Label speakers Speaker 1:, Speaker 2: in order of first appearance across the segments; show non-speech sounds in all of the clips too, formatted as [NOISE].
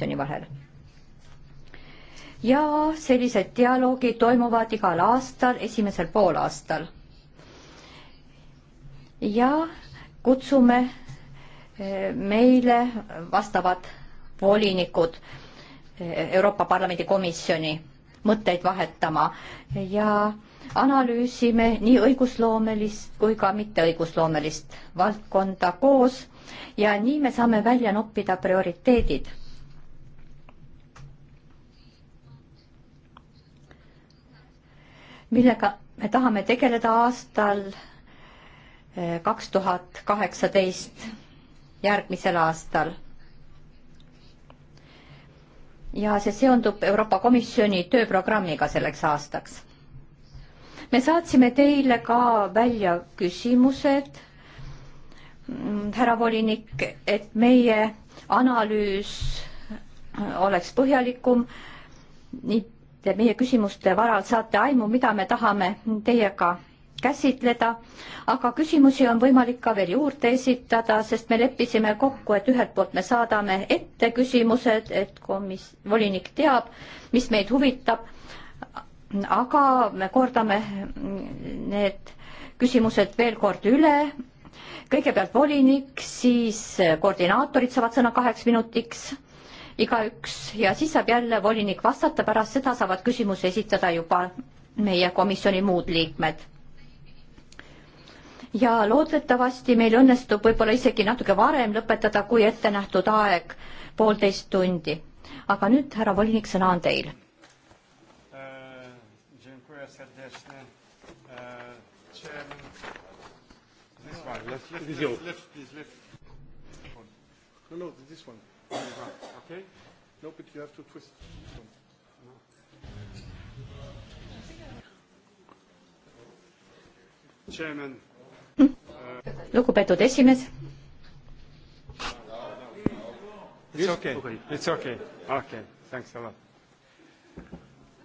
Speaker 1: komisjoni vahel. ja sellised dialoogid toimuvad igal aastal, esimesel poolaastal. ja kutsume eh, meile vastavad volinikud eh, Euroopa Parlamendi komisjoni mõtteid vahetama ja analüüsime nii õigusloomelist kui ka mitteõigusloomelist valdkonda koos ja nii me saame välja noppida prioriteedid millega me tahame tegeleda aastal eh, kaks tuhat kaheksateist, järgmisel aastal. ja see seondub Euroopa Komisjoni tööprogrammiga selleks aastaks. me saatsime teile ka välja küsimused, mm, härra volinik, et meie analüüs oleks põhjalikum nii te meie küsimuste varal saate aimu, mida me tahame teiega käsitleda, aga küsimusi on võimalik ka veel juurde esitada, sest me leppisime kokku, et ühelt poolt me saadame ette küsimused, et komis-, volinik teab, mis meid huvitab, aga me kordame need küsimused veel kord üle, kõigepealt volinik, siis koordinaatorid saavad sõna kaheks minutiks igaüks ja siis saab jälle volinik vastata, pärast seda saavad küsimusi esitada juba meie komisjoni muud liikmed. ja loodetavasti meil õnnestub võib-olla isegi natuke varem lõpetada, kui ette nähtud aeg, poolteist tundi. aga nüüd, härra volinik, sõna on teil
Speaker 2: äh, left, left, left, left, left, left. No, no, this one. Okay. No, but you have to twist. Chairman.
Speaker 1: lugupeetud esimees.
Speaker 2: It's okay, it's okay, okay, thanks a lot.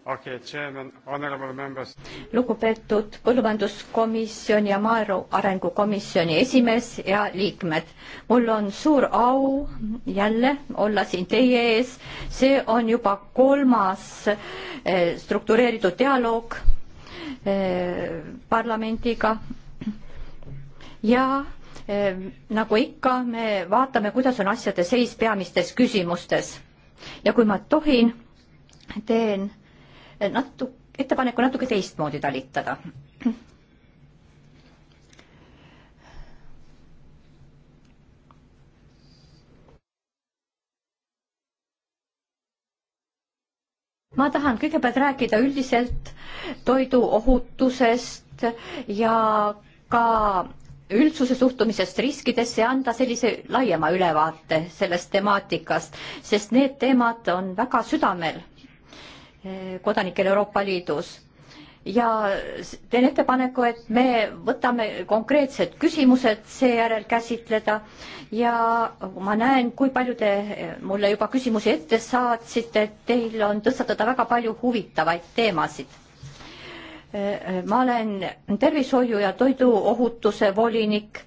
Speaker 2: Okay, chairman, honorable members.
Speaker 1: lugupeetud Põllumajanduskomisjoni ja Maaelu Arengu Komisjoni esimees ja liikmed, mul on suur au jälle olla siin teie ees. see on juba kolmas eh, struktureeritud dialoog eh, parlamendiga ja eh, nagu ikka, me vaatame, kuidas on asjade seis peamistes küsimustes ja kui ma tohin, teen Eh, natu-, ettepaneku natuke teistmoodi talitada. ma tahan kõigepealt rääkida üldiselt toiduohutusest ja ka üldsuse suhtumisest riskidesse ja anda sellise laiema ülevaate sellest temaatikast, sest need teemad on väga südamel Eh, kodanikel Euroopa Liidus. ja teen ettepaneku, et me võtame konkreetsed küsimused seejärel käsitleda ja ma näen, kui palju te eh, mulle juba küsimusi ette saatsite, et teil on tõstatada väga palju huvitavaid teemasid eh, ma olen tervishoiu ja toiduohutuse volinik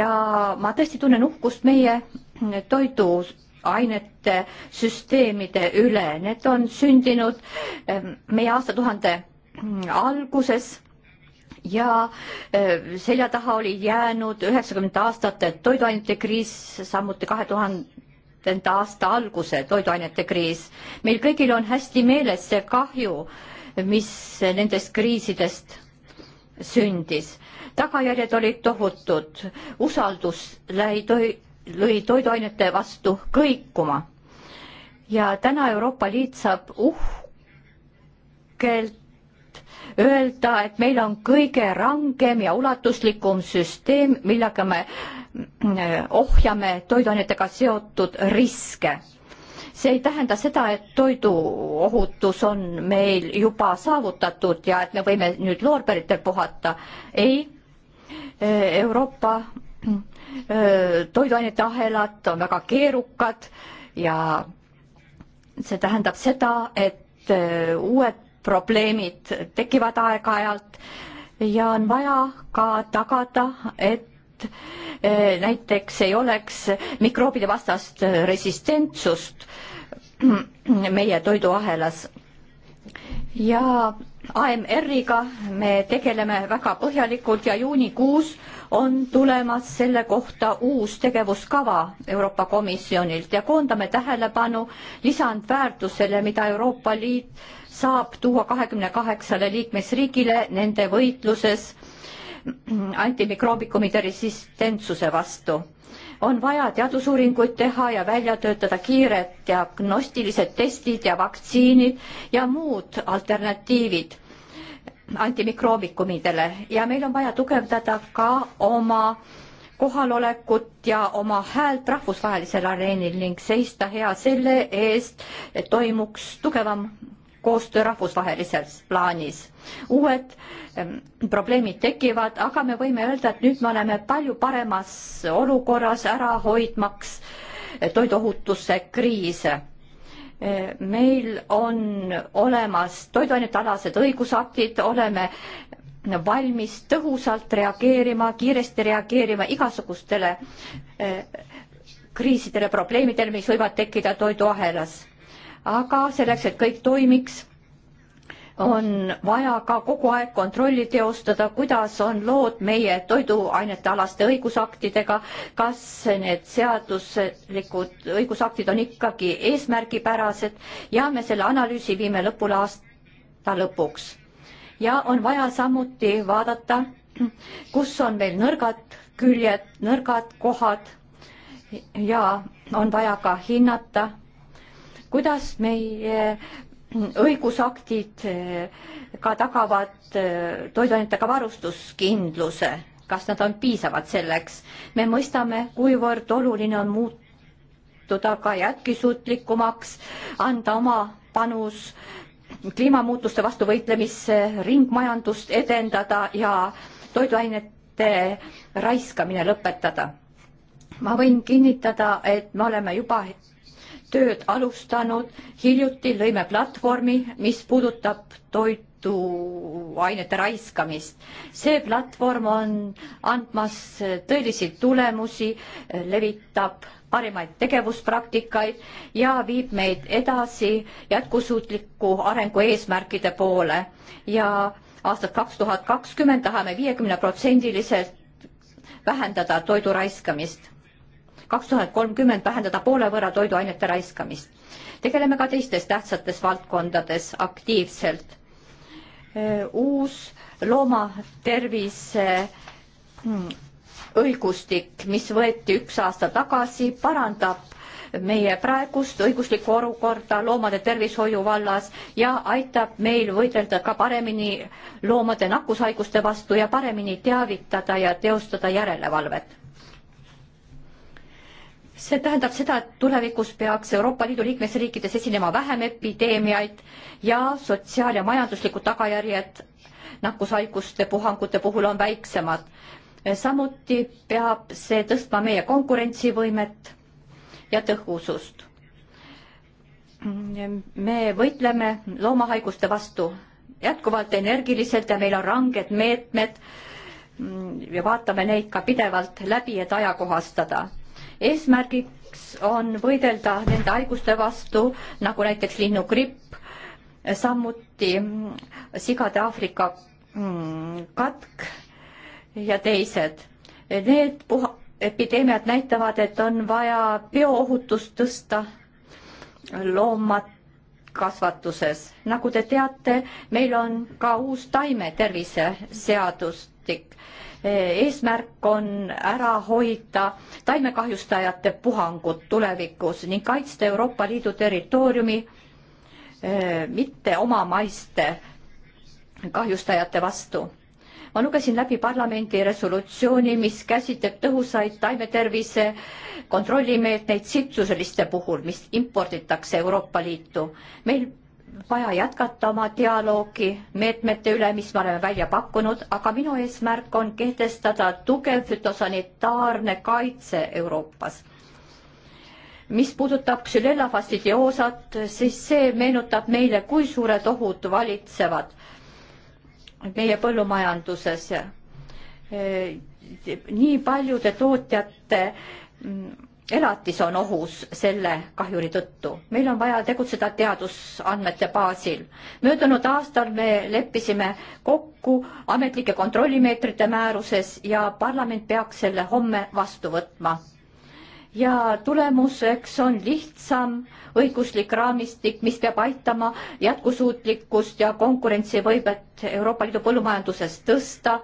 Speaker 1: ja ma tõesti tunnen uhkust meie toidu ainete süsteemide üle. Need on sündinud ähm, meie aastatuhande mm, alguses ja äh, selja taha oli jäänud üheksakümnendate aastate toiduainete kriis, samuti kahe tuhandenda aasta alguse toiduainete kriis. meil kõigil on hästi meeles see kahju, mis nendest kriisidest sündis. tagajärjed olid tohutud, usaldus läi toi-, lõi toiduainete vastu kõikuma. ja täna Euroopa Liit saab uhkelt öelda, et meil on kõige rangem ja ulatuslikum süsteem, millega me mm, ohjame toiduainetega seotud riske. see ei tähenda seda, et toiduohutus on meil juba saavutatud ja et me võime nüüd loorberitel puhata. ei, Euroopa toiduainete ahelad on väga keerukad ja see tähendab seda, et uued probleemid tekivad aeg-ajalt ja on vaja ka tagada, et näiteks ei oleks mikroobide vastast resistentsust [CLEARS THROAT] meie toiduahelas. ja AMR-iga me tegeleme väga põhjalikult ja juunikuus äh, on tulemas selle kohta uus tegevuskava Euroopa Komisjonilt ja koondame tähelepanu lisandväärtusele, mida Euroopa Liit saab tuua kahekümne kaheksale liikmesriigile nende võitluses antimikroobikumide resistentsuse vastu on vaja teadusuuringuid teha ja välja töötada kiired diagnostilised testid ja vaktsiinid ja muud alternatiivid antimikroobikummidele ja meil on vaja tugevdada ka oma kohalolekut ja oma häält rahvusvahelisel areenil ning seista hea selle eest, et toimuks tugevam koostöö rahvusvahelises plaanis. uued ähm, probleemid tekivad, aga me võime öelda, et nüüd me oleme palju paremas olukorras ära hoidmaks toiduohutuse kriise meil on olemas toiduainetealased õigusaktid, oleme valmis tõhusalt reageerima, kiiresti reageerima igasugustele eh, kriisidele, probleemidele, mis võivad tekkida toiduahelas. aga selleks, et kõik toimiks, on vaja ka kogu aeg kontrolli teostada, kuidas on lood meie toiduainete alaste õigusaktidega, kas need seaduslikud õigusaktid on ikkagi eesmärgipärased ja me selle analüüsi viime lõpule aasta lõpuks. ja on vaja samuti vaadata, kus on meil nõrgad küljed, nõrgad kohad ja on vaja ka hinnata, kuidas meie õigusaktid eh, ka tagavad eh, toiduainetega varustuskindluse, kas nad on piisavad selleks. me mõistame, kuivõrd oluline on muutuda ka jätkusuutlikumaks, anda oma panus kliimamuutuste vastu võitlemisse, ringmajandust edendada ja toiduainete raiskamine lõpetada. ma võin kinnitada, et me oleme juba tööd alustanud, hiljuti lõime platvormi, mis puudutab toiduainete raiskamist. see platvorm on andmas tõelisi tulemusi, levitab parimaid tegevuspraktikaid ja viib meid edasi jätkusuutliku arengu eesmärkide poole ja aastat kaks tuhat kakskümmend tahame viiekümne protsendiliselt vähendada toidu raiskamist kaks tuhat kolmkümmend vähendada poole võrra toiduainete raiskamist. tegeleme ka teistes tähtsates valdkondades aktiivselt. uus loomatervise hmm, õigustik, mis võeti üks aasta tagasi, parandab meie praegust õiguslikku olukorda loomade tervishoiu vallas ja aitab meil võidelda ka paremini loomade nakkushaiguste vastu ja paremini teavitada ja teostada järelevalvet see tähendab seda, et tulevikus peaks Euroopa Liidu liikmesriikides esinema vähem epideemiaid ja sotsiaal- ja majanduslikud tagajärjed nakkushaiguste puhangute puhul on väiksemad. samuti peab see tõstma meie konkurentsivõimet ja tõhusust. me võitleme loomahaiguste vastu jätkuvalt energiliselt ja meil on ranged meetmed ja vaatame neid ka pidevalt läbi, et ajakohastada eesmärgiks on võidelda nende haiguste vastu, nagu näiteks linnugripp, samuti sigade Aafrika mm, katk ja teised. Need puha-, epideemiad näitavad, et on vaja bioohutust tõsta loomakasvatuses. nagu te teate, meil on ka uus taimetervise seadustik eesmärk on ära hoida taimekahjustajate puhangut tulevikus ning kaitsta Euroopa Liidu territooriumi eh, mitte omamaiste kahjustajate vastu. ma lugesin läbi parlamendi resolutsiooni, mis käsitleb tõhusaid taimetervise kontrollimeetmeid tsitsuseliste puhul, mis imporditakse Euroopa Liitu. meil vaja jätkata oma dialoogi meetmete üle, mis me oleme välja pakkunud, aga minu eesmärk on kehtestada tugev fütosanitaarne kaitse Euroopas. mis puudutab Xylella fastidioosat, siis see meenutab meile, kui suured ohud valitsevad meie põllumajanduses. nii paljude tootjate elatis on ohus selle kahjuri tõttu. meil on vaja tegutseda teadusandmete baasil. möödunud aastal me leppisime kokku ametlike kontrollimeetrite määruses ja parlament peaks selle homme vastu võtma. ja tulemuseks on lihtsam õiguslik raamistik, mis peab aitama jätkusuutlikkust ja konkurentsivõimet Euroopa Liidu põllumajanduses tõsta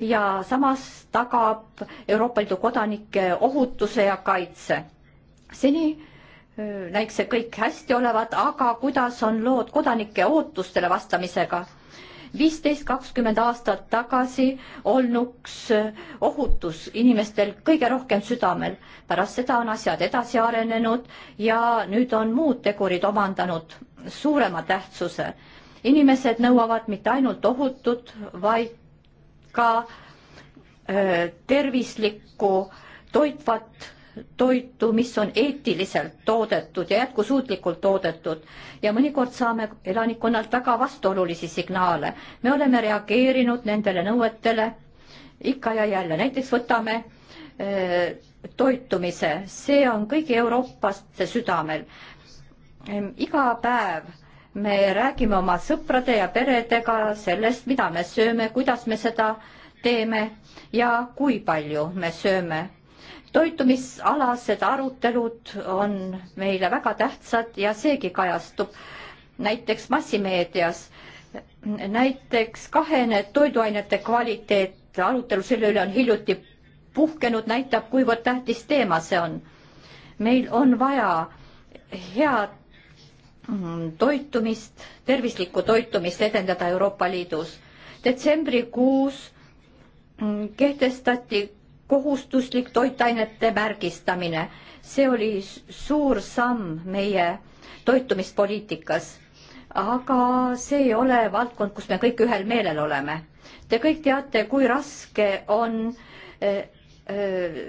Speaker 1: ja samas tagab Euroopa Liidu kodanike ohutuse ja kaitse. seni näiks see kõik hästi olevat, aga kuidas on lood kodanike ootustele vastamisega? viisteist, kakskümmend aastat tagasi olnuks ohutus inimestel kõige rohkem südamel. pärast seda on asjad edasi arenenud ja nüüd on muud tegurid omandanud suurema tähtsuse. inimesed nõuavad mitte ainult ohutut, vaid ka tervislikku toitvat toitu, mis on eetiliselt toodetud ja jätkusuutlikult toodetud ja mõnikord saame elanikkonnalt väga vastuolulisi signaale. me oleme reageerinud nendele nõuetele ikka ja jälle, näiteks võtame toitumise, see on kõigi eurooplaste südamel. iga päev me räägime oma sõprade ja peredega sellest, mida me sööme, kuidas me seda teeme ja kui palju me sööme. toitumisalased arutelud on meile väga tähtsad ja seegi kajastub näiteks massimeedias. näiteks kahene toiduainete kvaliteet, arutelu selle üle on hiljuti puhkenud, näitab, kuivõrd tähtis teema see on. meil on vaja head Mm, toitumist, tervislikku toitumist edendada Euroopa Liidus. detsembrikuus mm, kehtestati kohustuslik toitainete märgistamine. see oli suur samm meie toitumispoliitikas. aga see ei ole valdkond, kus me kõik ühel meelel oleme. Te kõik teate, kui raske on äh, äh,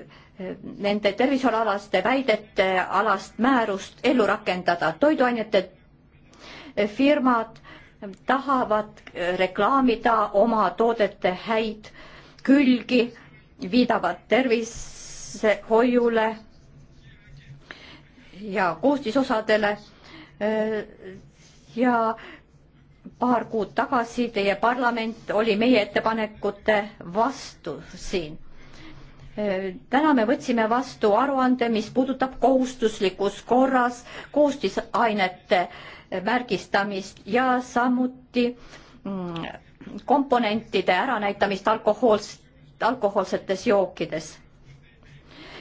Speaker 1: nende tervishoiualaste väidete alast määrust ellu rakendada. toiduainete firmad tahavad reklaamida oma toodete häid külgi, viidavad tervishoiule ja koostisosadele. ja paar kuud tagasi teie parlament oli meie ettepanekute vastu siin Äh, täna me võtsime vastu aruande, mis puudutab kohustuslikus korras koostisainete märgistamist ja samuti mm, komponentide äranäitamist alkohoolst, alkohoolsetes jookides.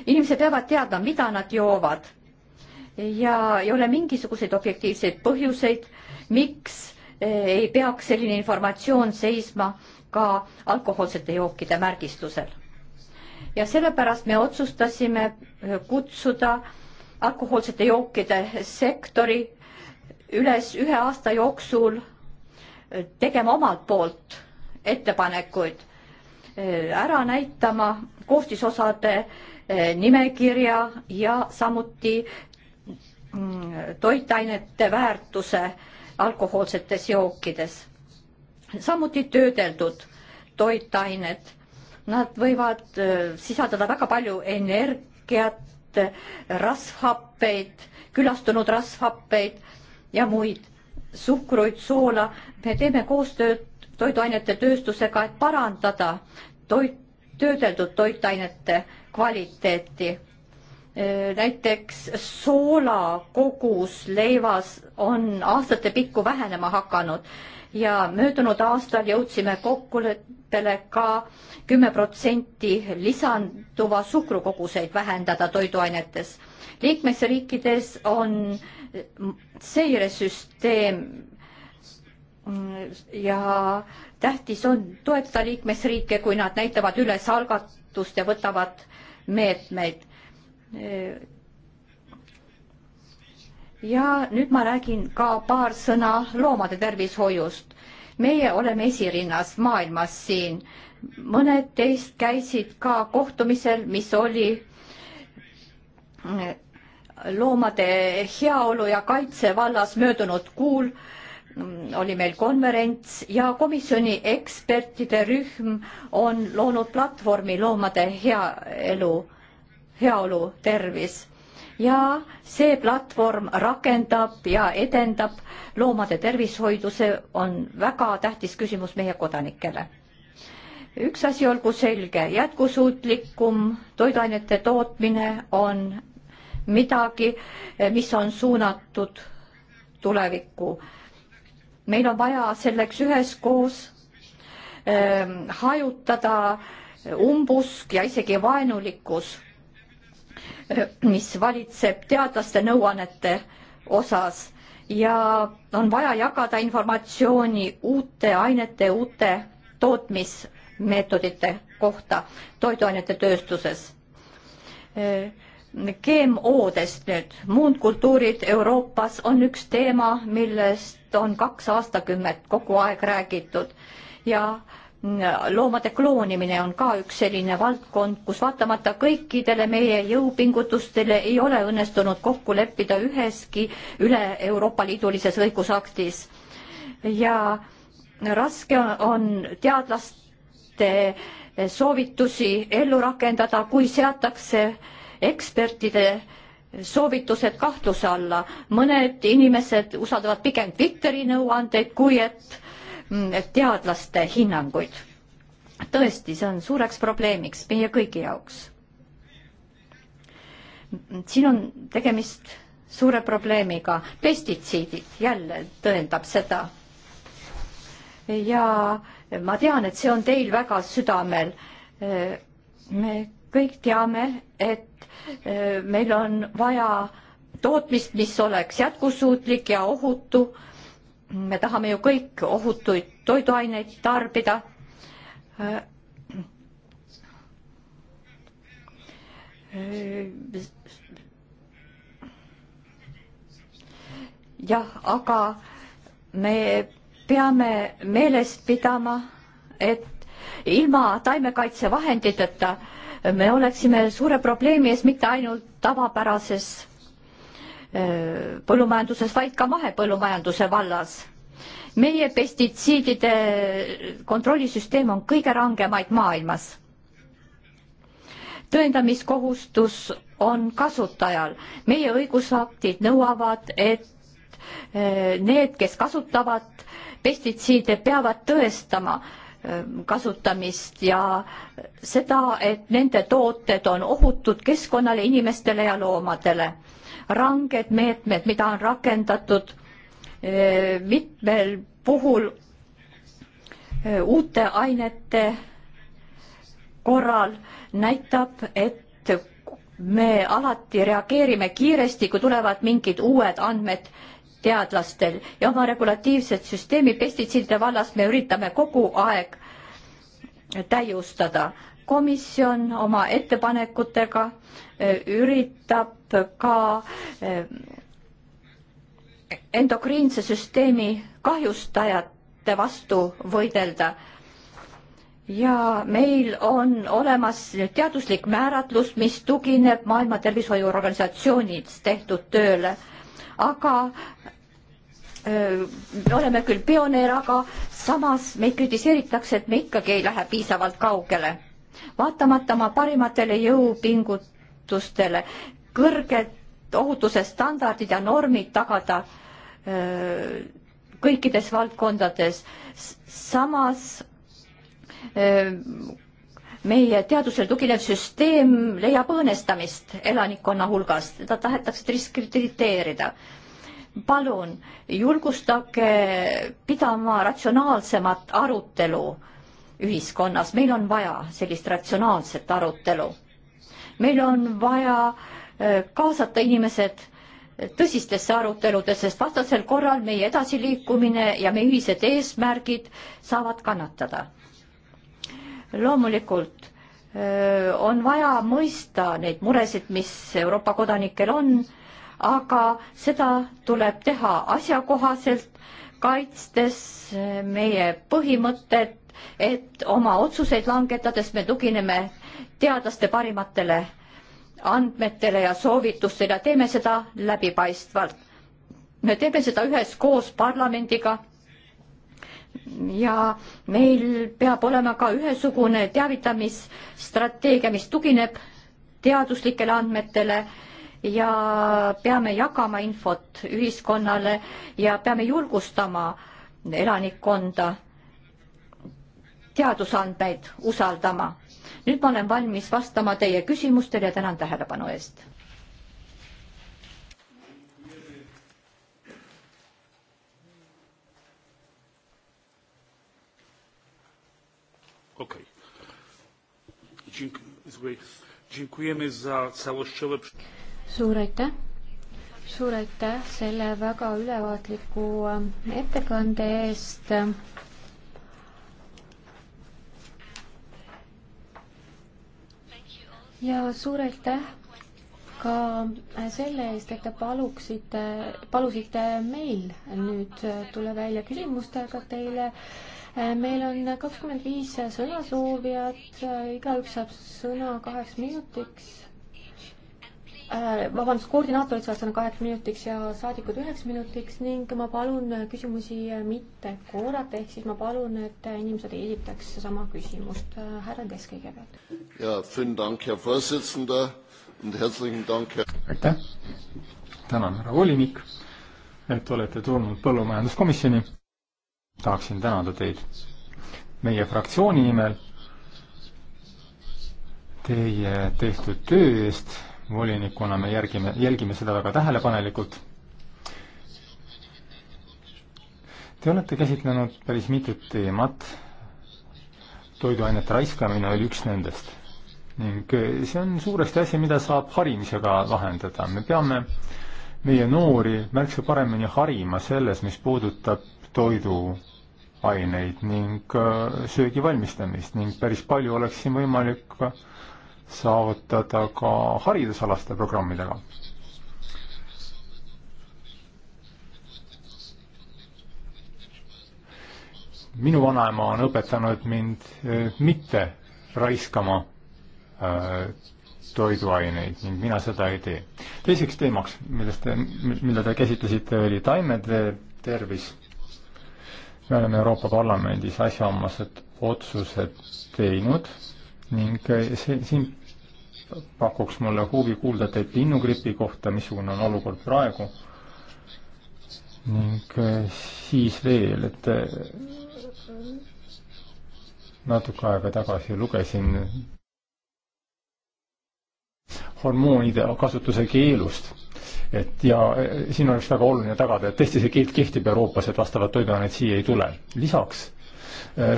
Speaker 1: inimesed peavad teadma, mida nad joovad ja ei ole mingisuguseid objektiivseid põhjuseid, miks eh, ei peaks selline informatsioon seisma ka alkohoolsete jookide märgistusel ja sellepärast me otsustasime äh, kutsuda alkohoolsete jookide sektori üles ühe aasta jooksul äh, tegema omalt poolt ettepanekuid, äh, ära näitama koostisosade nimekirja ja samuti mm, toitainete väärtuse alkohoolsetes jookides. samuti töödeldud toitained Nad võivad äh, sisaldada väga palju energiat, rasvhappeid, külastunud rasvhappeid ja muid suhkruid, soola. me teeme koostööd toiduainete tööstusega, et parandada toit, töödeldud toitainete kvaliteeti. Äh, näiteks soola kogus leivas on aastate pikku vähenema hakanud ja möödunud aastal jõudsime kokkuleppele, liikmesriikidele ka kümme protsenti lisanduva suhkrukoguseid vähendada toiduainetes. liikmesriikides on seiresüsteem mm, ja tähtis on toetada liikmesriike, kui nad näitavad üles algatust ja võtavad meetmeid. ja nüüd ma räägin ka paar sõna loomade tervishoiust meie oleme esirinnas maailmas siin. mõned teist käisid ka kohtumisel, mis oli eh, loomade heaolu ja kaitse vallas möödunud kuul oli meil konverents ja komisjoni ekspertide rühm on loonud platvormi loomade hea elu, heaolu, tervis ja see platvorm rakendab ja edendab loomade tervishoidu, see on väga tähtis küsimus meie kodanikele. üks asi olgu selge, jätkusuutlikum toiduainete tootmine on midagi, mis on suunatud tulevikku. meil on vaja selleks üheskoos ähm, hajutada umbusk ja isegi vaenulikkus mis valitseb teadlaste nõuannete osas ja on vaja jagada informatsiooni uute ainete, uute tootmismeetodite kohta toiduainete tööstuses. GMO-dest nüüd, muundkultuurid Euroopas on üks teema, millest on kaks aastakümmet kogu aeg räägitud ja äh, loomade kloonimine on ka üks selline valdkond, kus vaatamata kõikidele meie jõupingutustele ei ole õnnestunud kokku leppida üheski üle Euroopa Liidulises õigusaktis. ja raske on teadlaste soovitusi ellu rakendada, kui seatakse ekspertide soovitused kahtluse alla. mõned inimesed usaldavad pigem Twitteri nõuandeid, kui et Mm, teadlaste hinnanguid. tõesti, see on suureks probleemiks meie kõigi jaoks. siin on tegemist suure probleemiga, pestitsiidid jälle tõendab seda. ja ma tean, et see on teil väga südamel. me kõik teame, et e, meil on vaja tootmist, mis oleks jätkusuutlik ja ohutu me tahame ju kõik ohutuid toiduaineid tarbida. jah, aga me peame meeles pidama, et ilma taimekaitsevahenditeta me oleksime suure probleemi ees mitte ainult tavapärases Äh, põllumajanduses, vaid ka mahepõllumajanduse vallas. meie pestitsiidide kontrollisüsteem on kõige rangemaid maailmas. tõendamiskohustus on kasutajal. meie õigusaktid nõuavad, et äh, need, kes kasutavad pestitsiide, peavad tõestama ähm, kasutamist ja seda, et nende tooted on ohutud keskkonnale, inimestele ja loomadele ranged meetmed, mida on rakendatud eh, mitmel puhul eh, uute ainete korral, näitab, et me alati reageerime kiiresti, kui tulevad mingid uued andmed teadlastel ja oma regulatiivset süsteemi pestitsiidide vallas me üritame kogu aeg täiustada komisjon oma ettepanekutega e, üritab ka e, endokriinse süsteemi kahjustajate vastu võidelda ja meil on olemas teaduslik määratlus, mis tugineb Maailma Tervishoiuorganisatsioonis tehtud tööle. aga öö, e, me oleme küll pioneer, aga samas meid kritiseeritakse, et me ikkagi ei lähe piisavalt kaugele vaatamata oma parimatele jõupingutustele, kõrged ohutuse standardid ja normid tagada öö, kõikides valdkondades. samas öö, meie teadusel tuginev süsteem leiab õõnestamist elanikkonna hulgas, teda tahetakse diskriteerida. palun julgustage pidama ratsionaalsemat arutelu ühiskonnas, meil on vaja sellist ratsionaalset arutelu. meil on vaja äh, kaasata inimesed äh, tõsistesse aruteludesse, sest vastasel korral meie edasiliikumine ja meie ühised eesmärgid saavad kannatada. loomulikult äh, on vaja mõista neid muresid, mis Euroopa kodanikel on, aga seda tuleb teha asjakohaselt, kaitstes meie põhimõtted et oma otsuseid langetades me tugineme teadlaste parimatele andmetele ja soovitustele ja teeme seda läbipaistvalt. me teeme seda üheskoos parlamendiga. ja meil peab olema ka ühesugune teavitamisstrateegia, mis tugineb teaduslikele andmetele ja peame jagama infot ühiskonnale ja peame julgustama elanikkonda teadusandmeid usaldama. nüüd ma olen valmis vastama teie küsimustele ja tänan tähelepanu eest.
Speaker 3: okei okay..
Speaker 4: suur aitäh suur aitäh selle väga ülevaatliku ettekande eest ja suur aitäh ka selle eest, et te paluksite, palusite meil nüüd tulla välja küsimustega teile. meil on kakskümmend viis sõnasoovijat, igaüks saab sõna kaheks minutiks Äh, vabandust, koordinaatorid saavad sõna kaheks minutiks ja saadikud üheks minutiks ning ma palun küsimusi mitte korrata, ehk siis ma palun, et inimesed ei esitaks sama küsimust. Äh, härra Kess
Speaker 3: kõigepealt.
Speaker 5: aitäh, tänan, härra volinik, et olete tulnud põllumajanduskomisjoni. tahaksin tänada teid meie fraktsiooni nimel teie tehtud töö eest volinikuna me järgime, jälgime seda väga tähelepanelikult. Te olete käsitlenud päris mitut teemat, toiduainete raiskamine oli üks nendest ning eh, see on suuresti asi, mida saab harimisega lahendada, me peame meie noori märksa paremini harima selles, mis puudutab toiduaineid ning eh, söögi valmistamist ning päris palju oleks siin võimalik saavutada ka haridusalaste programmidega. minu vanaema on õpetanud mind eh, mitte raiskama eh, toiduaineid ning mina seda ei tee. teiseks teemaks, millest te, mida te käsitlesite, oli taimede tervis. me oleme Euroopa Parlamendis asjaomased otsused teinud ning eh, see, siin pakuks mulle huvi kuulda teilt linnugripi kohta, missugune on olukord praegu ning eh, siis veel, et eh, natuke aega tagasi lugesin hormoonide kasutuse keelust, et ja eh, siin oleks väga oluline tagada, et tõesti see keeld kehtib Euroopas, et vastavad toiduained siia ei tule. lisaks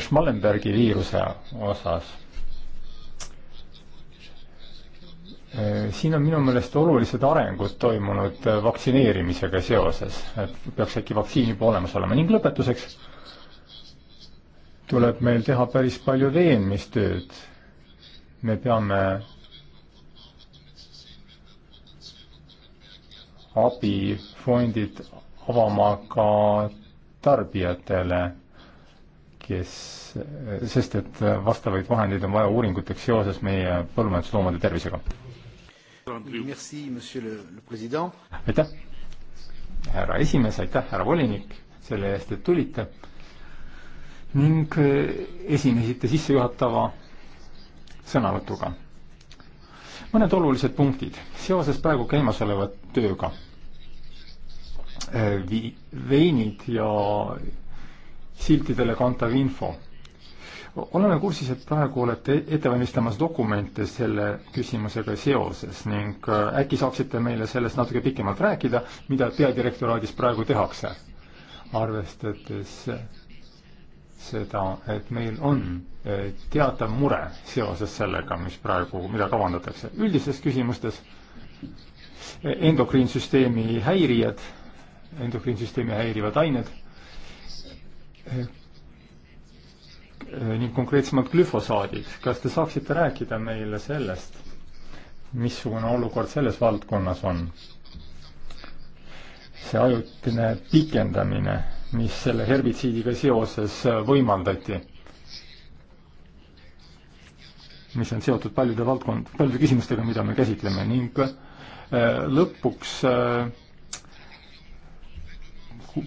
Speaker 5: Schmallenbergi viiruse osas Äh, siin on minu meelest olulised arengud toimunud äh, vaktsineerimisega seoses, et peaks äkki vaktsiin juba olemas olema ning lõpetuseks tuleb meil teha päris palju veenmistööd. me peame abifondid avama ka tarbijatele, kes, äh, sest et vastavaid vahendeid on vaja uuringuteks seoses meie põllumajandusloomade tervisega aitäh, härra esimees, aitäh, härra volinik, selle eest, et tulite ning eh, esinesite sissejuhatava sõnavõtuga. mõned olulised punktid seoses praegu käimasoleva tööga. Eh, vi-, veinid ja siltidele kantav info oleme kursis, et praegu olete ette valmistamas dokumente selle küsimusega seoses ning äh, äkki saaksite meile sellest natuke pikemalt rääkida, mida peadirektoraadis praegu tehakse, arvestades seda, et meil on äh, teatav mure seoses sellega, mis praegu, mida kavandatakse üldistes küsimustes, äh, endokriinsüsteemi häirijad, endokriinsüsteemi häirivad ained, Äh, ning konkreetsemalt glüfosaadid. kas te saaksite rääkida meile sellest, missugune olukord selles valdkonnas on? see ajutine pikendamine, mis selle herbitsiidiga seoses äh, võimaldati, mis on seotud paljude valdkond, paljude küsimustega, mida me käsitleme ning äh, lõpuks äh,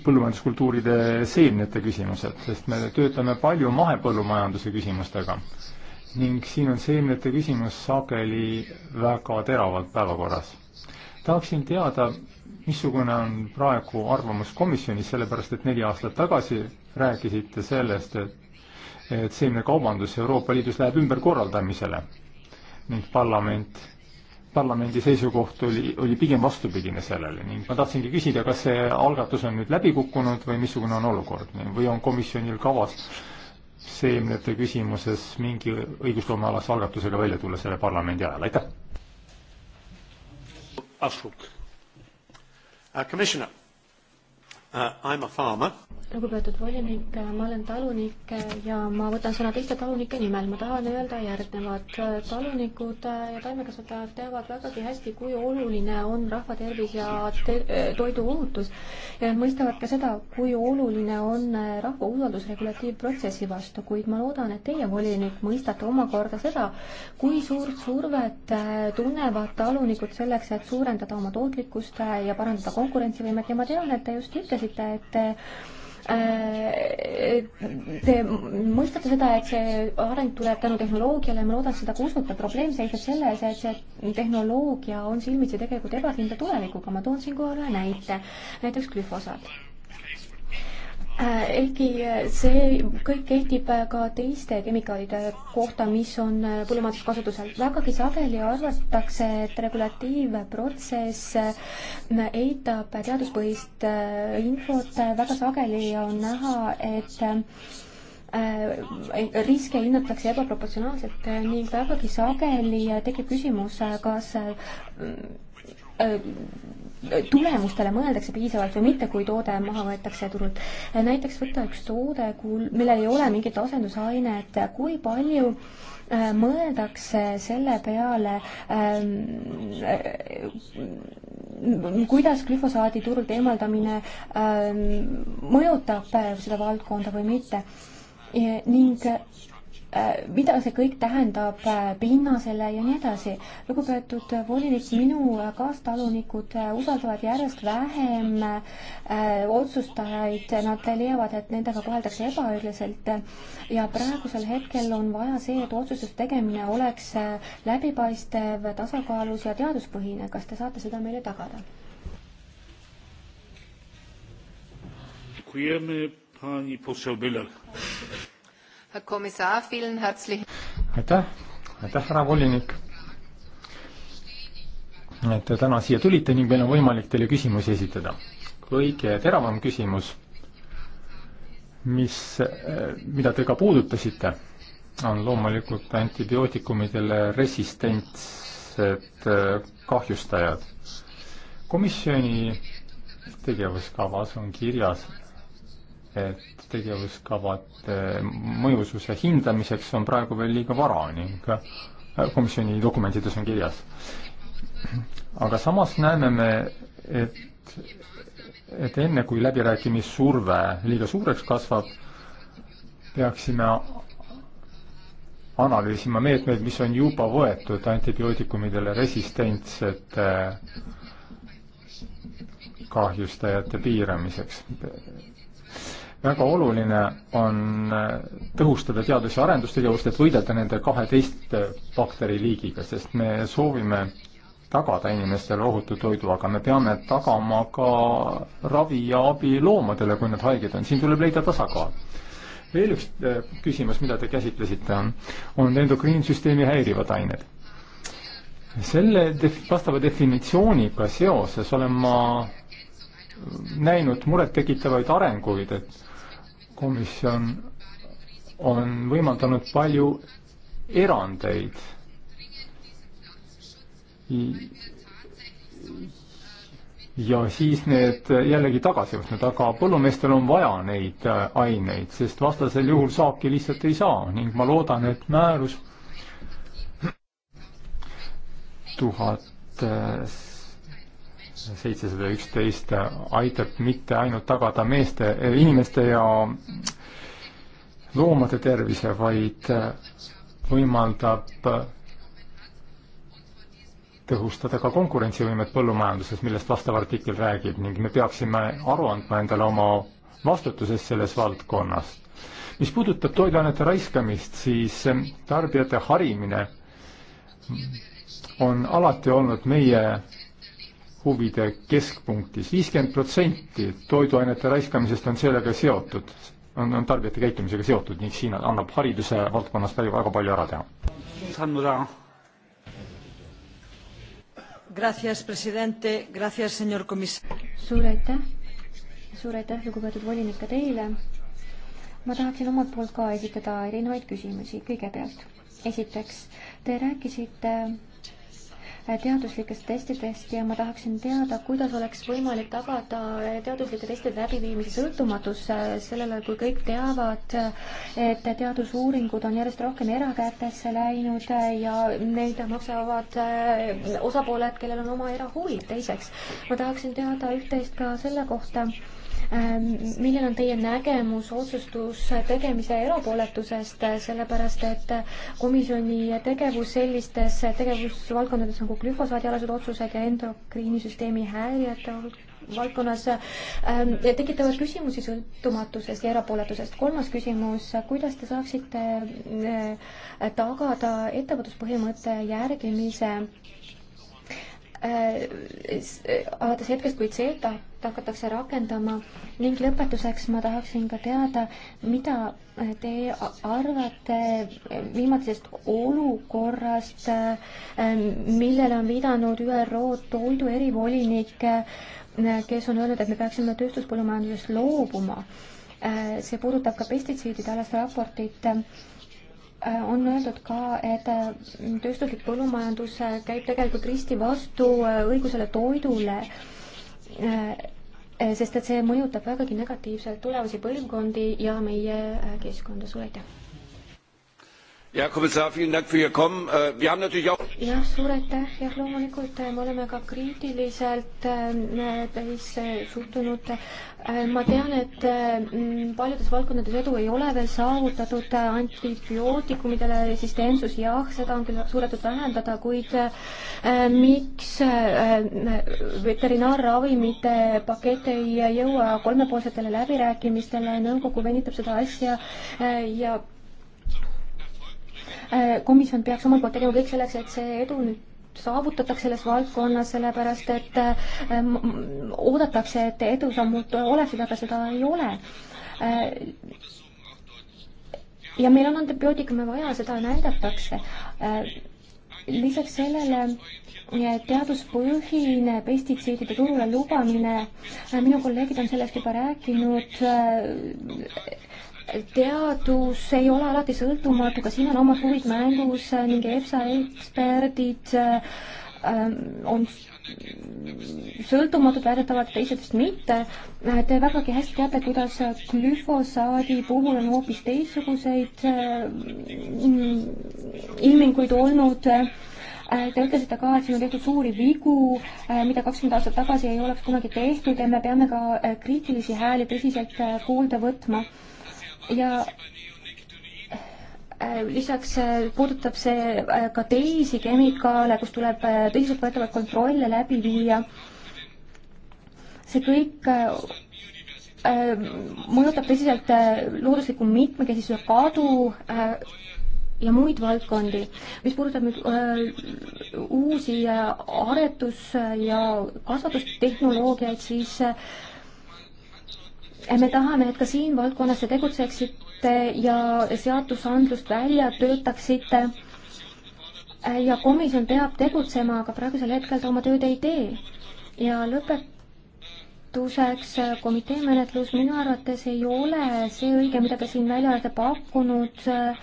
Speaker 5: põllumajanduskultuuride seemnete küsimused, sest me töötame palju mahepõllumajanduse küsimustega. ning siin on seemnete küsimus sageli väga teravalt päevakorras. tahaksin teada, missugune on praegu arvamus komisjonis, sellepärast et neli aastat tagasi rääkisite sellest, et et seemnekaubandus Euroopa Liidus läheb ümberkorraldamisele ning parlament parlamendi seisukoht oli, oli pigem vastupidine sellele ning ma tahtsingi küsida, kas see algatus on nüüd läbi kukkunud või missugune on olukord või on komisjonil kavas seemnete küsimuses mingi õigusloomealase algatusega välja tulla selle parlamendi ajal, aitäh!
Speaker 2: Ashok uh,. Commissioner uh,.
Speaker 4: lugupeetud volinik, uh, ma olen talunik uh, ja ma võtan sõna teiste talunike nimel. ma tahan öelda järgnevat. Uh, talunikud ja taimekasvatajad teavad vägagi hästi, kui oluline on rahva tervis ja te toiduohutus. mõistavad ka seda, kui oluline on rahva usaldus regulatiivprotsessi vastu, kuid ma loodan, et teie volinik mõistate omakorda seda, kui suurt survet tunnevad talunikud selleks, et suurendada oma tootlikkust ja parandada konkurentsivõimet ja ma tean, et te just ütlesite, ütlesite, et te äh, Te mõistate seda, et see areng tuleb tänu tehnoloogiale ja ma loodan seda kustnuta. probleem seisneb selles, et see tehnoloogia on silmitsi tegelikult ebakindla tulevikuga. ma toon siinkohal ühe näite, näiteks glüfosaat Äh, ehkki äh, see kõik kehtib äh, ka teiste kemikaalide kohta, mis on põllumajanduskasutusel. vägagi sageli arvatakse, et regulatiivprotsess eitab teaduspõhist infot, väga sageli on näha, et riske hinnatakse ebaproportsionaalselt ning vägagi sageli tekib küsimus, kas tulemustele mõeldakse piisavalt või mitte, kui toode maha võetakse turult. näiteks võtta üks toode, millel ei ole mingit asendusainet, kui palju äh, mõeldakse selle peale ähm,, äh, kuidas glüfosaadi turult eemaldamine ähm, mõjutab äh, seda valdkonda või mitte ja, ning Äh, mida see kõik tähendab äh, pinnasele ja nii edasi. lugupeetud volinik, minu äh, kaastalunikud usaldavad järjest vähem otsustajaid, nad leiavad, et nendega koheldakse ebaõiglaselt ja praegusel hetkel on vaja see, et otsustuste tegemine oleks läbipaistev, tasakaalus ja teaduspõhine. kas te saate seda meile tagada?
Speaker 3: Dziękujemy pani poseł Miller
Speaker 4: aitäh,
Speaker 5: aitäh, härra volinik, et te täna siia tulite ning meil on võimalik teile küsimusi esitada. kõige teravam küsimus, mis, mida te ka puudutasite, on loomulikult antibiootikumidele resistentsed äh, kahjustajad. komisjoni tegevuskavas on kirjas, et tegevuskavad mõjususe hindamiseks on praegu veel liiga vara ning komisjoni dokumentides on kirjas. aga samas näeme me, et, et enne, kui läbirääkimissurve liiga suureks kasvab, peaksime analüüsima meetmeid, mis on juba võetud antibiootikumidele resistentsete kahjustajate piiramiseks väga oluline on äh, tõhustada teadus- ja arendustegevust, et võidelda nende kaheteist äh, bakteriliigiga, sest me soovime tagada inimestele ohutu toidu, aga me peame tagama ka ravi ja abi loomadele, kui nad haiged on, siin tuleb leida tasakaal. veel üks äh, küsimus, mida te käsitlesite, on, on endokriinsüsteemi häirivad ained. selle def-, vastava definitsiooniga seoses olen ma näinud murettekitavaid arenguid, et komisjon on võimaldanud palju erandeid ja siis need jällegi tagasi võtnud, aga põllumeestel on vaja neid äh, aineid, sest vastasel juhul saaki lihtsalt ei saa ning ma loodan, et määrus tuhat äh, seitsesada üksteist aitab mitte ainult tagada meeste, inimeste ja loomade tervise, vaid võimaldab tõhustada ka konkurentsivõimet põllumajanduses, millest vastav artikkel räägib ning me peaksime aru andma endale oma vastutusest selles valdkonnas. mis puudutab toiduainete raiskamist, siis tarbijate harimine on alati olnud meie huvide keskpunktis. viiskümmend protsenti toiduainete raiskamisest on sellega seotud, on, on tarbijate käitumisega seotud ning siin annab hariduse valdkonnas väga, väga palju ära
Speaker 3: teha.
Speaker 1: Gracias, presidente, gracias,
Speaker 4: senor komis-. suur aitäh, suur aitäh, lugupeetud volinik, ka teile. ma tahaksin omalt poolt ka esitada erinevaid küsimusi kõigepealt. esiteks, te rääkisite teaduslikest testidest ja ma tahaksin teada, kuidas oleks võimalik tagada äh, teaduslike testide läbiviimise sõltumatus äh, sellele, kui kõik teavad, et teadusuuringud on järjest rohkem erakätesse läinud äh, ja neid maksavad osapooled, kellel on oma erahuvid. teiseks, ma tahaksin teada üht-teist ka selle kohta, Ähm, milline on teie nägemus otsustuse tegemise erapooletusest, äh, sellepärast et äh, komisjoni tegevus sellistes äh, tegevusvaldkondades nagu glüfosaadialased otsused ja endokriinisüsteemi häirijate valdkonnas ähm, tekitavad küsimusi sõltumatusest ja erapooletusest. kolmas küsimus, kuidas te saaksite tagada ettevõtluspõhimõtte järgimise Äh, äh, alates hetkest, kui CETA-t hakatakse rakendama ning lõpetuseks ma tahaksin ka teada, mida te arvate viimatisest olukorrast, äh, millele on viidanud ÜRO toidu erivolinik, kes on öelnud, et me peaksime tööstuspõllumajandusest loobuma. see puudutab ka pestitsiidide alast raportit Äh, on öeldud ka, et äh, tööstuslik põllumajandus äh, käib tegelikult risti vastu õigusele toidule, sest et see mõjutab vägagi negatiivselt tulevasi põlvkondi ja meie keskkonda. suur aitäh!
Speaker 2: ja kommissar, vielen Dank für Ihr Kommen. Äh, wir haben natürlich auch
Speaker 4: jah, suur aitäh, jah, loomulikult äh, me oleme ka kriitiliselt teisse äh, suhtunud. ma tean, et mm, paljudes valdkondades edu ei ole veel saavutatud, antibiootikumide resistentsus, jah, seda on küll suudetud vähendada, kuid miks veterinaarravimite pakett ei jõua kolmepoolsetele läbirääkimistele, nõukogu venitab seda asja ja Äh, komisjon peaks omalt poolt tegema kõik selleks, et see edu nüüd saavutatakse selles valdkonnas, sellepärast et äh, oodatakse, et edusammud oleksid, aga seda ei ole. Äh, ja meil on antibiootikume vaja, seda näidatakse. lisaks sellele teaduspõhine pestitsiidide turule lubamine, minu kolleegid on sellest juba rääkinud teadus ei ole alati sõltumatu, ka siin on omad huvid mängus ning EFSA eksperdid ähm, on sõltumatud väidetavalt, teised mitte. Te vägagi hästi teate, kuidas glüfosaadi puhul on hoopis teistsuguseid ähm, ilminguid olnud Te ütlesite ka, et siin on tehtud suuri vigu, äh, mida kakskümmend aastat tagasi ei oleks kunagi tehtud ja me peame ka äh, kriitilisi hääli tõsiselt äh, kuulda võtma ja äh, lisaks äh, puudutab see äh, ka teisi kemikaale, kus tuleb tõsiseltvõetavaid kontrolle läbi viia. see kõik mõjutab tõsiselt looduslikku mitmekesisuse kadu ja muid valdkondi. mis puudutab nüüd uusi aretus- ja kasvatustehnoloogiaid, siis me tahame, et ka siin valdkonnas te tegutseksite ja seadusandlust välja töötaksite. ja komisjon peab tegutsema, aga praegusel hetkel ta oma tööd ei tee. ja lõpetuseks komitee menetlus minu arvates ei ole see õige, mida te siin välja olete pakkunud äh,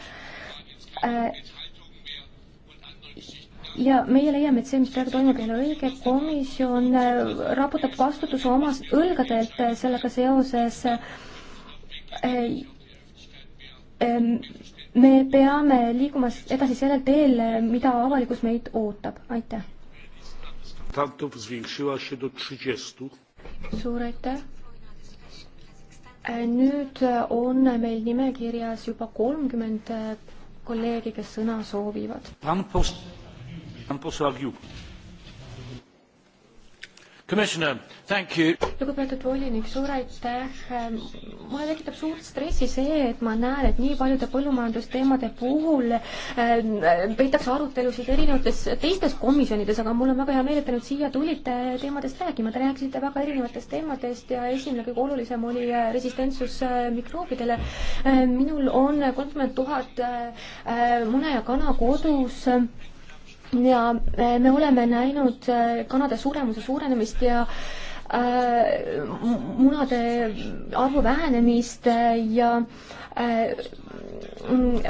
Speaker 4: ja meie leiame, et see, mis praegu toimub, ei ole õige, komisjon äh, raputab vastutuse omas õlgadelt äh, sellega seoses. Äh, me peame liikuma edasi sellel teel, mida avalikkus meid ootab, aitäh. suur aitäh. nüüd on meil nimekirjas juba kolmkümmend kolleegi, kes sõna soovivad lugupeetud volinik, suur aitäh. mulle tekitab suurt stressi see, et ma näen, et nii paljude põllumajandusteemade puhul ähm, peetakse arutelusid erinevates teistes komisjonides, aga mul on väga hea meel, et te nüüd siia tulite teemadest rääkima. Te rääkisite väga erinevatest teemadest ja esimene kõige olulisem oli äh, resistentsus äh, mikroobidele. Äh, minul on kolmkümmend tuhat mune ja kana kodus ja äh, me oleme näinud äh, kanade suremuse suurenemist ja äh, munade arvu vähenemist ja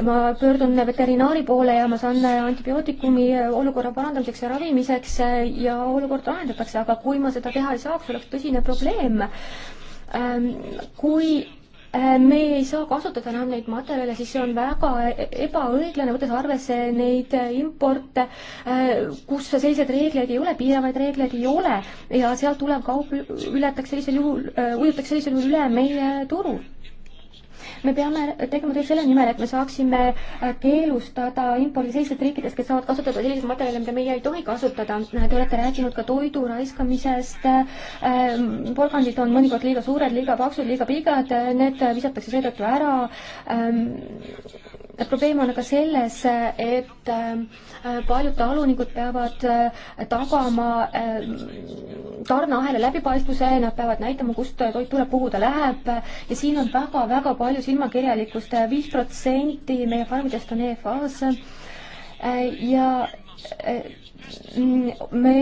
Speaker 4: ma pöördun veterinaari poole ja ma saan antibiootikumi olukorra parandamiseks ja ravimiseks ja olukord lahendatakse, aga kui ma seda teha ei saaks, oleks tõsine probleem. Ähm, kui Äh, me ei saa kasutada enam neid materjale, siis see on väga e-, ebaõiglane, võttes arvesse neid äh, importe, äh, kus selliseid reegleid ei ole, piiravaid reegleid ei ole ja sealt tulev kaup ületaks sellisel juhul, ujutaks sellisel juhul üle meie turu me peame tegema tööd selle nimel, et me saaksime äh, keelustada impordi sellistest riikidest, kes saavad kasutada selliseid materjale, mida meie ei tohi kasutada. Te olete rääkinud ka toidu raiskamisest. Ähm, porgandid on mõnikord liiga suured, liiga paksud, liiga pikad, need visatakse seetõttu ära ähm, probleem on aga selles, et äh, paljud talunikud peavad äh, tagama ähm, tarneahela läbipaistvuse, nad peavad näitama, kust toit tuleb, kuhu ta läheb ja siin on väga-väga palju silmakirjalikkust, äh, viis protsenti meie farmidest on EFA-s äh, ja äh, me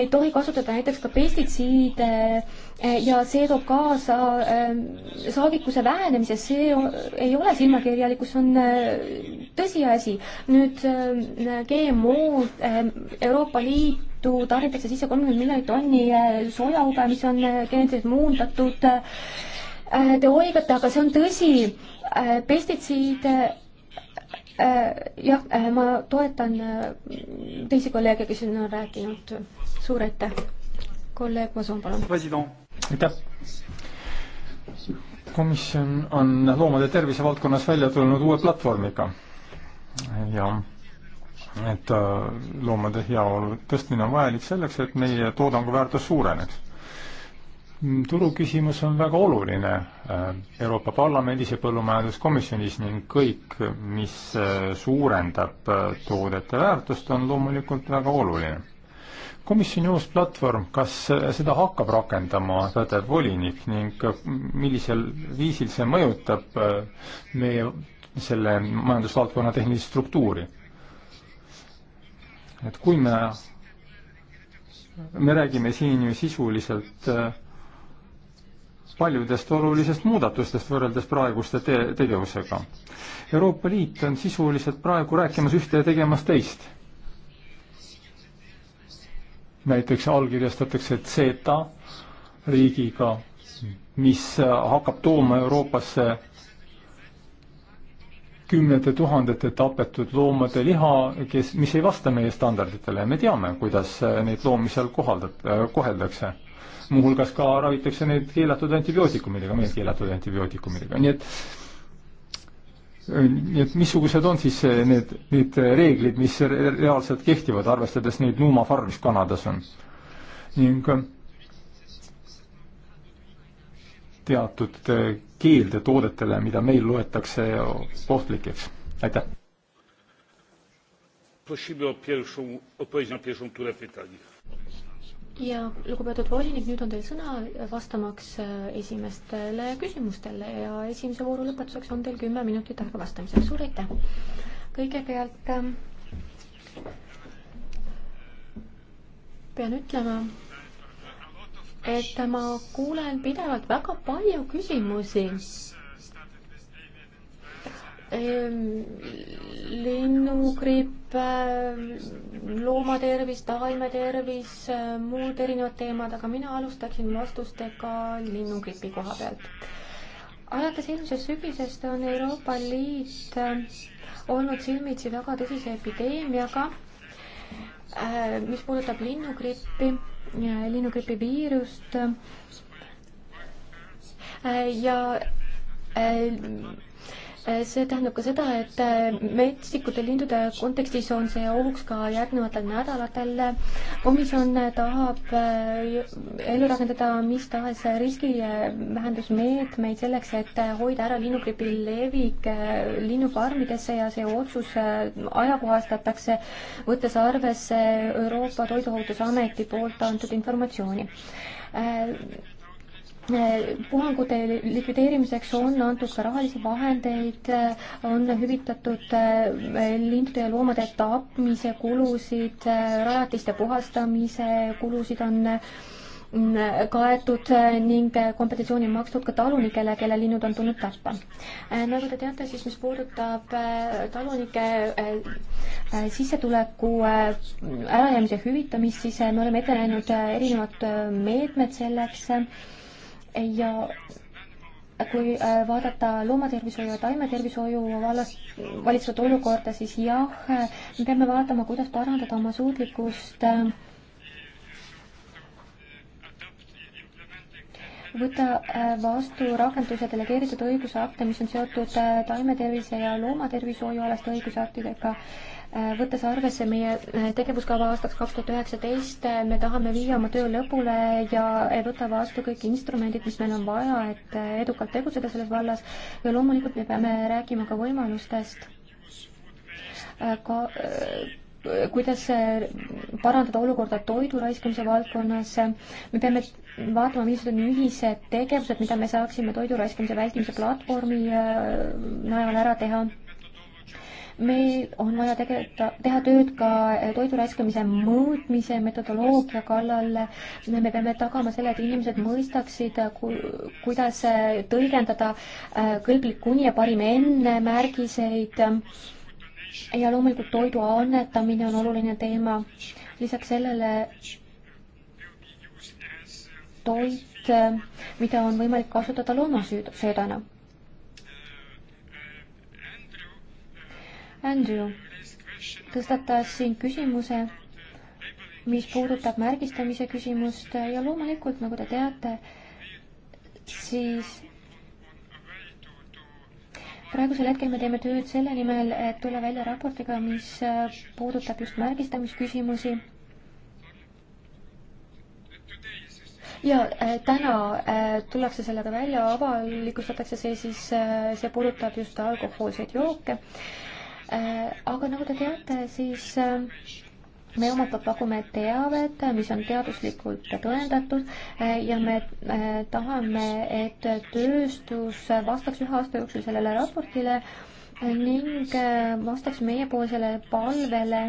Speaker 4: ei tohi kasutada näiteks ka pestitsiide ja see toob kaasa saagikuse vähenemise, see ei ole silmakirjalikkus, see on tõsiasi. nüüd GMO Euroopa Liitu tarnitakse sisse kolmkümmend miljonit tonni sojaube, mis on geneetiliselt muundatud Äh, te oigate, aga see on tõsi, äh, pestitsiide äh, jah, ma toetan teisi kolleege, kes on rääkinud, suur aitäh. kolleeg Moson, palun.
Speaker 5: aitäh. komisjon on loomade tervise valdkonnas välja tulnud uue platvormiga ja et loomade heaolu tõstmine on vajalik selleks, et meie toodangu väärtus suureneks Mm, turuküsimus on väga oluline äh, Euroopa Parlamendis ja Põllumajanduskomisjonis ning kõik, mis äh, suurendab äh, toodete väärtust, on loomulikult väga oluline. komisjoni uus platvorm, kas seda hakkab rakendama pädev volinik ning millisel viisil see mõjutab meie selle majandusvaldkonna tehnilist struktuuri? et kui me, me räägime siin ju sisuliselt äh, paljudest olulisest muudatustest võrreldes praeguste te tegevusega. Euroopa Liit on sisuliselt praegu rääkimas ühte ja tegemas teist. näiteks allkirjastatakse CETA riigiga, mis hakkab tooma Euroopasse kümnete tuhandete tapetud loomade liha, kes, mis ei vasta meie standarditele ja me teame, kuidas neid loomi seal kohaldab, koheldakse muuhulgas ka ravitakse neid keelatud antibiootikumidega, meil keelatud antibiootikumidega, nii et nii et missugused on siis need, need reeglid, mis reaalselt kehtivad, arvestades neid Numa farm, mis Kanadas on? ning teatud keelde toodetele, mida meil loetakse ohtlikeks, aitäh.
Speaker 3: Prosimy o pierwszą odpowiedź na pierwszą turę pytań ja lugupeetud volinik, nüüd on
Speaker 4: teil sõna vastamaks äh, esimestele küsimustele ja esimese vooru lõpetuseks on teil kümme minutit aega vastamiseks, suur aitäh! kõigepealt ähm, pean ütlema, et ma kuulen pidevalt väga palju küsimusi Ehm, linnugripp, ehm, loomatervis, taimetervis, ehm, muud erinevad teemad, aga mina alustaksin vastustega linnugripi koha pealt. alates eelmisest sügisest on Euroopa Liit olnud silmitsi väga tõsise epideemiaga, mis puudutab linnugrippi, linnugripi viirust ja Äh, see tähendab ka seda, et äh, metsikute lindude kontekstis on see ohuks ka järgnevatel nädalatel. komisjon tahab äh, ellu rakendada mis tahes riskivähendusmeetmeid selleks, et hoida ära linnugripi levik linnufarmidesse ja see otsus ajakohastatakse, võttes arvesse Euroopa Toiduohutusameti poolt antud informatsiooni puhangute likvideerimiseks on antud ka rahalisi vahendeid, on hüvitatud äh, lindude ja loomade tapmise kulusid, äh, rajatiste puhastamise kulusid on mm, kaetud äh, ning kompensatsiooni makstud ka talunikele, kelle linnud on tulnud tappa. nagu te teate, siis mis puudutab talunike sissetuleku ärajäämise hüvitamist, siis me oleme ette näinud erinevad meetmed selleks ja kui äh, vaadata loomatervishoiu ja taimetervishoiu vallas, valitsevat olukorda, siis jah, me peame vaatama, kuidas parandada oma suutlikkust äh, võtta äh, vastu rakenduse delegeeritud õigusakte, mis on seotud taimetervise ja loomatervishoiu alaste õigusaktidega võttes arvesse meie äh, tegevuskava aastaks kaks tuhat üheksateist, äh, me tahame viia oma töö lõpule ja äh, võtta vastu kõik instrumendid, mis meil on vaja, et edukalt tegutseda selles vallas ja loomulikult me peame rääkima ka võimalustest, ka kuidas parandada olukorda toidu raiskamise valdkonnas, me peame vaatama, millised on ühised tegevused, mida me saaksime toidu raiskamise vältimise platvormi najal ära teha meil on vaja tegeleda, teha tööd ka äh, toidu raiskamise mõõtmise metodoloogia kallal. me peame tagama selle, et inimesed mõistaksid, äh, kuidas äh, tõlgendada kõlblik kuni ja parim enne märgiseid. ja loomulikult toidu annetamine on oluline teema. lisaks sellele toit, mida on võimalik kasutada loomasöödana Andrew tõstatas siin küsimuse, mis puudutab märgistamise küsimust ja loomulikult, nagu te teate, siis praegusel hetkel me teeme tööd selle nimel, et tulla välja raportiga, mis puudutab just märgistamisküsimusi. ja äh, täna äh, tullakse sellega välja, avalikustatakse see siis, äh, see puudutab just alkohoolseid jooke Äh, aga nagu te teate, siis äh, me omalt poolt pakume teavet, äh, mis on teaduslikult tõendatud ja me tahame, et tööstus vastaks ühe aasta jooksul sellele raportile ning vastaks meiepoolsele palvele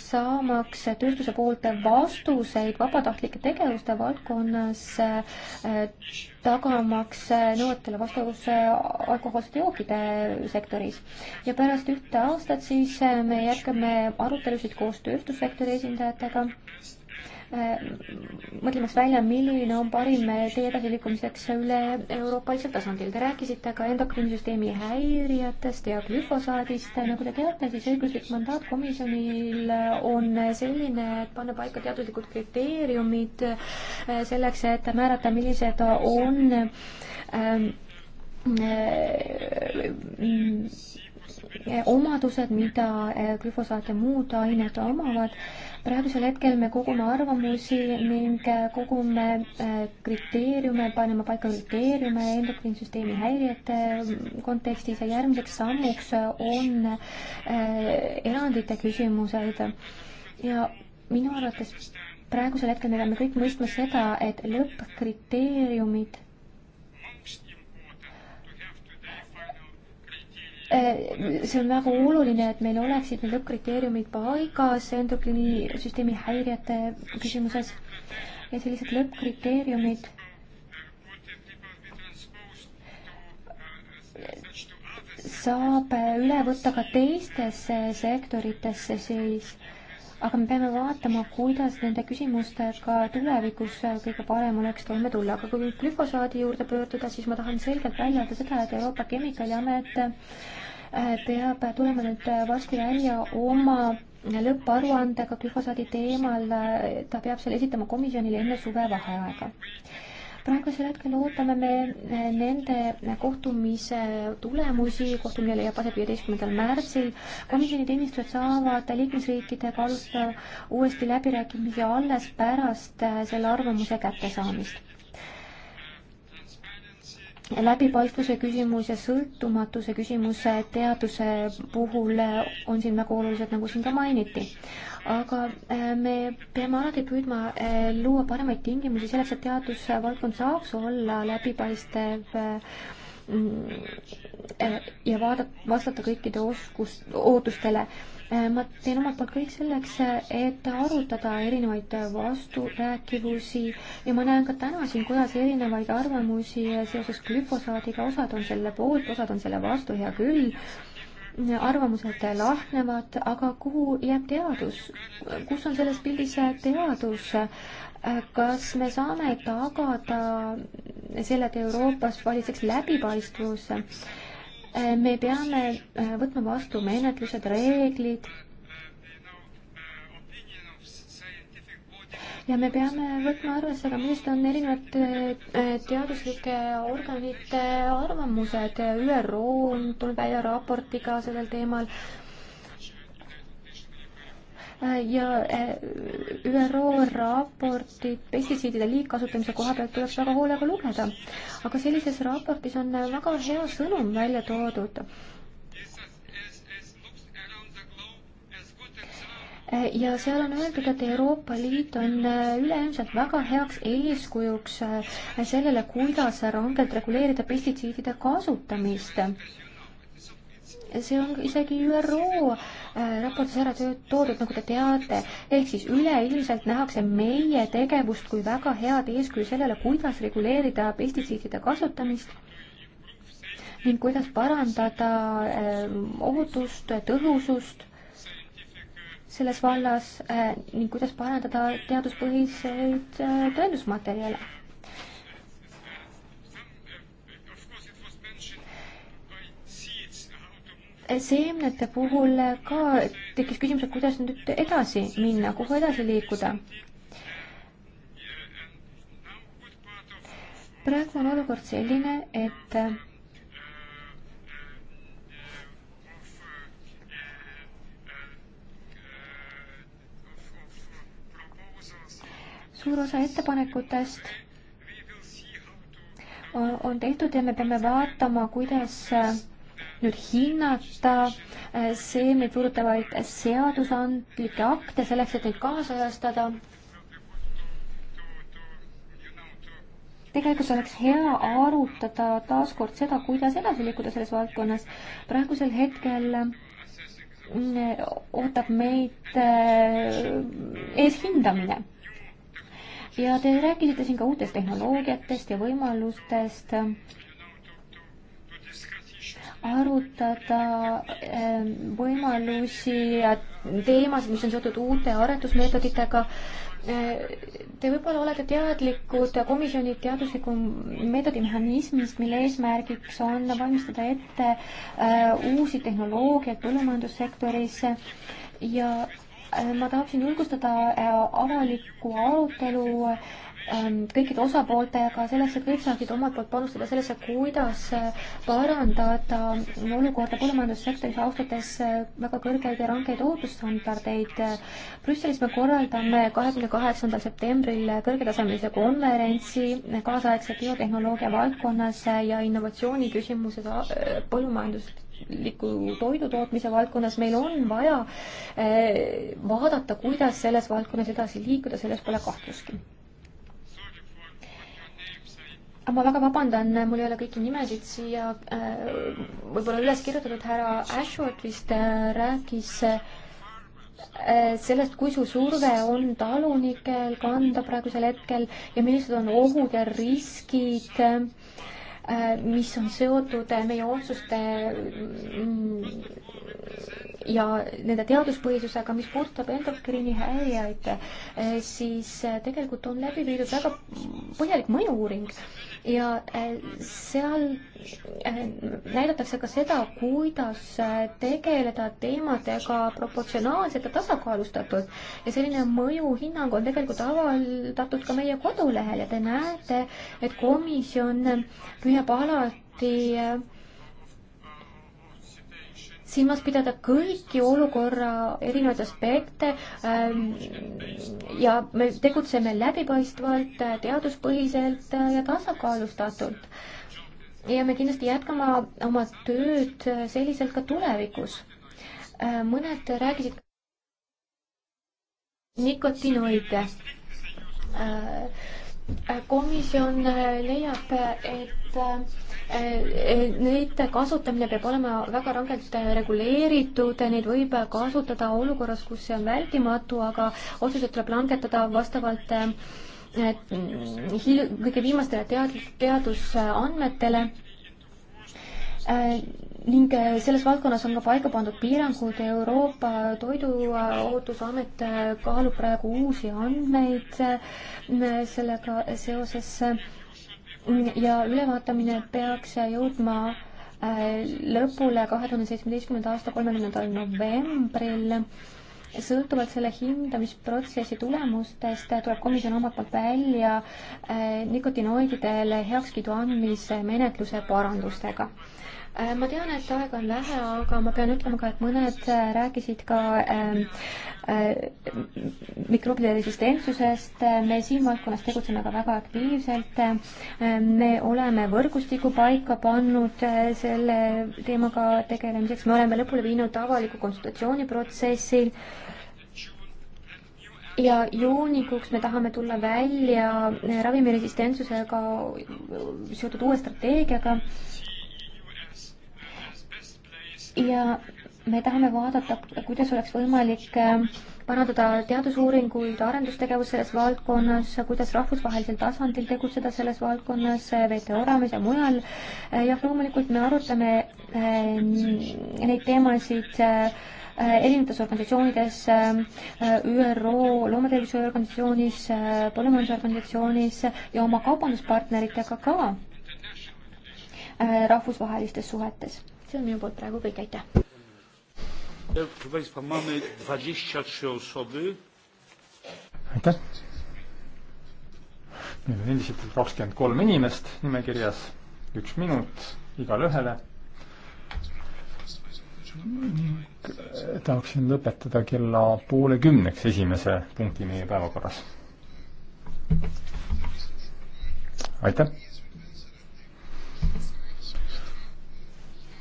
Speaker 4: saamaks tööstuse poolt vastuseid vabatahtlike tegevuste valdkonnas tagamaks nõuetele vastavuse alkohoolsete jookide sektoris. ja pärast ühte aastat siis me jätkame arutelusid koos tööstussektori esindajatega Äh, mõtlemaks välja, milline on parim tee edasiliikumiseks üle euroopalisel tasandil. Te rääkisite ka endokriinsüsteemi häirijatest ja glüfosaadist. nagu te teate, siis õiguslik mandaat komisjonil on selline, et panna paika teaduslikud kriteeriumid äh, selleks, et määrata, millised on ähm, ähm, omadused, mida äh, glüfosaat ja muud ained omavad praegusel hetkel me kogume arvamusi ning äh, kogume äh, kriteeriume, paneme paika kriteeriume endokriinsüsteemi häirete äh, kontekstis ja järgmiseks sammuks on erandite küsimused. ja minu arvates praegusel hetkel me peame kõik mõistma seda, et lõppkriteeriumid Äh, see on väga oluline, et meil oleksid need lõppkriteeriumid paigas endokriinisüsteemi häirete küsimuses ja sellised lõppkriteeriumid saab üle võtta ka teistesse sektoritesse siis, aga me peame vaatama, kuidas nende küsimustega tulevikus kõige parem oleks toime tulla, aga kui glüfosaadi juurde pöörduda, siis ma tahan selgelt välja öelda seda, et Euroopa Kemikaaliamet peab tulema nüüd varsti välja oma lõpparuandega glüfosaadi teemal, ta peab selle esitama komisjonile enne suvevaheaega. praegusel hetkel ootame me nende kohtumise tulemusi, kohtumine leiab aset viieteistkümnendal märtsil. komisjoni teenistused saavad liikmesriikidega alustada uuesti läbirääkimisi alles pärast selle arvamuse kättesaamist läbipaistvuse küsimus ja sõltumatuse küsimus teaduse puhul on siin väga olulised, nagu siin ka mainiti. aga äh, me peame alati püüdma äh, luua paremaid tingimusi selleks, et teadusvaldkond saaks olla läbipaistev äh, mm, ja vaadata, vastata kõikide oskus, ootustele Äh, ma teen omalt poolt kõik selleks, et arutada erinevaid vasturääkivusi ja ma näen ka täna siin kojas erinevaid arvamusi seoses glüfosaadiga, osad on selle poolt, osad on selle vastu, hea küll arvamused lahknevad, aga kuhu jääb teadus? kus on selles pildis teadus? kas me saame tagada selle, et Euroopas valitseks läbipaistvus? me peame äh, võtma vastu menetlused, reeglid. ja me peame võtma arvesse ka, millised on erinevate äh, äh, teaduslike organite arvamused. ÜRO on tulnud välja raportiga sellel teemal ja eh, ÜRO raportit pestitsiidide liigkasutamise koha pealt tuleks väga hoolega lugeda. aga sellises raportis on väga hea sõnum välja toodud eh, ja seal on öeldud, et Euroopa Liit on eh, üleilmselt väga heaks eeskujuks sellele, kuidas rangelt reguleerida pestitsiidide kasutamist see on isegi ÜRO äh, raportis ära toodud, nagu te teate, ehk siis üleilmselt nähakse meie tegevust kui väga head eeskuju sellele, kuidas reguleerida pestitsiidide kasutamist ning kuidas parandada äh, ohutust, tõhusust selles vallas äh, ning kuidas parandada teaduspõhiseid tõendusmaterjale seemnete puhul ka tekkis küsimus, et kuidas nüüd edasi minna, kuhu edasi liikuda. praegu on olukord selline, et suur osa ettepanekutest on tehtud ja me peame vaatama, kuidas nüüd hinnata eh, see meid puudutavaid seadusandlikke akte selleks, et neid kaasajastada. tegelikult oleks hea arutada taaskord seda, kuidas edasi liikuda selles valdkonnas. praegusel hetkel eh, ootab meid eh, ees hindamine. ja te rääkisite siin ka uutest tehnoloogiatest ja võimalustest arutada ähm, võimalusi ja teemasid, mis on seotud uute aretusmeetoditega. Äh, te võib-olla olete teadlikud komisjoni teadusliku meetodi mehhanismist, mille eesmärgiks on valmistada ette äh, uusi tehnoloogiaid põllumajandussektoris ja äh, ma tahaksin julgustada avalikku arutelu Ähm, kõikide osapooltega selleks, et kõik saaksid omalt poolt panustada sellesse, kuidas äh, parandada olukorda põllumajandussektoris, austades äh, väga kõrgeid ja rangeid ohutusstandardeid. Brüsselis me korraldame kahekümne kaheksandal septembril kõrgetasemelise konverentsi kaasaegse biotehnoloogia valdkonnas ja innovatsiooni küsimuses äh, põllumajandust liku toidutootmise valdkonnas meil on vaja vaadata, kuidas selles valdkonnas edasi liikuda, selles pole kahtlustki ma väga vabandan, mul ei ole kõiki nimesid siia äh, võib-olla üles kirjutatud, härra Ashford vist äh, rääkis äh, sellest, kui suur surve on talunikel kanda praegusel hetkel ja millised on ohud ja riskid, äh, mis on seotud äh, meie otsuste mm, ja nende teaduspõhisusega, mis puudutab endokriini häirijaid, äh, siis tegelikult on läbi viidud väga põhjalik mõju-uuring ja äh, seal äh, näidatakse ka seda, kuidas äh, tegeleda teemadega proportsionaalselt ja tasakaalustatult. ja selline mõjuhinnang on tegelikult avaldatud ka meie kodulehel ja te näete, et komisjon püüab alati silmas pidada kõiki olukorra erinevaid aspekte ähm, ja me tegutseme läbipaistvalt, teaduspõhiselt ja tasakaalustatult. ja me kindlasti jätkame oma tööd selliselt ka tulevikus. Äh, mõned rääkisid nikotinoide äh, äh, komisjon leiab, et et eh, eh, nende kasutamine peab olema väga rangelt reguleeritud, neid võib kasutada olukorras, kus see on vältimatu, aga otsused tuleb langetada vastavalt eh, hil-, kõige viimastele tead-, teadusandmetele ning selles valdkonnas on ka paika pandud piirangud, Euroopa Toiduohutusamet kaalub praegu uusi andmeid sellega seoses ja ülevaatamine peaks jõudma äh, lõpule kahe tuhande seitsmeteistkümnenda aasta kolmekümnendal novembril. sõltuvalt selle hindamisprotsessi tulemustest tuleb komisjon omalt poolt välja äh, nikotinoididele heakskiidu andmise menetluse parandustega Äh, ma tean, et aega on vähe, aga ma pean ütlema ka, et mõned äh, rääkisid ka äh, äh, mikroobide resistentsusest. me siin valdkonnas tegutseme ka väga aktiivselt äh,. me oleme võrgustiku paika pannud äh, selle teemaga tegelemiseks, me oleme lõpule viinud avaliku konsultatsiooniprotsessi ja juunikuuks me tahame tulla välja ravimiresistentsusega seotud uue strateegiaga ja me tahame vaadata, kuidas oleks võimalik äh, parandada teadusuuringuid, arendustegevus selles valdkonnas, kuidas rahvusvahelisel tasandil tegutseda selles valdkonnas, äh, WTO raames ja mujal. Äh, jah, loomulikult me arutame neid teemasid erinevates organisatsioonides, ÜRO loomatervise organisatsioonis, põllumajandusorganisatsioonis ja oma kaubanduspartneritega ka rahvusvahelistes suhetes see on minu poolt praegu kõik, aitäh.
Speaker 3: aitäh.
Speaker 2: meil on
Speaker 5: endiselt kakskümmend kolm inimest nimekirjas, üks minut igale ühele. Eh, tahaksin lõpetada kella poole kümneks esimese punkti meie päevakorras. aitäh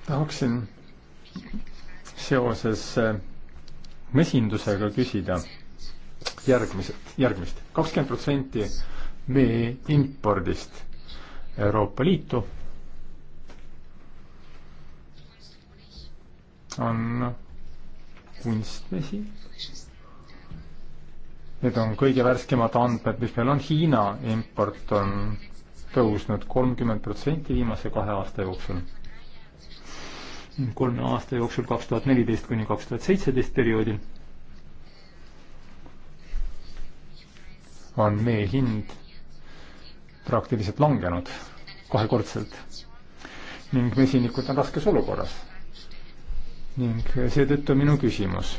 Speaker 5: tahaksin seoses äh, mesindusega küsida järgmised, järgmist. kakskümmend protsenti mee impordist Euroopa Liitu on kunstmesi. Need on kõige värskemad andmed, mis meil on. Hiina import on tõusnud kolmkümmend protsenti viimase kahe aasta jooksul kolme aasta jooksul, kaks tuhat neliteist kuni kaks tuhat seitseteist perioodil, on mee hind praktiliselt langenud kahekordselt ning mesinikud on raskes olukorras. ning seetõttu minu küsimus,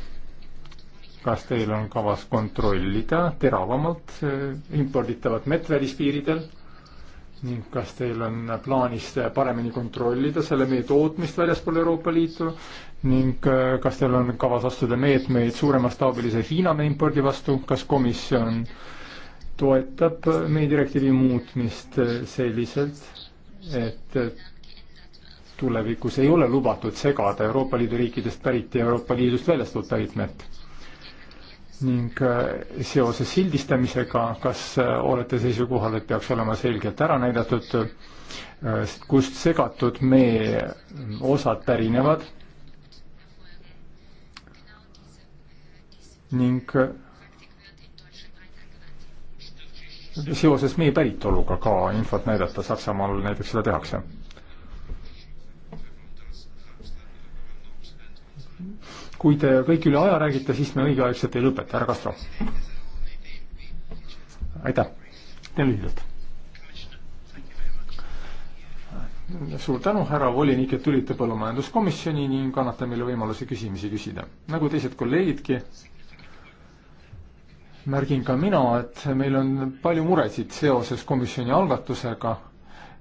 Speaker 5: kas teil on kavas kontrollida teravamalt eh, imporditavat mett välispiiridel ning kas teil on plaanis paremini kontrollida selle meie tootmist väljaspool Euroopa Liitu ning äh, kas teil on kavas astuda meetmeid suuremastaabilise Hiiname impordi vastu, kas komisjon toetab äh, meie direktiivi muutmist äh, selliselt, et tulevikus ei ole lubatud segada Euroopa Liidu riikidest pärit ja Euroopa Liidust väljastpoolt pärit mett? ning äh, seoses sildistamisega, kas äh, olete seisukohal, et peaks olema selgelt ära näidatud, äh, kust segatud mee mm, osad pärinevad ning seoses meie päritoluga ka infot näidata, Saksamaal näiteks seda tehakse kui te kõik üle aja räägite, siis me õigeaegselt ei lõpeta, härra Castro. aitäh, teen lühidalt. suur tänu, härra volinik, et tulite põllumajanduskomisjoni ning annate meile võimaluse küsimusi küsida. nagu teised kolleegidki, märgin ka mina, et meil on palju muresid seoses komisjoni algatusega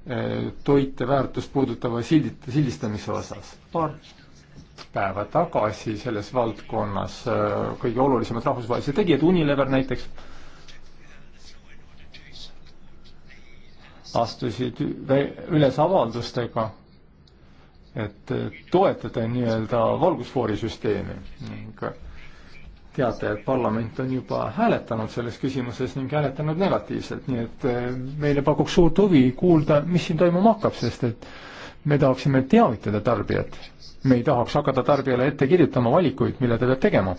Speaker 5: eh, toite väärtust puudutava sildit-, sildistamise osas. paar päeva tagasi selles valdkonnas äh, kõige olulisemad rahvusvahelised tegijad, Unilever näiteks, astusid üles avaldustega, et äh, toetada nii-öelda valgusfoorisüsteemi ning äh, teate, et parlament on juba hääletanud selles küsimuses ning hääletanud negatiivselt, nii et meile pakuks suurt huvi kuulda, mis siin toimuma hakkab, sest et äh, me tahaksime teavitada tarbijat. me ei tahaks hakata tarbijale ette kirjutama valikuid, mille ta peab tegema,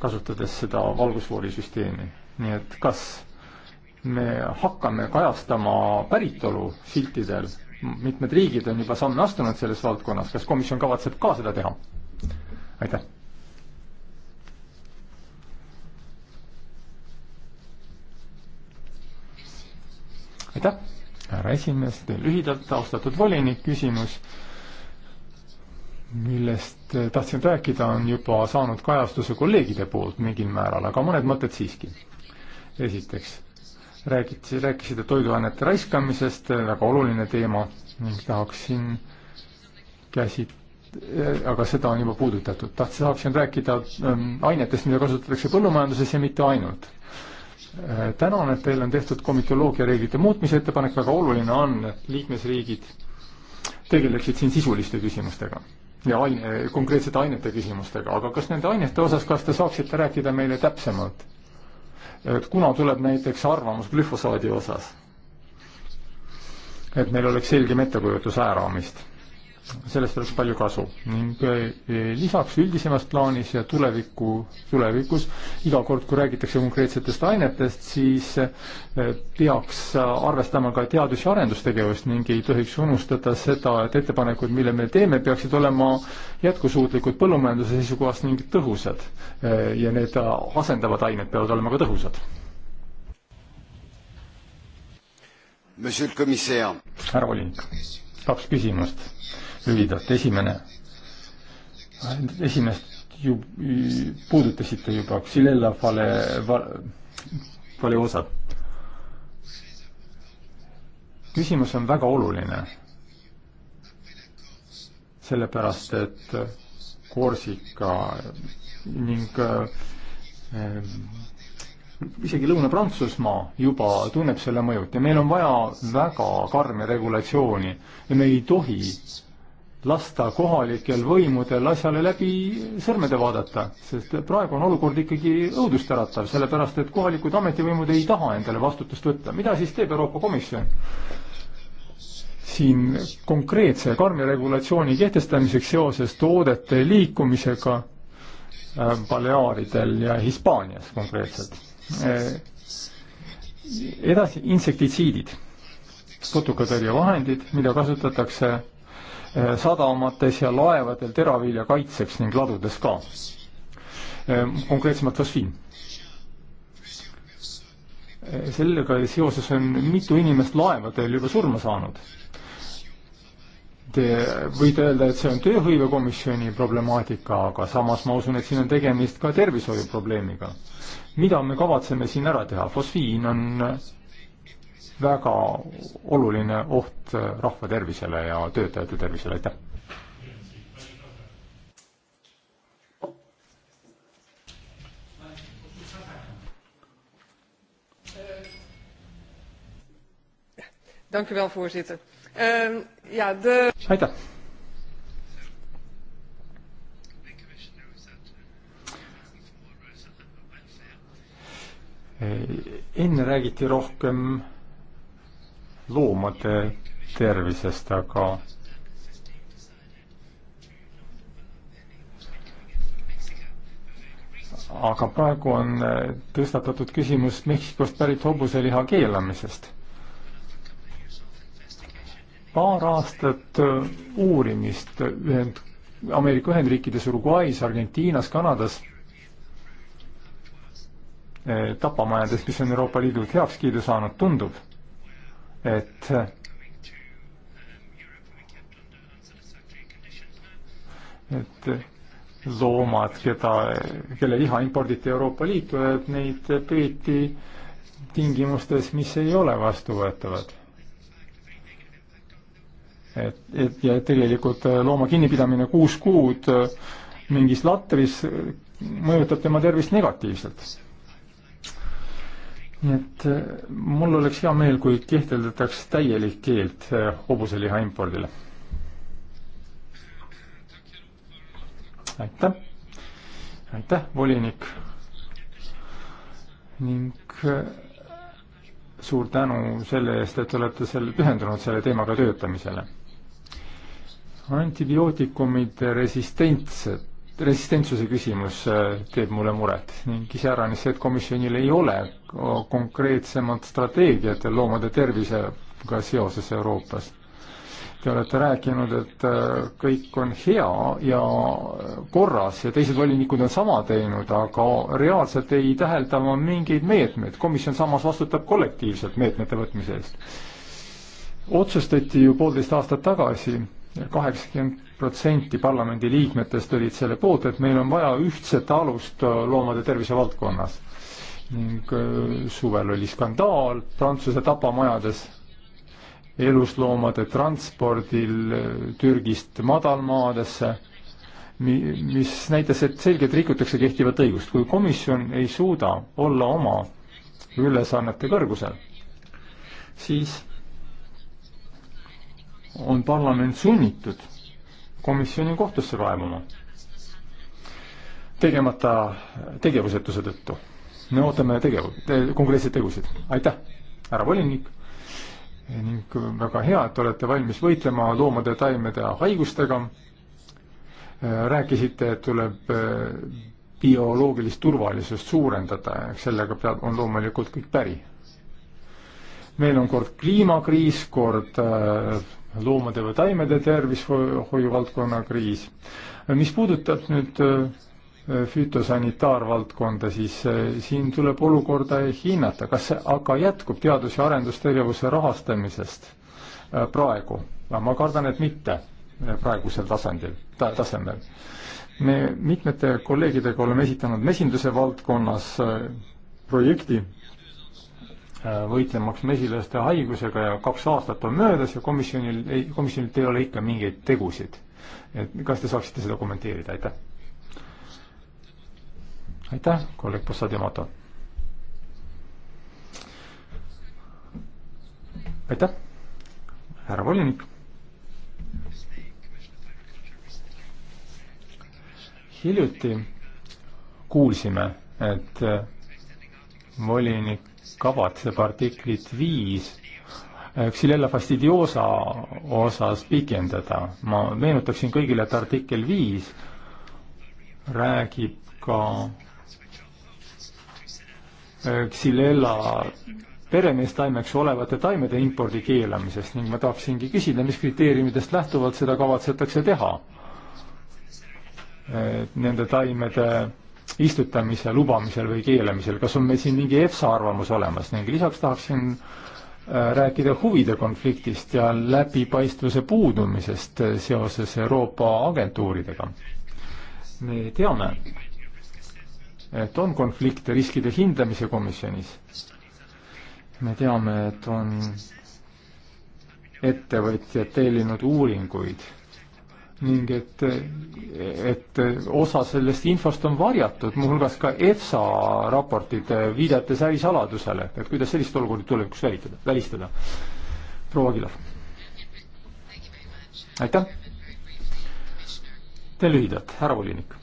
Speaker 5: kasutades seda valgusfoorisüsteemi. nii et kas me hakkame kajastama päritolu siltidel, mitmed riigid on juba samme astunud selles valdkonnas, kas komisjon kavatseb ka seda teha? aitäh. aitäh härra esimees, teen lühidalt, austatud volinik, küsimus, millest eh, tahtsin rääkida, on juba saanud kajastuse kolleegide poolt mingil määral, aga mõned mõtted siiski. esiteks, räägiti, rääkisite toiduainete raiskamisest, eh, väga oluline teema ning tahaksin käsit-, eh, aga seda on juba puudutatud. tahtsin, tahaksin rääkida ähm, ainetest, mida kasutatakse põllumajanduses ja mitte ainult. Äh, tänan, et teil on tehtud komitoloogia reeglite muutmise ettepanek, väga oluline on, et liikmesriigid tegeleksid siin sisuliste küsimustega ja aine, konkreetsete ainete küsimustega, aga kas nende ainete osas, kas te saaksite rääkida meile täpsemalt? et äh, kuna tuleb näiteks arvamus glüfosaadi osas? et meil oleks selgem ettekujutus ääramisest sellest oleks palju kasu ning eh, lisaks üldisemas plaanis ja tuleviku, tulevikus iga kord, kui räägitakse konkreetsetest ainetest, siis eh, peaks arvestama ka teadus- ja arendustegevust ning ei tohiks unustada seda, et ettepanekud, mille me teeme, peaksid olema jätkusuutlikud põllumajanduse seisukohast ning tõhusad. Eh, ja need asendavad ained peavad olema ka tõhusad.
Speaker 2: härra
Speaker 5: volinik, kaks küsimust lühidalt. esimene,
Speaker 2: esimest ju
Speaker 5: puudutasite juba, Xylella vale, vale osa. küsimus on väga oluline. sellepärast, et Korsika ning äh, isegi Lõuna-Prantsusmaa juba tunneb selle mõjut ja meil on vaja väga karmi regulatsiooni ja me ei tohi lasta kohalikel võimudel asjale läbi sõrmede vaadata, sest praegu on olukord ikkagi õudustäratav, sellepärast et kohalikud ametivõimud ei taha endale vastutust võtta. mida siis teeb Euroopa Komisjon? siin konkreetse karmi regulatsiooni kehtestamiseks seoses toodete liikumisega äh, Baleaaridel ja Hispaanias konkreetselt. Äh, edasi insektitsiidid, putukatõrjevahendid, mida kasutatakse Äh, sadamates ja laevadel teravilja kaitseks ning ladudes ka. Äh, konkreetsemalt fosfiin. Äh, sellega seoses on mitu inimest laevadel juba surma saanud. Te võite öelda, et see on tööhõivekomisjoni problemaatika, aga samas ma usun, et siin on tegemist ka tervishoiuprobleemiga. mida me kavatseme siin ära teha? fosfiin on väga oluline oht äh, rahva tervisele ja töötajate tervisele, aitäh!
Speaker 2: Dank u wel, voorzitter. Uh, ja, de... Aitäh.
Speaker 5: enne räägiti rohkem loomade tervisest, aga aga praegu on äh, tõstatatud küsimus Mehhikost pärit hobuseliha keelamisest. paar aastat äh, uurimist Ühend, Ameerika Ühendriikides, Uruguay's, Argentiinas, Kanadas, äh, tapamajades, mis on Euroopa Liidult heakskiidu saanud, tundub et et loomad, keda, kelle liha imporditi Euroopa Liitu, et neid peeti tingimustes, mis ei ole vastuvõetavad. et, et ja tegelikult looma kinnipidamine kuus kuud mingis latris mõjutab tema tervist negatiivselt nii et äh, mul oleks hea meel, kui kehtestataks täielik keeld äh, hobuseliha impordile. aitäh, aitäh, volinik. ning äh, suur tänu selle eest, et olete selle, pühendunud selle teemaga töötamisele. antibiootikumide resistentsed resistentsuse küsimus äh, teeb mulle muret ning iseäranis see, et komisjonil ei ole konkreetsemat strateegiat loomade tervisega seoses Euroopas. Te olete rääkinud, et äh, kõik on hea ja korras ja teised volinikud on sama teinud, aga reaalselt ei tähelda ma mingeid meetmeid, komisjon samas vastutab kollektiivselt meetmete võtmise eest. otsustati ju poolteist aastat tagasi kaheksakümmend protsenti parlamendi liikmetest olid selle poolt, et meil on vaja ühtset alust äh, loomade tervise valdkonnas. ning äh, suvel oli skandaal Prantsuse tapamajades, elusloomade transpordil äh, Türgist madalmaadesse, mis näitas, et selgelt rikutakse kehtivat õigust, kui komisjon ei suuda olla oma ülesannete kõrgusel, siis on parlament sunnitud komisjoni kohtusse kaevama tegemata tegevusetuse tõttu. me ootame tegev- te,, konkreetseid tegusid. aitäh, härra volinik ning väga hea, et olete valmis võitlema loomade ja taimede haigustega. rääkisite, et tuleb äh, bioloogilist turvalisust suurendada ja sellega peab, on loomulikult kõik päri. meil on kord kliimakriis, kord äh, loomade või taimede tervishoiu valdkonna kriis. mis puudutab nüüd äh, fütosanitaarvaldkonda, siis äh, siin tuleb olukorda hinnata, kas see aga jätkub teadus- ja arendustegevuse rahastamisest äh, praegu? ma kardan, et mitte praegusel tasandil ta,, tasemel. me mitmete kolleegidega oleme esitanud mesinduse valdkonnas projekti Äh, võitlemaks mesilaste haigusega ja kaks aastat on möödas ja komisjonil ei, komisjonilt ei ole ikka mingeid tegusid. et kas te saaksite seda kommenteerida, aitäh. aitäh, kolleeg Possadiomato. aitäh, härra volinik. hiljuti kuulsime, et volinik kavatseb artiklit viis eh, Xylella fastidiosa osas pikendada. ma meenutaksin kõigile, et artikkel viis räägib ka eh, Xylella peremeestaimeks olevate taimede impordi keelamisest ning ma tahaksingi küsida, mis kriteeriumidest lähtuvalt seda kavatsetakse teha. Eh, nende taimede istutamise lubamisel või keelamisel, kas on meil siin mingi EFSA arvamus olemas ning lisaks tahaksin äh, rääkida huvide konfliktist ja läbipaistvuse puudumisest äh, seoses Euroopa agentuuridega. me teame, et on konflikte riskide hindamise komisjonis. me teame, et on ettevõtjad tellinud uuringuid ning et, et osa sellest infost on varjatud, muuhulgas ka EFSA raportid, viidates ärisaladusele, et kuidas sellist olukorda tulevikus välitada, välistada. proua Kilav. aitäh. teen lühidalt, härra volinik.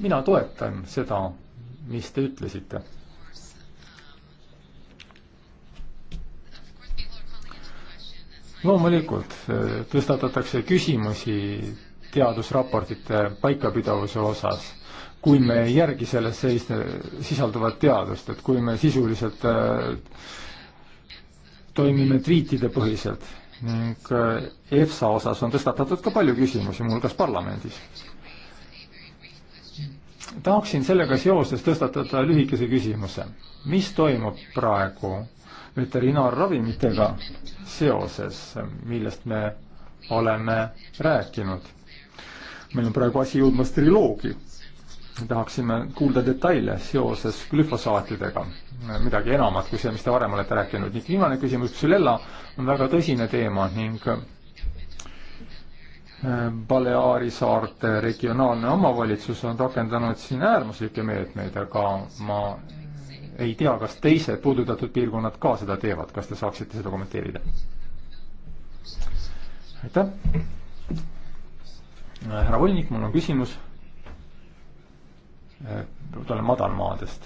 Speaker 5: mina toetan seda, mis te ütlesite loomulikult eh, tõstatatakse küsimusi teadusraportite paikapidavuse osas, kui me ei järgi selles seisne, sisalduvat teadust, et kui me sisuliselt eh, toimime tweetide põhiselt ning eh, EFSA osas on tõstatatud ka palju küsimusi, muuhulgas parlamendis. tahaksin sellega seoses tõstatada lühikese küsimuse. mis toimub praegu veterinaarravimitega seoses, millest me oleme rääkinud. meil on praegu asi jõudmas triloogi. tahaksime kuulda detaile seoses glüfosaatidega, midagi enamat kui see, mis te varem olete rääkinud. ning viimane küsimus, Psülella on väga tõsine teema ning äh, Baleari saarte regionaalne omavalitsus on rakendanud siin äärmuslikke meetmeid, aga ma ei tea, kas teised puudutatud piirkonnad ka seda teevad, kas te saaksite seda kommenteerida? aitäh. härra volinik, mul on küsimus. Äh, tulen madalmaadest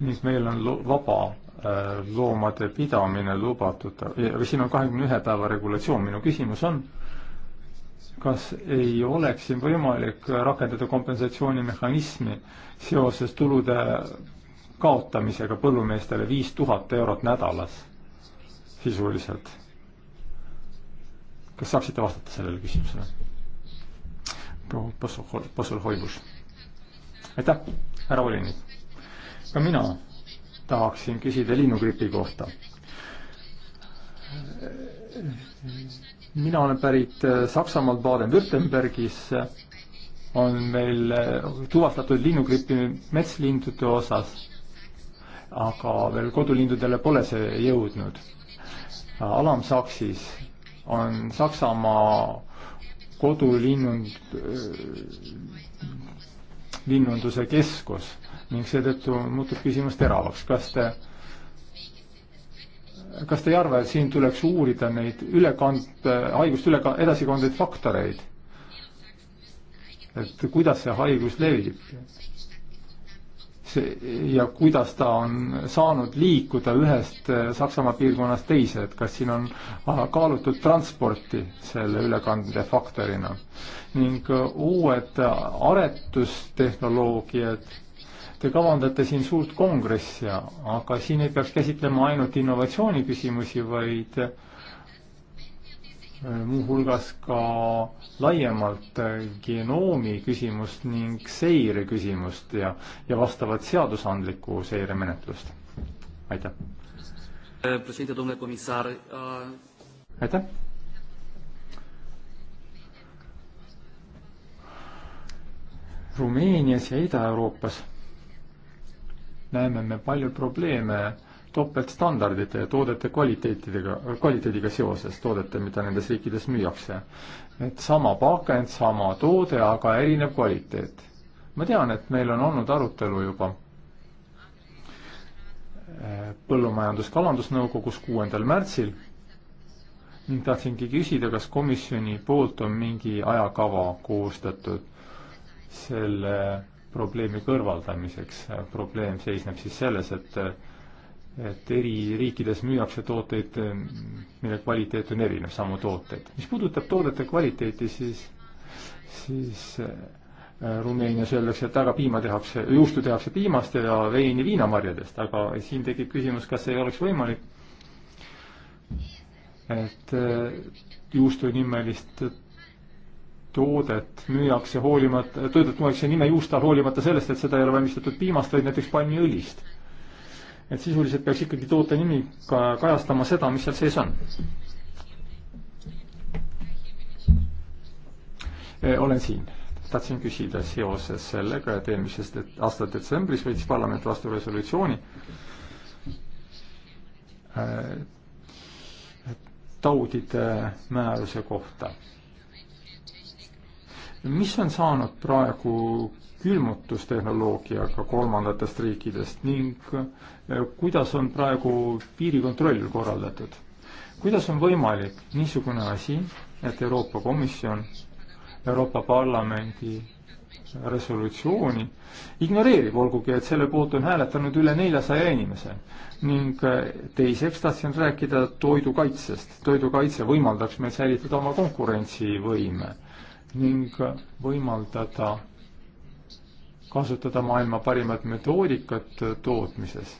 Speaker 5: ning meil on lo vaba äh, loomade pidamine lubatud, aga äh, siin on kahekümne ühe päeva regulatsioon, minu küsimus on, kas ei oleks siin võimalik rakendada kompensatsioonimehhanismi seoses tulude kaotamisega põllumeestele viis tuhat eurot nädalas sisuliselt. kas saaksite vastata sellele küsimusele? proua Põssul, Põssul-Hoibus. aitäh, härra volinik. ka mina tahaksin küsida linnugripi kohta. mina olen pärit äh, Saksamaalt Baden-Württembergis on meil äh, tuvastatud linnugripi metslindude osas aga veel kodulindudele pole see jõudnud. alamsaak siis on Saksamaa kodulinnund, äh, linnunduse keskus ning seetõttu muutub küsimus teravaks, kas te, kas te ei arva, et siin tuleks uurida neid ülekand, haigust üle, edasikandeid faktoreid? et kuidas see haigus levib? see ja kuidas ta on saanud liikuda ühest eh, Saksamaa piirkonnast teise, et kas siin on ah, kaalutud transporti selle ülekande faktorina ning eh, uued aretustehnoloogiad. Te kavandate siin suurt kongressi, aga siin ei peaks käsitlema ainult innovatsiooni küsimusi, vaid äh, muuhulgas ka laiemalt äh, genoomi küsimust ning seire küsimust ja, ja vastavat seadusandlikku seiremenetlust. aitäh.
Speaker 3: Eh, ah.
Speaker 5: aitäh. Rumeenias ja Ida-Euroopas näeme me palju probleeme topeltstandardite ja toodete kvaliteetidega, kvaliteediga seoses, toodete, mida nendes riikides müüakse. et sama pakend, sama toode, aga erinev kvaliteet. ma tean, et meil on olnud arutelu juba eh, Põllumajandus-Kalandusnõukogus kuuendal märtsil ning tahtsingi küsida, kas komisjoni poolt on mingi ajakava koostatud selle probleemi kõrvaldamiseks. probleem seisneb siis selles, et et eri riikides müüakse tooteid, eh, mille kvaliteet on erinev, samu tooteid. mis puudutab toodete kvaliteeti, siis, siis eh, Rumeenias öeldakse, et aga piima tehakse, juustu tehakse piimast ja veini viinamarjadest, aga siin tekib küsimus, kas ei oleks võimalik, et eh, juustunimelist toodet müüakse hoolimata, toodet müüakse nime juustu all hoolimata sellest, et seda ei ole valmistatud piimast, vaid näiteks panniõlist et sisuliselt peaks ikkagi toote nimi ka kajastama seda, mis seal sees on. E, olen siin, tahtsin küsida seoses sellega, et eelmisest aasta detsembris võttis parlament vastu resolutsiooni e, taudide määruse kohta mis on saanud praegu külmutustehnoloogiaga kolmandatest riikidest ning eh, kuidas on praegu piirikontroll korraldatud? kuidas on võimalik niisugune asi, et Euroopa Komisjon Euroopa Parlamendi resolutsiooni ignoreerib, olgugi et selle poolt on hääletanud üle neljasaja inimese. ning eh, teiseks tahtsin rääkida toidukaitsest. toidukaitse võimaldaks meil säilitada oma konkurentsivõime ning võimaldada kasutada maailma parimat metoodikat äh, tootmises.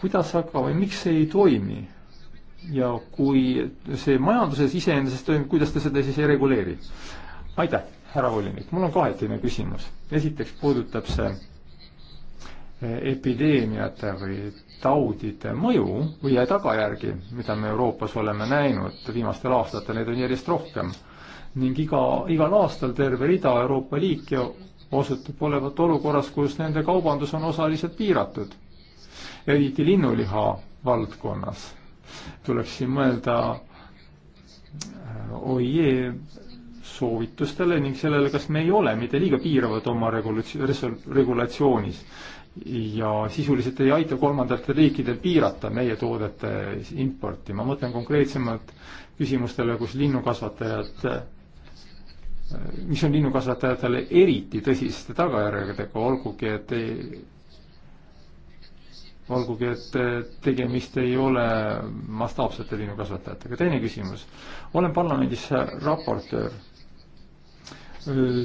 Speaker 5: kuidas aga või miks see ei toimi? ja kui see majanduses iseenesest toimib, kuidas te seda siis ei reguleeri? aitäh, härra volinik, mul on kahetine küsimus. esiteks puudutab see äh, epideemiate või taudide mõju või tagajärgi, mida me Euroopas oleme näinud viimastel aastatel, neid on järjest rohkem. ning iga, igal aastal terve rida Euroopa liike osutub olevat olukorras, kus nende kaubandus on osaliselt piiratud, eriti linnuliha valdkonnas. tuleks siin mõelda äh, OIE soovitustele ning sellele, kas me ei ole mitte liiga piiravad oma regulats-, regulatsioonis ja sisuliselt ei aita kolmandatel riikidel piirata meie toodete importi. ma mõtlen konkreetsemalt küsimustele, kus linnukasvatajad mis on linnukasvatajatele eriti tõsiste tagajärgedega, olgugi et ei, olgugi, et eh, tegemist ei ole mastaapsete linnukasvatajatega. teine küsimus. olen parlamendis raportöör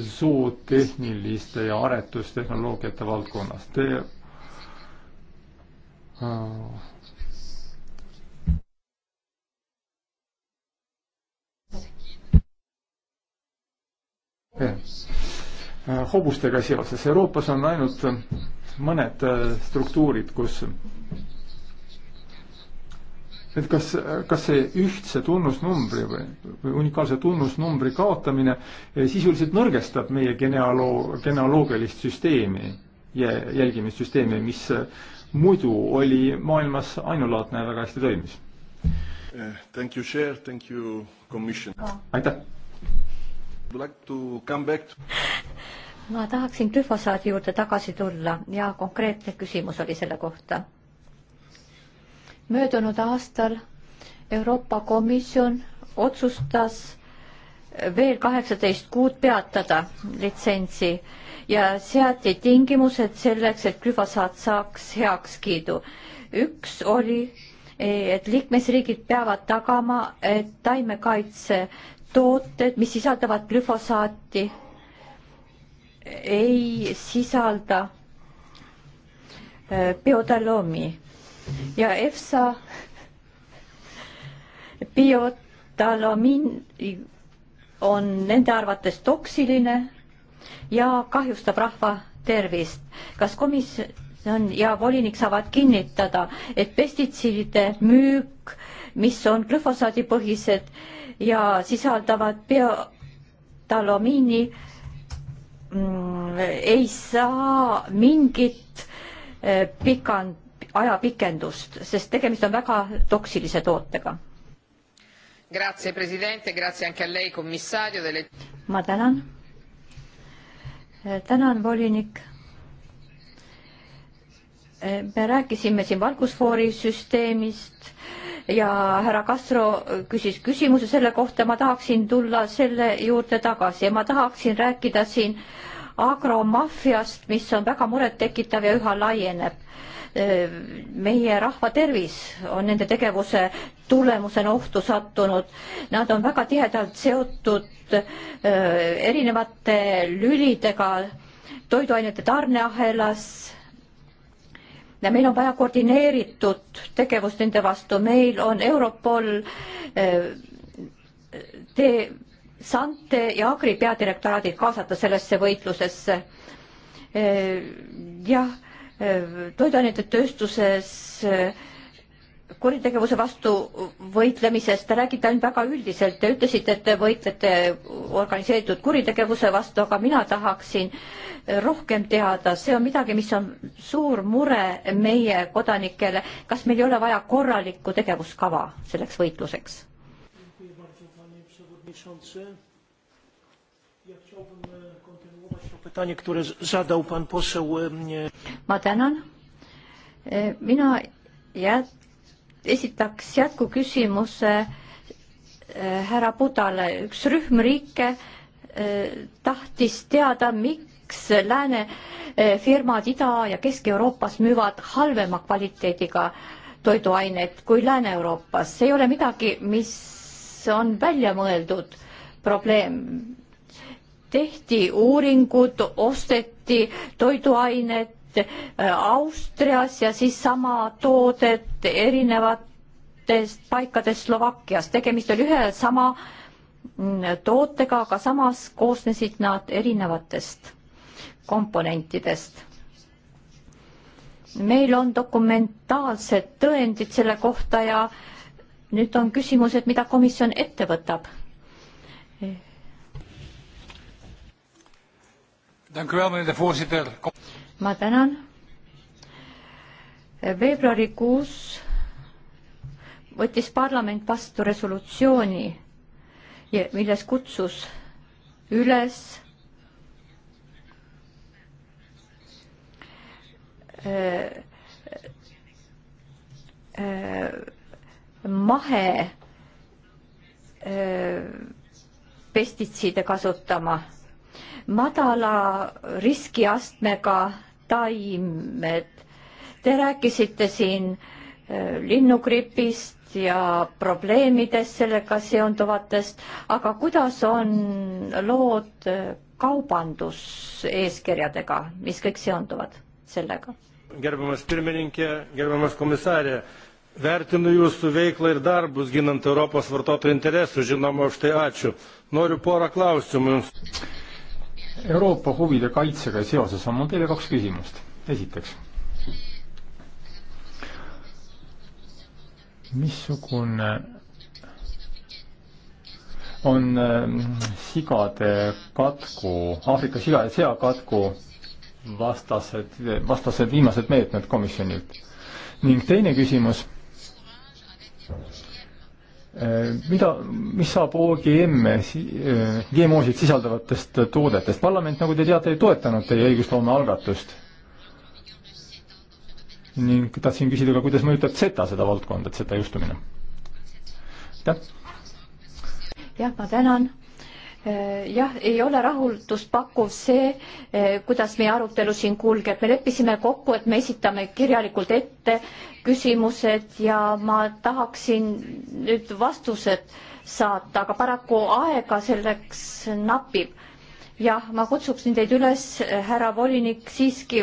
Speaker 5: zootehniliste ja aretustehnoloogiate valdkonnas. Te Äh, hobustega seoses. Euroopas on ainult äh, mõned äh, struktuurid, kus et kas, kas see ühtse tunnusnumbri või, või unikaalse tunnusnumbri kaotamine eh, sisuliselt nõrgestab meie genealoo-, genealoogilist süsteemi, jälgimissüsteemi, mis muidu oli maailmas ainulaadne ja väga hästi toimis? Eh, thank you, chair, thank you, commission. aitäh!
Speaker 1: ma tahaksin glüfosaadi juurde tagasi tulla ja konkreetne küsimus oli selle kohta. möödunud aastal Euroopa Komisjon otsustas veel kaheksateist kuud peatada litsentsi ja seati tingimused selleks, et glüfosaat saaks heakskiidu. üks oli, et liikmesriigid peavad tagama, et taimekaitse tooted, mis sisaldavad glüfosaati, ei sisalda äh, biotaloomi ja EFSA biotalomin on nende arvates toksiline ja kahjustab rahva tervist. kas komisjon ja volinik saavad kinnitada, et pestitsiidide müük, mis on glüfosaadipõhised, ja sisaldavad biotalomiini mm,, ei saa mingit eh, pikand, ajapikendust, sest tegemist on väga toksilise tootega. Grazie presidente, grazie anche a lei commissario delle. ma tänan. Eh, tänan, volinik eh, me rääkisime siin valgusfoorisüsteemist ja härra Castro küsis küsimuse selle kohta, ma tahaksin tulla selle juurde tagasi ja ma tahaksin rääkida siin agromaffiast, mis on väga murettekitav ja üha laieneb. meie rahva tervis on nende tegevuse tulemusena ohtu sattunud. Nad on väga tihedalt seotud äh, erinevate lülidega toiduainete tarneahelas ja meil on vaja koordineeritud tegevust nende vastu, meil on Europol, eh, tee, Sante ja Agri peadirektoraadid kaasata sellesse võitlusesse. Eh, jah, eh, toiduainete tööstuses kuritegevuse vastu võitlemisest, te räägite ainult väga üldiselt, te ütlesite, et te võitlete organiseeritud kuritegevuse vastu, aga mina tahaksin rohkem teada, see on midagi, mis on suur mure meie kodanikele. kas meil ei ole vaja korralikku tegevuskava selleks võitluseks? E, e, e, ma tänan. mina jät-, esitaks jätkuküsimuse äh, härra Budale. üks rühm riike äh, tahtis teada, miks lääne äh, firmad Ida- ja Kesk-Euroopas müüvad halvema kvaliteediga toiduaineid kui Lääne-Euroopas. see ei ole midagi, mis on välja mõeldud probleem. tehti uuringud, osteti toiduained Äh, Austrias ja siis sama toodet erinevatest paikadest Slovakkias. tegemist oli ühe sama mm, tootega, aga samas koosnesid nad erinevatest komponentidest. meil on dokumentaalsed tõendid selle kohta ja nüüd on küsimus, et mida komisjon ette võtab?
Speaker 5: Dank u wel, meneer de voorzitter
Speaker 1: ma tänan. veebruarikuus võttis parlament vastu resolutsiooni, milles kutsus üles äh, äh, mahe äh, pestitsiide kasutama madala riskiastmega taimed. Te rääkisite siin äh, linnugripist ja probleemidest sellega seonduvatest, aga kuidas on lood äh, kaubanduseeskirjadega, mis kõik seonduvad sellega?
Speaker 5: gerbiamas pirmininkė, gerbiamas komisarė,
Speaker 3: vertinu jūsų veiklą ir darbus ginant Europos vartotojų interesus, žinoma, už tai ačiū.
Speaker 5: Noriu porą klausimų jums Euroopa huvide kaitsega seoses on mul teile kaks küsimust. esiteks, missugune on ähm, sigade katku, Aafrika siga ja seakatku vastased, vastased viimased meetmed komisjonilt? ning teine küsimus Äh, mida, mis saab OGM-e, GMO-sid äh, sisaldavatest toodetest? parlament, nagu te teate, ei toetanud teie õigusloome algatust. ning tahtsin küsida ka, kuidas mõjutab Zeta seda valdkonda, Zeta jõustumine? aitäh!
Speaker 1: jah, ma tänan Eh, jah, ei ole rahuldust pakkuv see, eh, kuidas meie arutelu siin kulgeb. me leppisime kokku, et me esitame kirjalikult ette küsimused ja ma tahaksin nüüd vastused saata, aga paraku aega selleks napib jah, ma kutsuksin teid üles, eh, härra volinik, siiski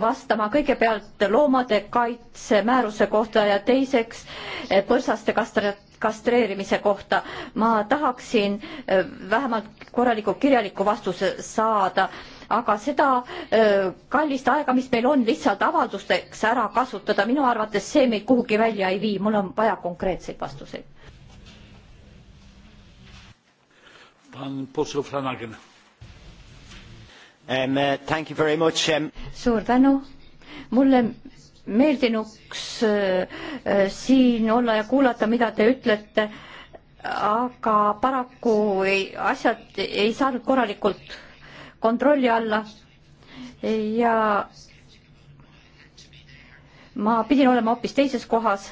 Speaker 1: vastama kõigepealt loomade kaitse määruse kohta ja teiseks eh, põrsaste kastre-, kastreerimise kohta. ma tahaksin eh, vähemalt korraliku kirjaliku vastuse saada, aga seda kallist aega, mis meil on, lihtsalt avaldusteks ära kasutada, minu arvates see meid kuhugi välja ei vii, mul on vaja konkreetseid vastuseid.
Speaker 3: pan poseł Flanagan um,. Uh, thank you very much
Speaker 2: um....
Speaker 1: suur tänu. mulle meeldinuks äh, siin olla ja kuulata, mida te ütlete, aga paraku ei, asjad ei saanud korralikult kontrolli alla. ja ma pidin olema hoopis teises kohas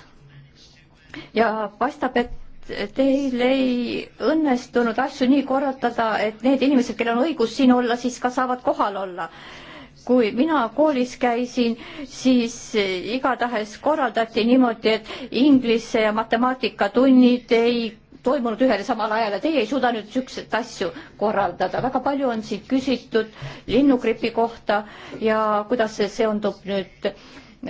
Speaker 1: ja paistab, et teil ei õnnestunud asju nii korratada, et need inimesed, kellel on õigus siin olla, siis ka saavad kohal olla. kui mina koolis käisin, siis igatahes korraldati niimoodi, et inglise ja matemaatika tunnid ei toimunud ühel ja samal ajal ja teie ei suuda nüüd niisuguseid asju korraldada. väga palju on siin küsitud linnugripi kohta ja kuidas see seondub nüüd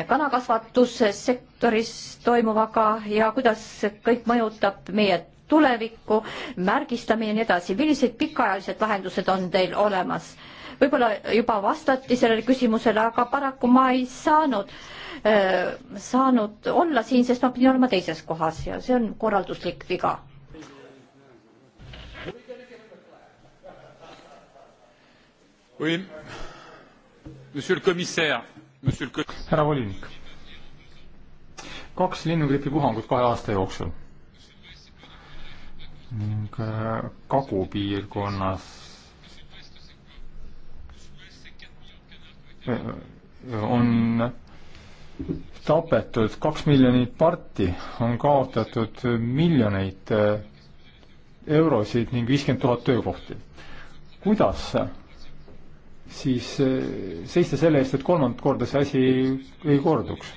Speaker 1: kanakasvatussektoris toimuvaga ja kuidas see kõik mõjutab meie tulevikku, märgistamine ja nii edasi. millised pikaajalised lahendused on teil olemas? võib-olla juba vastati sellele küsimusele, aga paraku ma ei saanud äh,, saanud olla siin, sest ma pidin olema teises kohas ja see on korralduslik viga.
Speaker 5: Oui, monsieur le commissaire härra volinik, kaks linnugripi puhangut kahe aasta jooksul ning äh, kagupiirkonnas äh, on tapetud kaks miljonit parti, on kaotatud miljoneid äh, eurosid ning viiskümmend tuhat töökohti. kuidas siis eh, seista selle eest, et kolmandat korda see asi ei, ei korduks.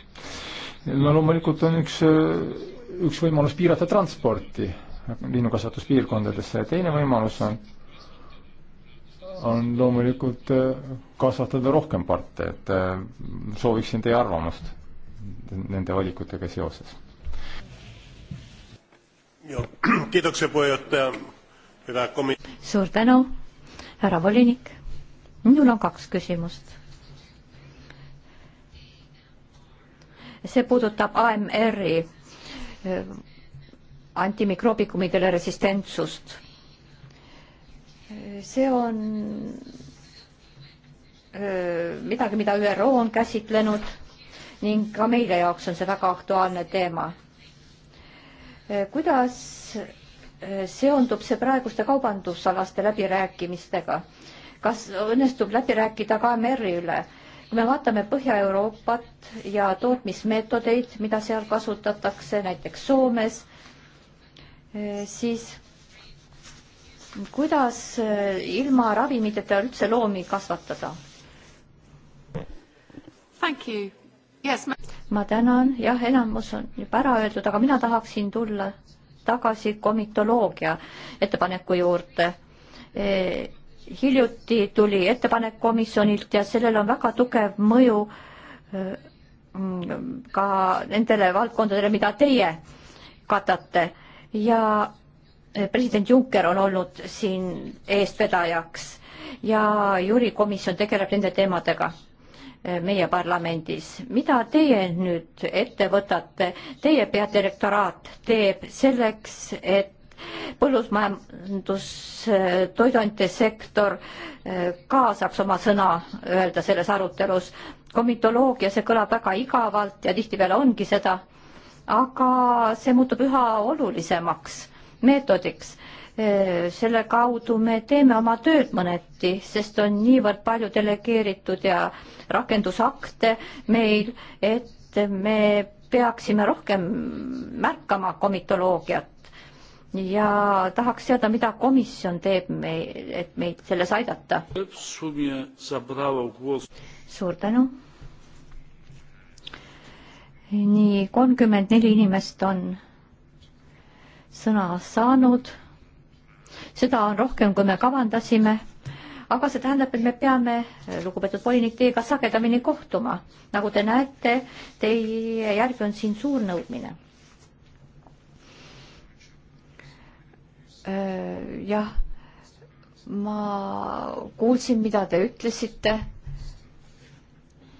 Speaker 5: no loomulikult on üks, eh, üks võimalus piirata transporti linnukasvatuspiirkondadesse ja teine võimalus on, on loomulikult eh, kasvatada rohkem parte, et sooviksin teie arvamust nende valikutega seoses.
Speaker 1: suur tänu, härra volinik minul on kaks küsimust. see puudutab AMR-i eh, antimikroobikumitele resistentsust. see on eh, midagi, mida ÜRO on käsitlenud ning ka meile jaoks on see väga aktuaalne teema. Eh, kuidas seondub see praeguste kaubandusalaste läbirääkimistega? kas õnnestub läbi rääkida ka MRi üle? kui me vaatame Põhja-Euroopat ja tootmismeetodeid, mida seal kasutatakse, näiteks Soomes, eh, siis kuidas eh, ilma ravimiteta üldse loomi kasvatada? Yes, ma... ma tänan, jah, enamus on juba ära öeldud, aga mina tahaksin tulla tagasi komitoloogia ettepaneku juurde e hiljuti tuli ettepanek komisjonilt ja sellel on väga tugev mõju äh, mm, ka nendele valdkondadele, mida teie katate ja äh, president Juncker on olnud siin eestvedajaks ja juurikomisjon tegeleb nende teemadega äh, meie parlamendis. mida teie nüüd ette võtate, teie peadirektoraat teeb selleks, et põllumajandus, äh, toiduainete sektor äh, ka saaks oma sõna öelda selles arutelus. komitoloogia, see kõlab väga igavalt ja tihtipeale ongi seda, aga see muutub üha olulisemaks meetodiks äh, selle kaudu me teeme oma tööd mõneti, sest on niivõrd palju delegeeritud ja rakendusakte meil, et me peaksime rohkem märkama komitoloogiat ja tahaks teada, mida komisjon teeb meil, et meid selles aidata. suur tänu. nii, kolmkümmend neli inimest on sõna saanud. seda on rohkem, kui me kavandasime. aga see tähendab, et me peame, lugupeetud volinik, teiega sagedamini kohtuma. nagu te näete, teie järgi on siin suur nõudmine Äh, jah, ma kuulsin, mida te ütlesite.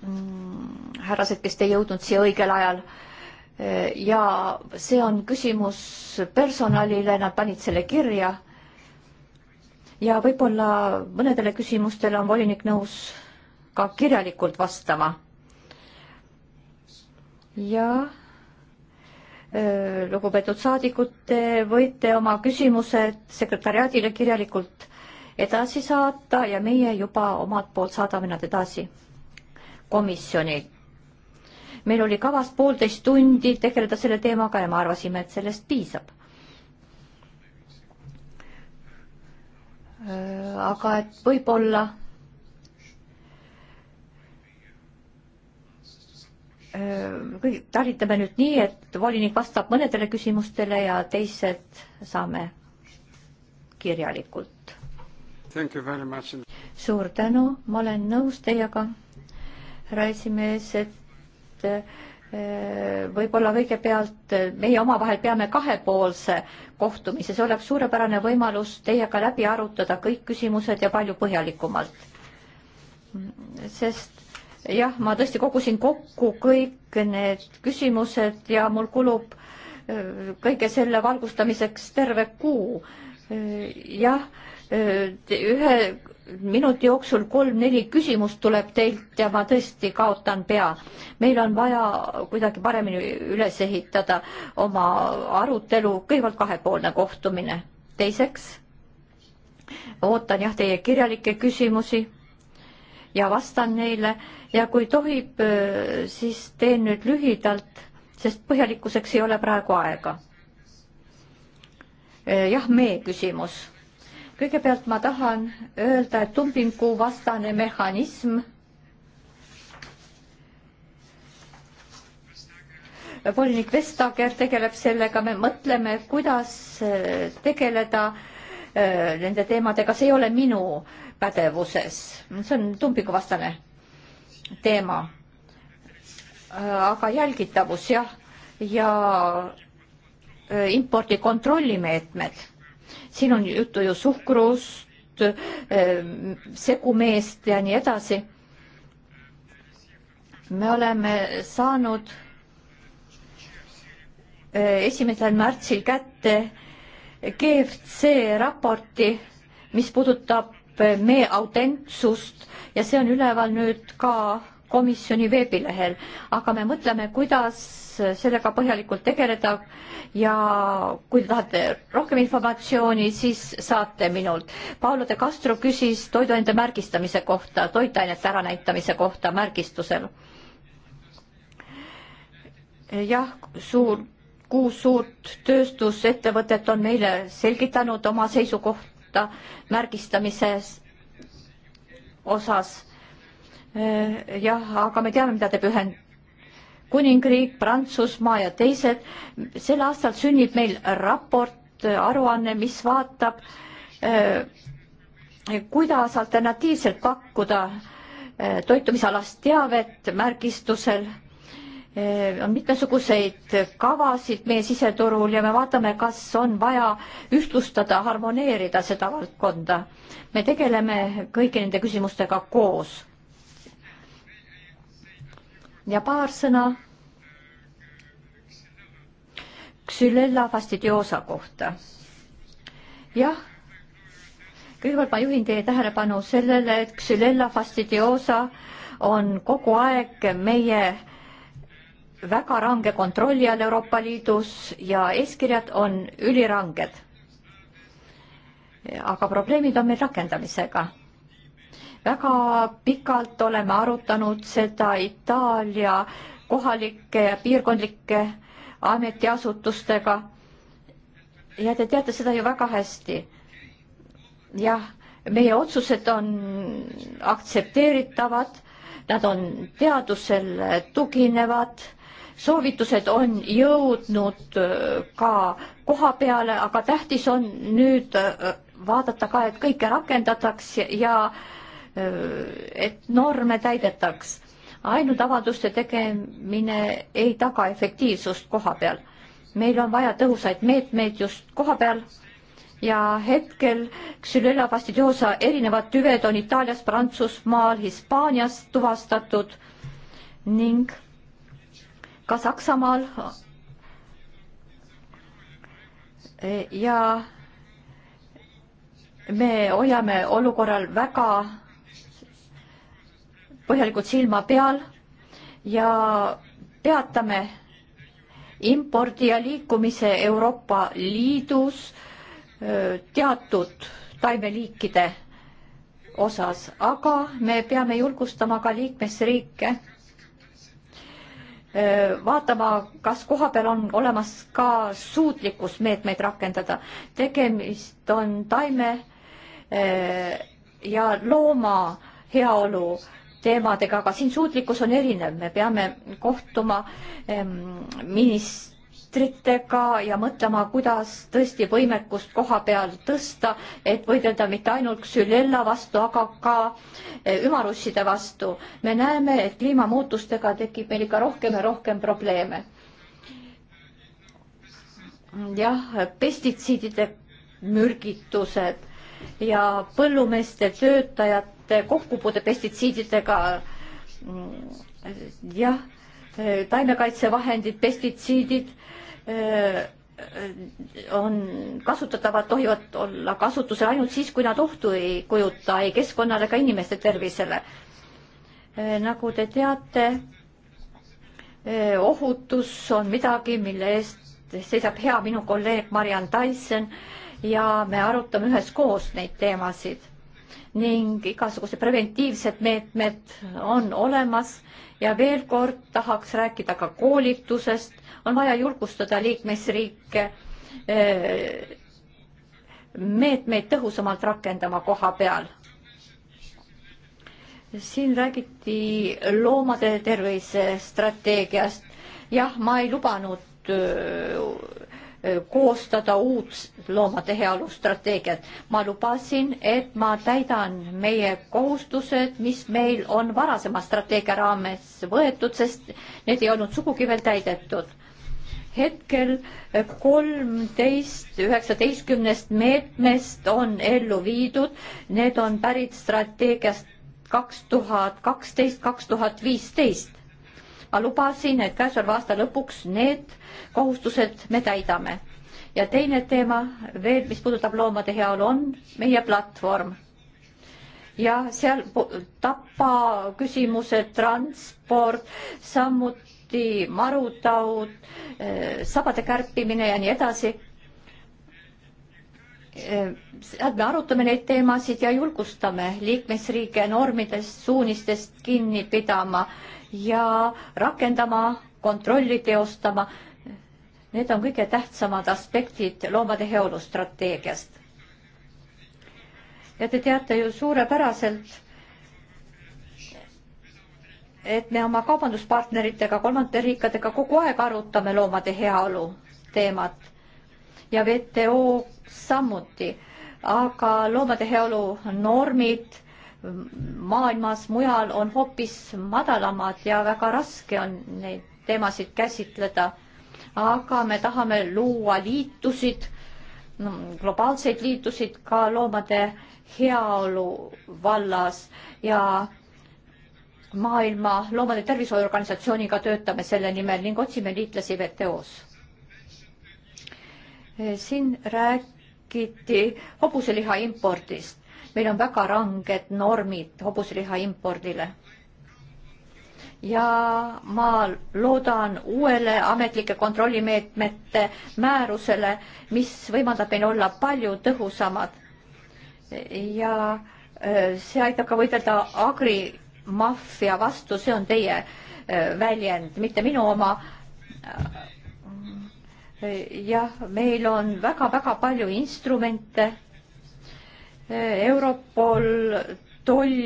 Speaker 1: Mm, härrased, kes te ei jõudnud siia õigel ajal. Äh, ja see on küsimus personalile, nad panid selle kirja. ja võib-olla mõnedele küsimustele on volinik nõus ka kirjalikult vastama. jah Äh, lugupeetud saadikud, te võite oma küsimused sekretäriaadile kirjalikult edasi saata ja meie juba omalt poolt saadame nad edasi komisjoni. meil oli kavas poolteist tundi tegeleda selle teemaga ja me arvasime, et sellest piisab. Äh, aga et võib-olla Äh, kõik talitame nüüd nii, et volinik vastab mõnedele küsimustele ja teised saame
Speaker 2: kirjalikult.
Speaker 1: suur tänu, ma olen nõus teiega, härra esimees, et äh, võib-olla kõigepealt meie omavahel peame kahepoolse kohtumise, see oleks suurepärane võimalus teiega läbi arutada kõik küsimused ja palju põhjalikumalt. sest jah, ma tõesti kogusin kokku kõik need küsimused ja mul kulub äh, kõige selle valgustamiseks terve kuu. Äh, jah, äh, ühe minuti jooksul kolm-neli küsimust tuleb teilt ja ma tõesti kaotan pea. meil on vaja kuidagi paremini üles ehitada oma arutelu, kõigepealt kahepoolne kohtumine. teiseks ootan jah, teie kirjalikke küsimusi ja vastan neile ja kui tohib, äh, siis teen nüüd lühidalt, sest põhjalikkuseks ei ole praegu aega. Äh, jah, meie küsimus. kõigepealt ma tahan öelda, et dumpinguvastane mehhanism volinik Vestager tegeleb sellega, me mõtleme, kuidas äh, tegeleda äh, nende teemadega, see ei ole minu pädevuses, see on tumbikuvastane teema. aga jälgitavus jah, ja impordi kontrollimeetmed, siin on juttu ju suhkrust, segumeest ja nii edasi. me oleme saanud esimesel märtsil kätte GFC raporti, mis puudutab meie autentsust ja see on üleval nüüd ka komisjoni veebilehel, aga me mõtleme, kuidas sellega põhjalikult tegeleda ja kui te tahate rohkem informatsiooni, siis saate minult. Paolo de Castro küsis toiduainete märgistamise kohta, toitainete äranäitamise kohta märgistusel. jah, suur kuus suurt tööstusettevõtet on meile selgitanud oma seisukohta märgistamise osas. Äh, jah, aga me teame, mida teeb ühend-, Kuningriik, Prantsusmaa ja teised. sel aastal sünnib meil raport, äh, aruanne, mis vaatab, äh, kuidas alternatiivselt pakkuda toitumisalast teavet märgistusel Eh, on mitmesuguseid kavasid meie siseturul ja me vaatame, kas on vaja ühtlustada, harmoneerida seda valdkonda. me tegeleme kõigi nende küsimustega koos. ja paar sõna Xylella fastidiosa kohta. jah, kõigepealt ma juhin teie tähelepanu sellele, et Xylella fastidiosa on kogu aeg meie väga range kontrolli all Euroopa Liidus ja eeskirjad on üliranged. aga probleemid on meil rakendamisega. väga pikalt oleme arutanud seda Itaalia kohalike ja piirkondlike ametiasutustega. ja te teate seda ju väga hästi. jah, meie otsused on aktsepteeritavad nad on teadusel tuginevad soovitused on jõudnud äh, ka koha peale, aga tähtis on nüüd äh, vaadata ka, et kõike rakendataks ja äh, et norme täidetaks. ainult avalduste tegemine ei taga efektiivsust koha peal. meil on vaja tõhusaid meetmeid just koha peal ja hetkel Xylella fastidiosa erinevad tüved on Itaalias, Prantsusmaal, Hispaanias tuvastatud ning ka Saksamaal. ja me hoiame olukorral väga põhjalikult silma peal ja peatame impordi ja liikumise Euroopa Liidus teatud taimeliikide osas, aga me peame julgustama ka liikmesriike vaatama, kas kohapeal on olemas ka suutlikkusmeetmeid rakendada. tegemist on taime ja looma heaolu teemadega, aga siin suutlikkus on erinev, me peame kohtuma ministri ministritega ja mõtlema, kuidas tõesti võimekust koha peal tõsta, et võidelda mitte ainult ksülella vastu, aga ka eh, ümarusside vastu. me näeme, et kliimamuutustega tekib meil ikka rohkem ja rohkem probleeme. jah, pestitsiidide mürgitused ja põllumeeste töötajate kokkupuude pestitsiididega mm, jah, taimekaitsevahendid, pestitsiidid on kasutatavad, tohivad olla kasutusel ainult siis, kui nad ohtu ei kujuta ei keskkonnale ega inimeste tervisele. nagu te teate, ohutus on midagi, mille eest seisab hea minu kolleeg Mariann Tyson ja me arutame üheskoos neid teemasid ning igasugused preventiivsed meetmed on olemas ja veel kord tahaks rääkida ka koolitusest, on vaja julgustada liikmesriike eh, meetmeid tõhusamalt rakendama koha peal. siin räägiti loomade tervisestrateegiast. jah, ma ei lubanud eh, koostada uut loomade heaolu strateegiat. ma lubasin, et ma täidan meie kohustused, mis meil on varasema strateegia raames võetud, sest need ei olnud sugugi veel täidetud. hetkel kolmteist üheksateistkümnest meetmest on ellu viidud, need on pärit strateegiast kaks tuhat kaksteist, kaks tuhat viisteist ma lubasin, et käesoleva aasta lõpuks need kohustused me täidame. ja teine teema veel, mis puudutab loomade heaolu, on meie platvorm. ja seal tapa küsimused, transport, samuti marutaud, eh, sabade kärpimine ja nii edasi eh, sealt me arutame neid teemasid ja julgustame liikmesriike normidest, suunistest kinni pidama ja rakendama, kontrolli teostama. Need on kõige tähtsamad aspektid loomade heaolu strateegiast. ja te teate ju suurepäraselt, et me oma kaubanduspartneritega, kolmandate riikidega kogu aeg arutame loomade heaolu teemat ja WTO samuti, aga loomade heaolu normid maailmas mujal on hoopis madalamad ja väga raske on neid teemasid käsitleda. aga me tahame luua liitusid, globaalseid liitusid ka loomade heaolu vallas ja maailma loomade tervishoiuorganisatsiooniga töötame selle nimel ning otsime liitlasi WTO-s. siin räägiti hobuseliha impordist meil on väga ranged normid hobuseliha impordile. ja ma loodan uuele ametlike kontrollimeetmete määrusele, mis võimaldab meil olla palju tõhusamad. ja äh, see aitab ka võidelda agrimaffia vastu, see on teie äh, väljend, mitte minu oma äh, jah, meil on väga-väga palju instrumente Europol, toll,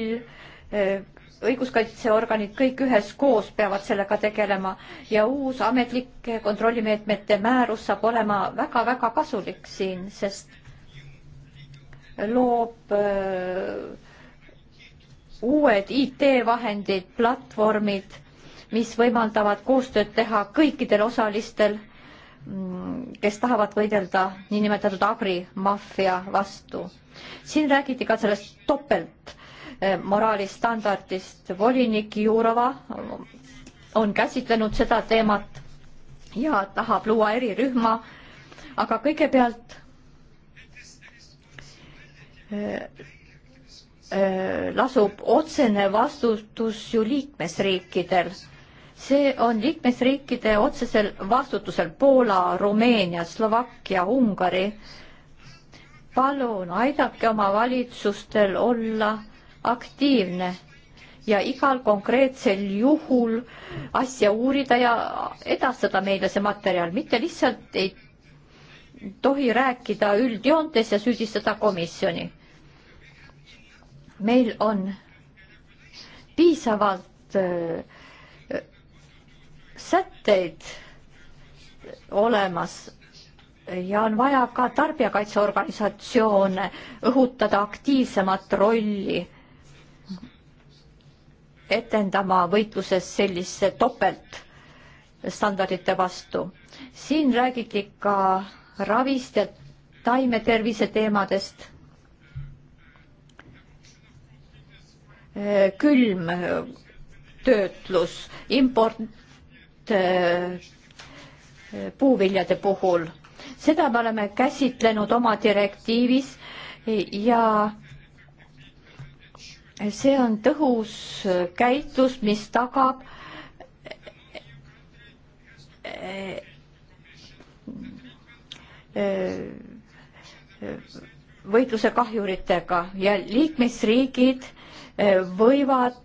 Speaker 1: eh, õiguskaitseorganid kõik üheskoos peavad sellega tegelema ja uus ametlik kontrollimeetmete määrus saab olema väga-väga kasulik siin, sest loob öö, eh, uued IT-vahendid, platvormid, mis võimaldavad koostööd teha kõikidel osalistel Mm, kes tahavad võidelda niinimetatud agrimaffia vastu. siin räägiti ka sellest topeltmoraali eh, standardist. volinik Jurova on käsitlenud seda teemat ja tahab luua erirühma, aga kõigepealt eh, eh, lasub otsene vastutus ju liikmesriikidel see on liikmesriikide otsesel vastutusel Poola, Rumeenia, Slovakkia, Ungari. palun aidake oma valitsustel olla aktiivne ja igal konkreetsel juhul asja uurida ja edastada meile see materjal, mitte lihtsalt ei tohi rääkida üldjoontes ja süüdistada komisjoni. meil on piisavalt äh, sätteid olemas ja on vaja ka tarbijakaitseorganisatsioone õhutada aktiivsemat rolli etendama võitluses sellise topeltstandardite vastu. siin räägiti ka ravist ja taimetervise teemadest. külm töötlus, import Äh, puuviljade puhul. seda me oleme käsitlenud oma direktiivis ja see on tõhus käitlus, mis tagab äh, võitluse kahjuritega ja liikmesriigid äh, võivad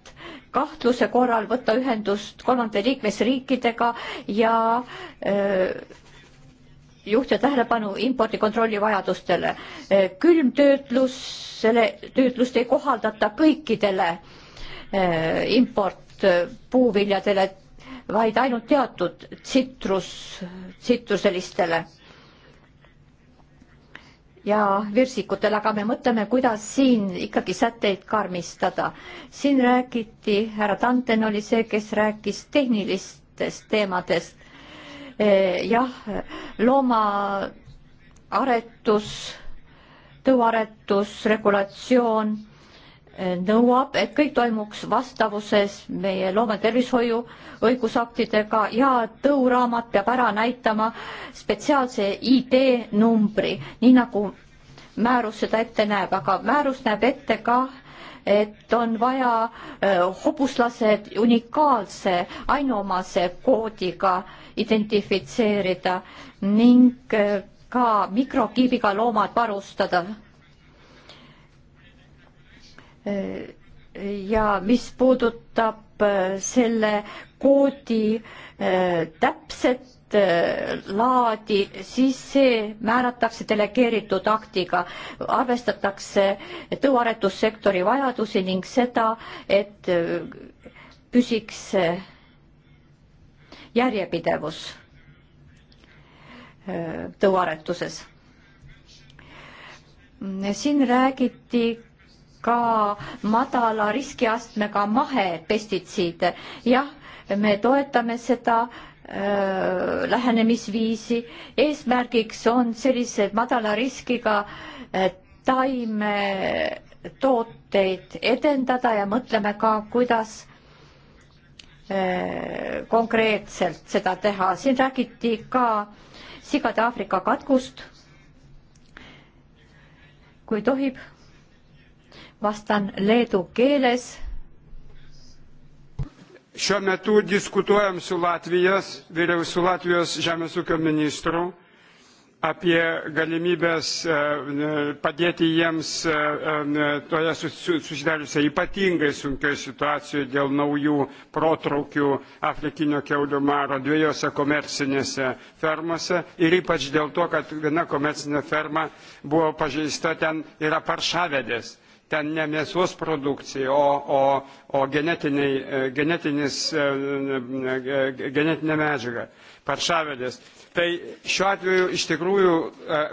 Speaker 1: kahtluse korral võtta ühendust kolmandate liikmesriikidega ja öö, äh, juhtida tähelepanu impordikontrolli vajadustele. Äh, külmtöötlus, selle töötlust ei kohaldata kõikidele äh, importpuuviljadele, vaid ainult teatud tsitrus, tsitruselistele ja virsikutel, aga me mõtleme, kuidas siin ikkagi sätteid karmistada. siin räägiti, härra Tanten oli see, kes rääkis tehnilistest teemadest. E, jah, loomaaretus, tõuaretus, regulatsioon nõuab, et kõik toimuks vastavuses meie loometervishoiu õigusaktidega ja tõuraamat peab ära näitama spetsiaalse ID-numbri, nii nagu määrus seda ette näeb, aga määrus näeb ette ka, et on vaja hobuslased unikaalse ainuomase koodiga identifitseerida ning ka mikrokiibiga loomad varustada ja mis puudutab äh, selle koodi äh, täpset äh, laadi, siis see määratakse delegeeritud aktiga, arvestatakse tõuaretussektori vajadusi ning seda, et püsiks järjepidevus tõuaretuses. siin räägiti ka madala riskiastmega mahepestitsiide. jah, me toetame seda äh, lähenemisviisi, eesmärgiks on sellised madala riskiga äh, taimetooteid edendada ja mõtleme ka, kuidas äh, konkreetselt seda teha. siin räägiti ka sigade Aafrika katkust. kui tohib vastan leedu keeles.
Speaker 2: Šiuo metu diskutuojam su Latvijos, vėliau su Latvijos žemės ūkio ministru apie galimybės e, e, padėti jiems e, toje susidariusią ypatingai sunkioje situacijoje dėl naujų protraukių afrikinio keulių maro dviejose komercinėse fermose ir ypač dėl to, kad viena komercinė ferma buvo pažeista, ten yra paršavedės ten ne mėsos produkcija, o, o, o e, genetinis, e, e, genetinė medžiaga, paršavedės. Tai šiuo atveju iš tikrųjų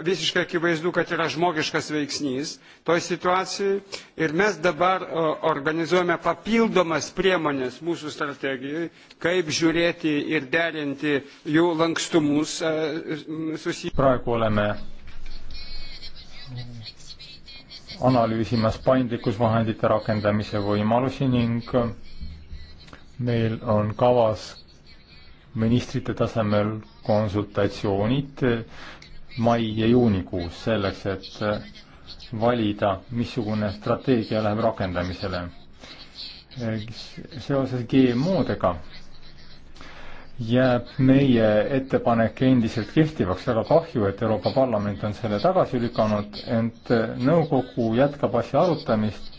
Speaker 2: visiškai akivaizdu, kad yra žmogiškas veiksnys toj situacijai ir mes dabar organizuojame papildomas priemonės mūsų strategijai, kaip žiūrėti ir derinti jų lankstumus susiję.
Speaker 5: Praegu oleme analüüsimas paindlikkusvahendite rakendamise võimalusi ning meil on kavas ministrite tasemel konsultatsioonid mai ja juunikuus selleks, et valida, missugune strateegia läheb rakendamisele. seoses GMO-dega jääb meie ettepanek endiselt kehtivaks, väga kahju, et Euroopa Parlament on selle tagasi lükanud, ent äh, nõukogu jätkab asja arutamist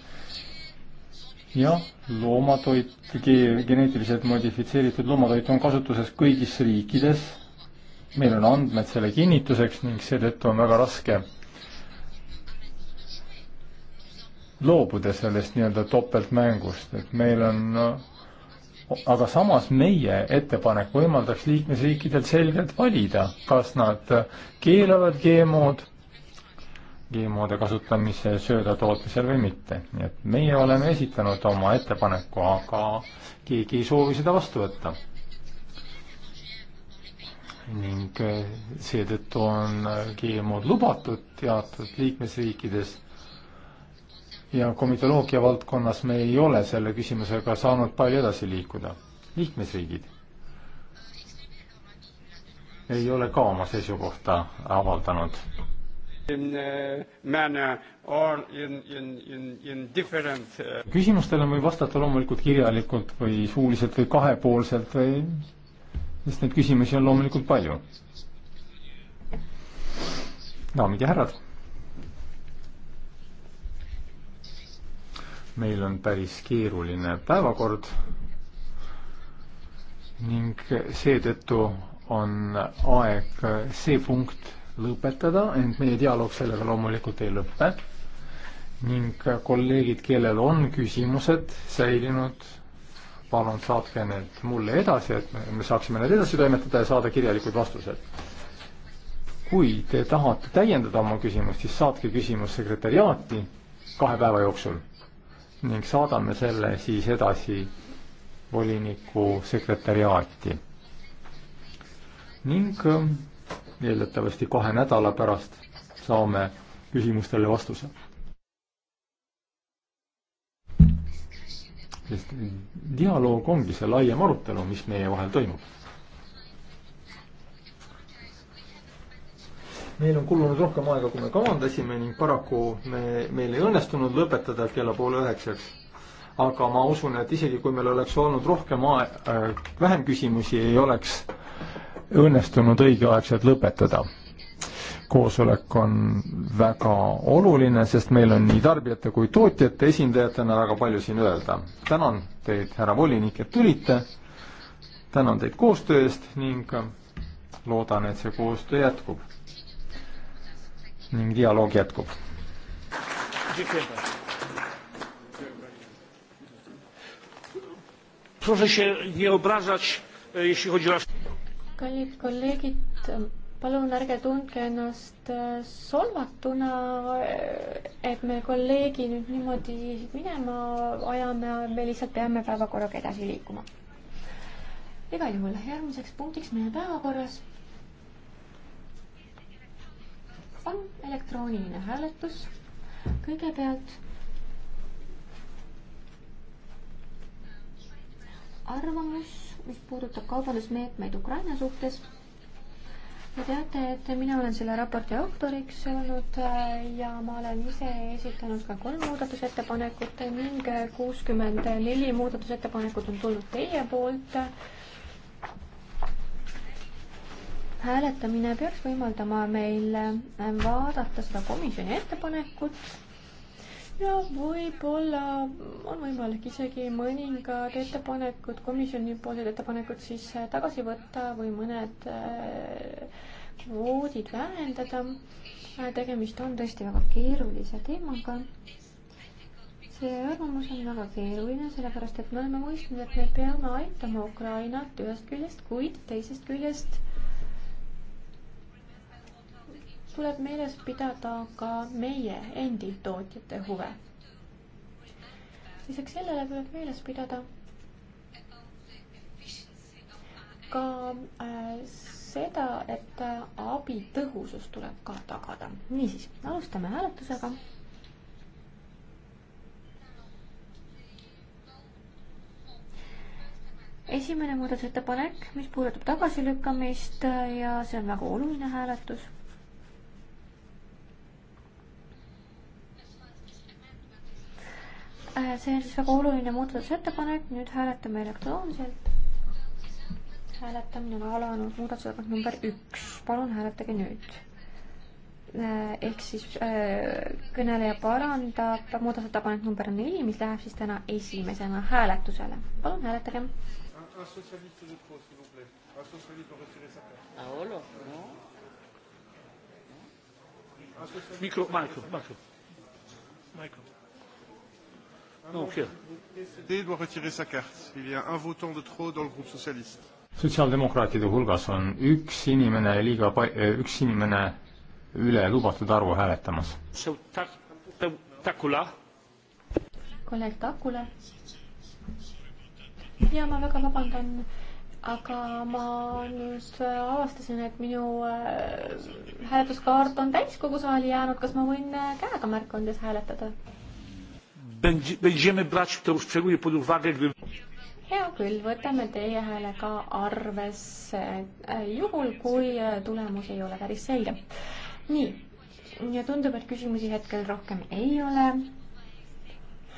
Speaker 5: jah, loomatoit, geneetiliselt modifitseeritud loomatoit on kasutuses kõigis riikides. meil on andmed selle kinnituseks ning seetõttu on väga raske loobuda sellest nii-öelda topeltmängust, et meil on aga samas meie ettepanek võimaldaks liikmesriikidel selgelt valida, kas nad keelavad GMO-d, GMO-de kasutamise sööda tootmisel või mitte. nii et meie oleme esitanud oma ettepaneku, aga keegi ei soovi seda vastu võtta ning seetõttu on GMO-d lubatud teatud liikmesriikides ja komitoloogia valdkonnas me ei ole selle küsimusega saanud palju edasi liikuda. liikmesriigid ei ole ka oma seisukohta avaldanud.
Speaker 2: Uh, uh,
Speaker 5: küsimustele võib vastata loomulikult kirjalikult või suuliselt või kahepoolselt või, sest neid küsimusi on loomulikult palju. daamid ja härrad meil on päris keeruline päevakord ning seetõttu on aeg see punkt lõpetada, ent meie dialoog sellega loomulikult ei lõpe. ning kolleegid, kellel on küsimused säilinud, palun saatke need mulle edasi, et me saaksime need edasi toimetada ja saada kirjalikud vastused. kui te tahate täiendada oma küsimust, siis saatke küsimus sekretäriaati kahe päeva jooksul ning saadame selle siis edasi voliniku sekretäriaati. ning ähm, eeldatavasti kahe nädala pärast saame küsimustele vastuse. sest dialoog ongi see laiem arutelu, mis meie vahel toimub meil on kulunud rohkem aega, kui me kavandasime ning paraku me, meil ei õnnestunud lõpetada kella poole üheksaks. aga ma usun, et isegi kui meil oleks olnud rohkem aega äh,, vähem küsimusi, ei oleks õnnestunud õigeaegselt lõpetada. koosolek on väga oluline, sest meil on nii tarbijate kui tootjate esindajatena väga palju siin öelda. tänan teid, härra volinik, et tulite, tänan teid koostöö eest ning loodan, et see koostöö jätkub ning dialoog jätkub.
Speaker 3: E,
Speaker 4: kallid kolleegid, palun ärge tundke ennast e, solvatuna, e, et me kolleegi nüüd niimoodi minema ajame, me lihtsalt peame päevakorraga edasi liikuma. igal juhul järgmiseks punktiks meie päevakorras palun, elektrooniline hääletus. kõigepealt arvamus, mis puudutab kaubandusmeetmeid Ukraina suhtes. Te teate, et mina olen selle raporti autoriks olnud äh, ja ma olen ise esitanud ka kolm muudatusettepanekut ning kuuskümmend neli muudatusettepanekut on tulnud teie poolt hääletamine peaks võimaldama meil äh, vaadata seda komisjoni ettepanekut ja võib-olla on võimalik isegi mõningad ettepanekud, komisjoni poolsed ettepanekud siis äh, tagasi võtta või mõned äh, kvoodid vähendada. tegemist on tõesti väga keerulise teemaga. see arvamus on väga keeruline, sellepärast et me oleme mõistnud, et me peame aitama Ukrainat ühest küljest, kuid teisest küljest tuleb meeles pidada ka meie endi tootjate huve. lisaks sellele tuleb meeles pidada ka äh, seda, et äh, abi tõhusus tuleb ka tagada. niisiis, alustame hääletusega esimene muudatusettepanek, mis puudutab tagasilükkamist äh, ja see on väga oluline hääletus see on siis väga oluline muudatusettepanek, nüüd hääletame elektrooniliselt. hääletamine on alanud, muudatusettepanek number üks, palun hääletage nüüd. Äh, ehk siis äh, kõneleja parandab muudatusettepanek number neli, mis läheb siis täna esimesena hääletusele, palun hääletage.
Speaker 3: mikro, Maiko, Maiko, Maiko
Speaker 2: doit retirer sa carte. Il y a un votant de trop dans le groupe socialiste.
Speaker 5: sotsiaaldemokraatide hulgas on üks inimene liiga pa-, eh, üks inimene üle lubatud arvu hääletamas. Takula.
Speaker 4: kolleeg Takula. ja ma väga vabandan, aga ma nüüd äh, avastasin, et minu äh, hääletuskaart on täiskogu saali jäänud, kas ma võin äh, käega märku andes hääletada?
Speaker 3: będziemy brać to szczególnie pod uwagę, gdy...
Speaker 4: hea küll, võtame teie hääle ka arvesse, eh, juhul kui eh, tulemus ei ole päris selge. nii, ja tundub, et küsimusi hetkel rohkem ei ole.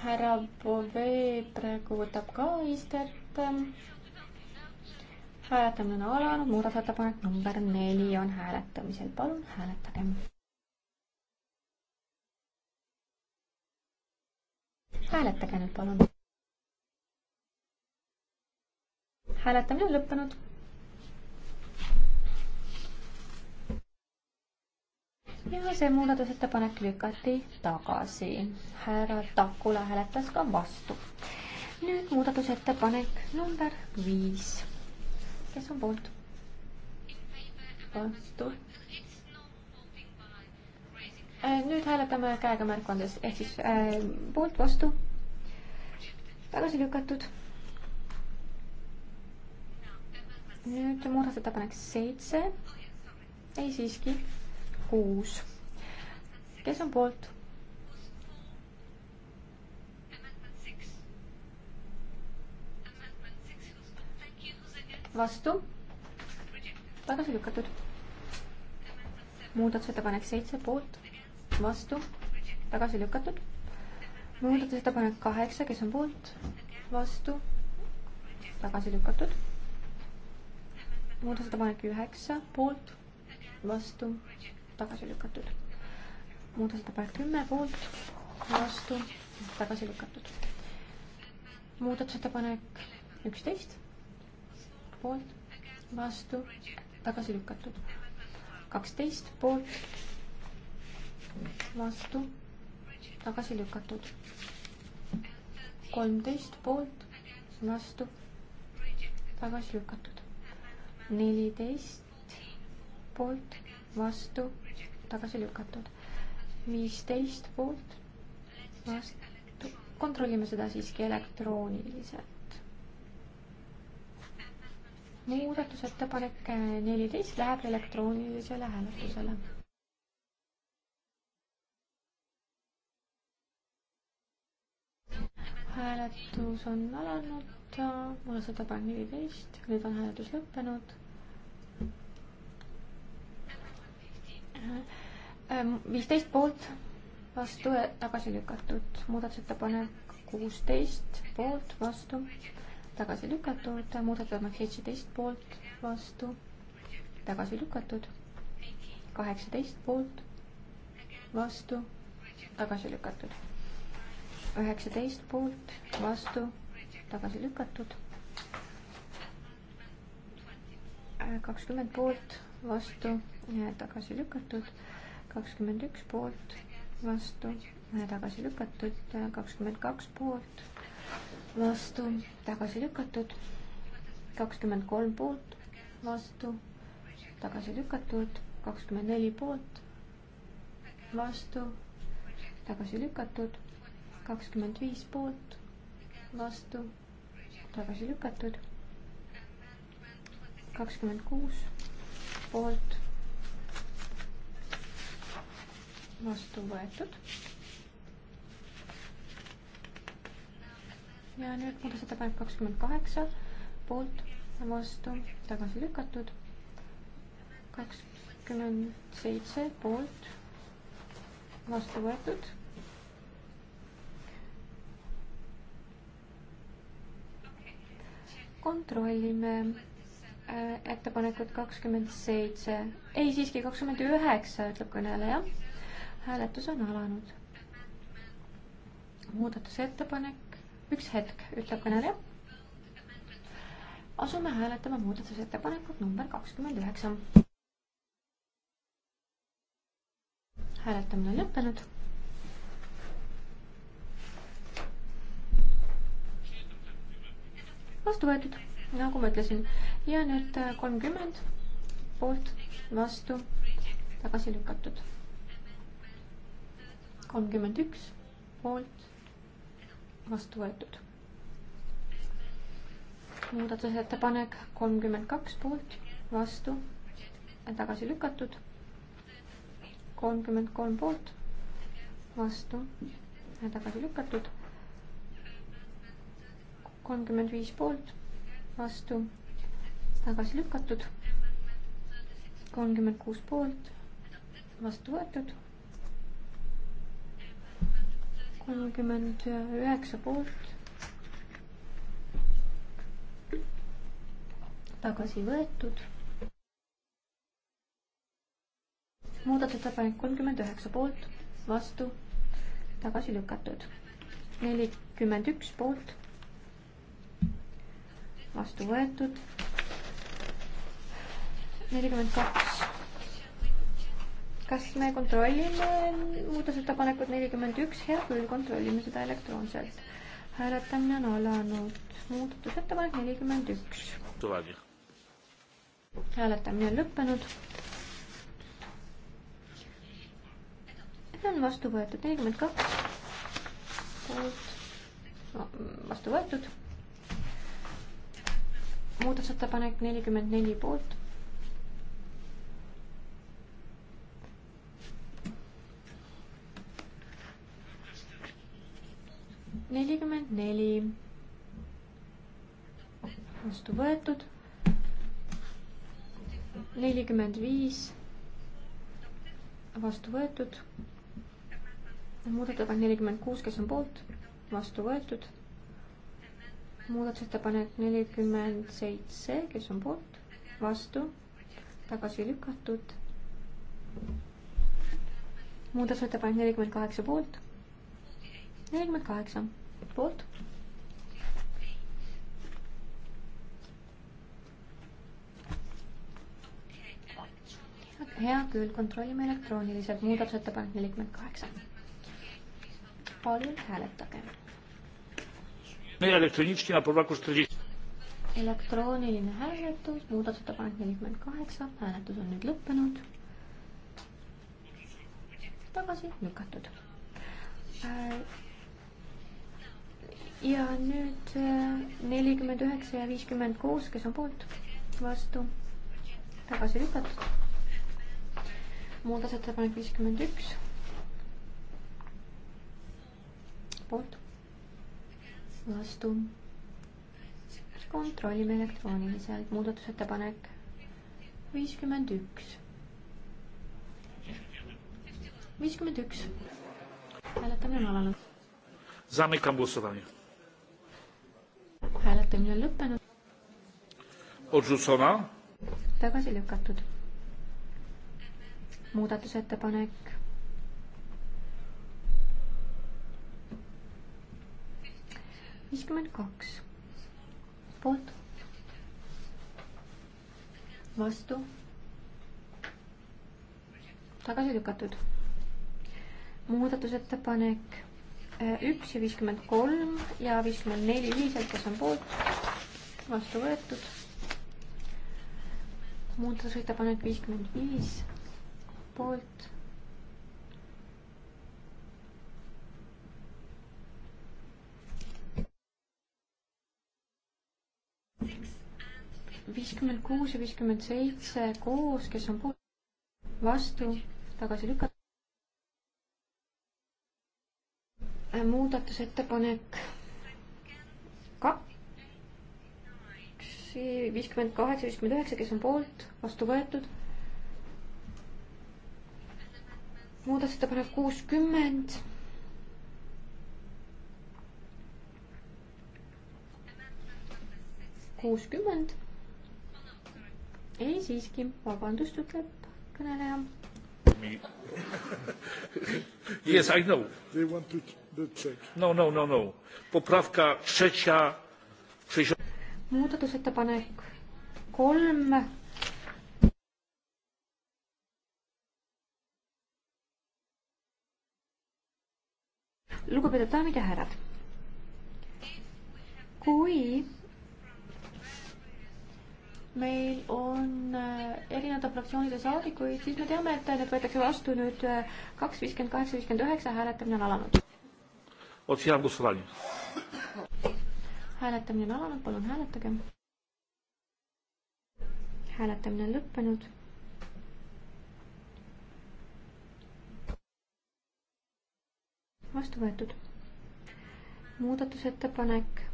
Speaker 4: härra Bove praegu võtab ka istet. hääletamine on alanud, muudatusettepanek number neli on hääletamisel,
Speaker 2: palun hääletage. hääletage nüüd palun.
Speaker 4: hääletamine on lõppenud. ja see muudatusettepanek lükati tagasi. härra Takula hääletas ka vastu. nüüd muudatusettepanek number viis. kes on poolt? vastu Äh, nüüd hääletame käega märku andes, ehk siis äh, poolt, vastu, tagasi lükatud. nüüd muudatusettepanek seitse, ei siiski, kuus. kes on poolt? vastu, tagasi lükatud. muudatusettepanek seitse poolt vastu, tagasi lükatud. muudatusettepanek kaheksa, kes on poolt, vastu, tagasi lükatud. muudatusettepanek üheksa, poolt, vastu, tagasi lükatud. muudatusettepanek kümme, poolt, vastu, tagasi lükatud. muudatusettepanek üksteist, poolt, vastu, tagasi lükatud. kaksteist, poolt vastu, tagasi lükatud. kolmteist poolt, vastu, tagasi lükatud. neliteist poolt, vastu, tagasi lükatud. viisteist poolt, vastu, kontrollime seda siiski elektrooniliselt muudatusettepanek neliteist läheb elektroonilisele hääletusele hääletus on alanud ja muudatusettepanek neliteist, nüüd on hääletus lõppenud. Äh, viisteist poolt, vastu, eh, tagasi lükatud, muudatusettepanek kuusteist poolt, vastu, tagasi lükatud, muudatusettepanek seitseteist poolt, vastu, tagasi lükatud, kaheksateist poolt, vastu, tagasi lükatud üheksateist poolt, vastu, tagasi lükatud. kakskümmend poolt, vastu, tagasi lükatud. kakskümmend üks poolt, vastu, tagasi lükatud. kakskümmend kaks poolt, vastu, tagasi lükatud. kakskümmend kolm poolt, vastu, tagasi lükatud. kakskümmend neli poolt, vastu, tagasi lükatud kakskümmend viis poolt, vastu, tagasi lükatud. kakskümmend kuus poolt, vastu võetud. ja nüüd muudatusettepanek kakskümmend kaheksa poolt, vastu, tagasi lükatud. kakskümmend seitse poolt, vastu võetud kontrollime äh, ettepanekut kakskümmend seitse, ei siiski kakskümmend üheksa, ütleb kõneleja. hääletus on alanud. muudatusettepanek, üks hetk, ütleb kõneleja. asume hääletama muudatusettepanekut number kakskümmend üheksa. hääletamine on lõppenud vastu võetud, nagu ma ütlesin. ja nüüd äh, kolmkümmend poolt, vastu, tagasi lükatud. kolmkümmend üks poolt, vastu võetud. muudatusettepanek kolmkümmend kaks poolt, vastu, tagasi lükatud. kolmkümmend kolm poolt, vastu, tagasi lükatud kolmkümmend viis poolt, vastu, tagasi lükatud. kolmkümmend kuus poolt, vastu võetud. kolmkümmend üheksa poolt, tagasi võetud. muudatusettepanek kolmkümmend üheksa poolt, vastu, tagasi lükatud. nelikümmend üks poolt vastu võetud. nelikümmend kaks. kas me kontrollime muudatusettepanekut nelikümmend üks? hea küll, kontrollime seda elektroonselt. hääletamine on alanud. muudatusettepanek nelikümmend üks. hääletamine on lõppenud. see on vastu võetud nelikümmend kaks. vastu võetud muudatusettepanek nelikümmend neli poolt. nelikümmend neli vastu võetud. nelikümmend viis vastu võetud. muudatusettepanek nelikümmend kuus, kes on poolt, vastu võetud muudatusettepanek nelikümmend seitse, kes on poolt, vastu, tagasi lükatud. muudatusettepanek nelikümmend kaheksa poolt, nelikümmend kaheksa poolt hea küll, kontrollime elektrooniliselt muudatusettepanek nelikümmend kaheksa. palun hääletage elektrooniline hääletus, muudatusettepanek nelikümmend kaheksa, hääletus on nüüd lõppenud. tagasi lükatud äh, ja nüüd äh, nelikümmend üheksa ja viiskümmend kuus, kes on poolt, vastu, tagasi lükatud. muudatusettepanek viiskümmend üks, poolt, vastu. kontrollime elektrooniliselt, muudatusettepanek viiskümmend üks. viiskümmend üks. hääletamine on alanud.
Speaker 3: Zamykam głosowanie.
Speaker 4: Hääletamine on lõppenud. Odrzucona. Tagasi lükatud. Muudatusettepanek viiskümmend kaks poolt, vastu, tagasi lükatud. muudatusettepanek äh, üks ja viiskümmend kolm ja viiskümmend neli ühiselt, kes on poolt, vastu võetud. muudatusettepanek viiskümmend viis poolt viiskümmend kuus ja viiskümmend seitse koos, kes on poolt, vastu, tagasi lükata. muudatusettepanek kaks, viiskümmend kaheksa, viiskümmend üheksa, kes on poolt, vastu võetud. muudatusettepanek kuuskümmend kuuskümmend ei, siiski, vabandust, ütleb kõneleja.
Speaker 3: [LAUGHS] Yes, I know. They want to check. No, no, no, no. Poprawka trzecia.
Speaker 4: Muudatusettepanek kolm lugupeetud daamid ja härrad, kui meil on äh, erinevate fraktsioonide saadikuid, siis me teame, et need võetakse vastu nüüd äh, kaks viiskümmend kaheksa, viiskümmend üheksa, hääletamine on alanud. hääletamine on alanud, palun hääletage. hääletamine on lõppenud vastu võetud. muudatusettepanek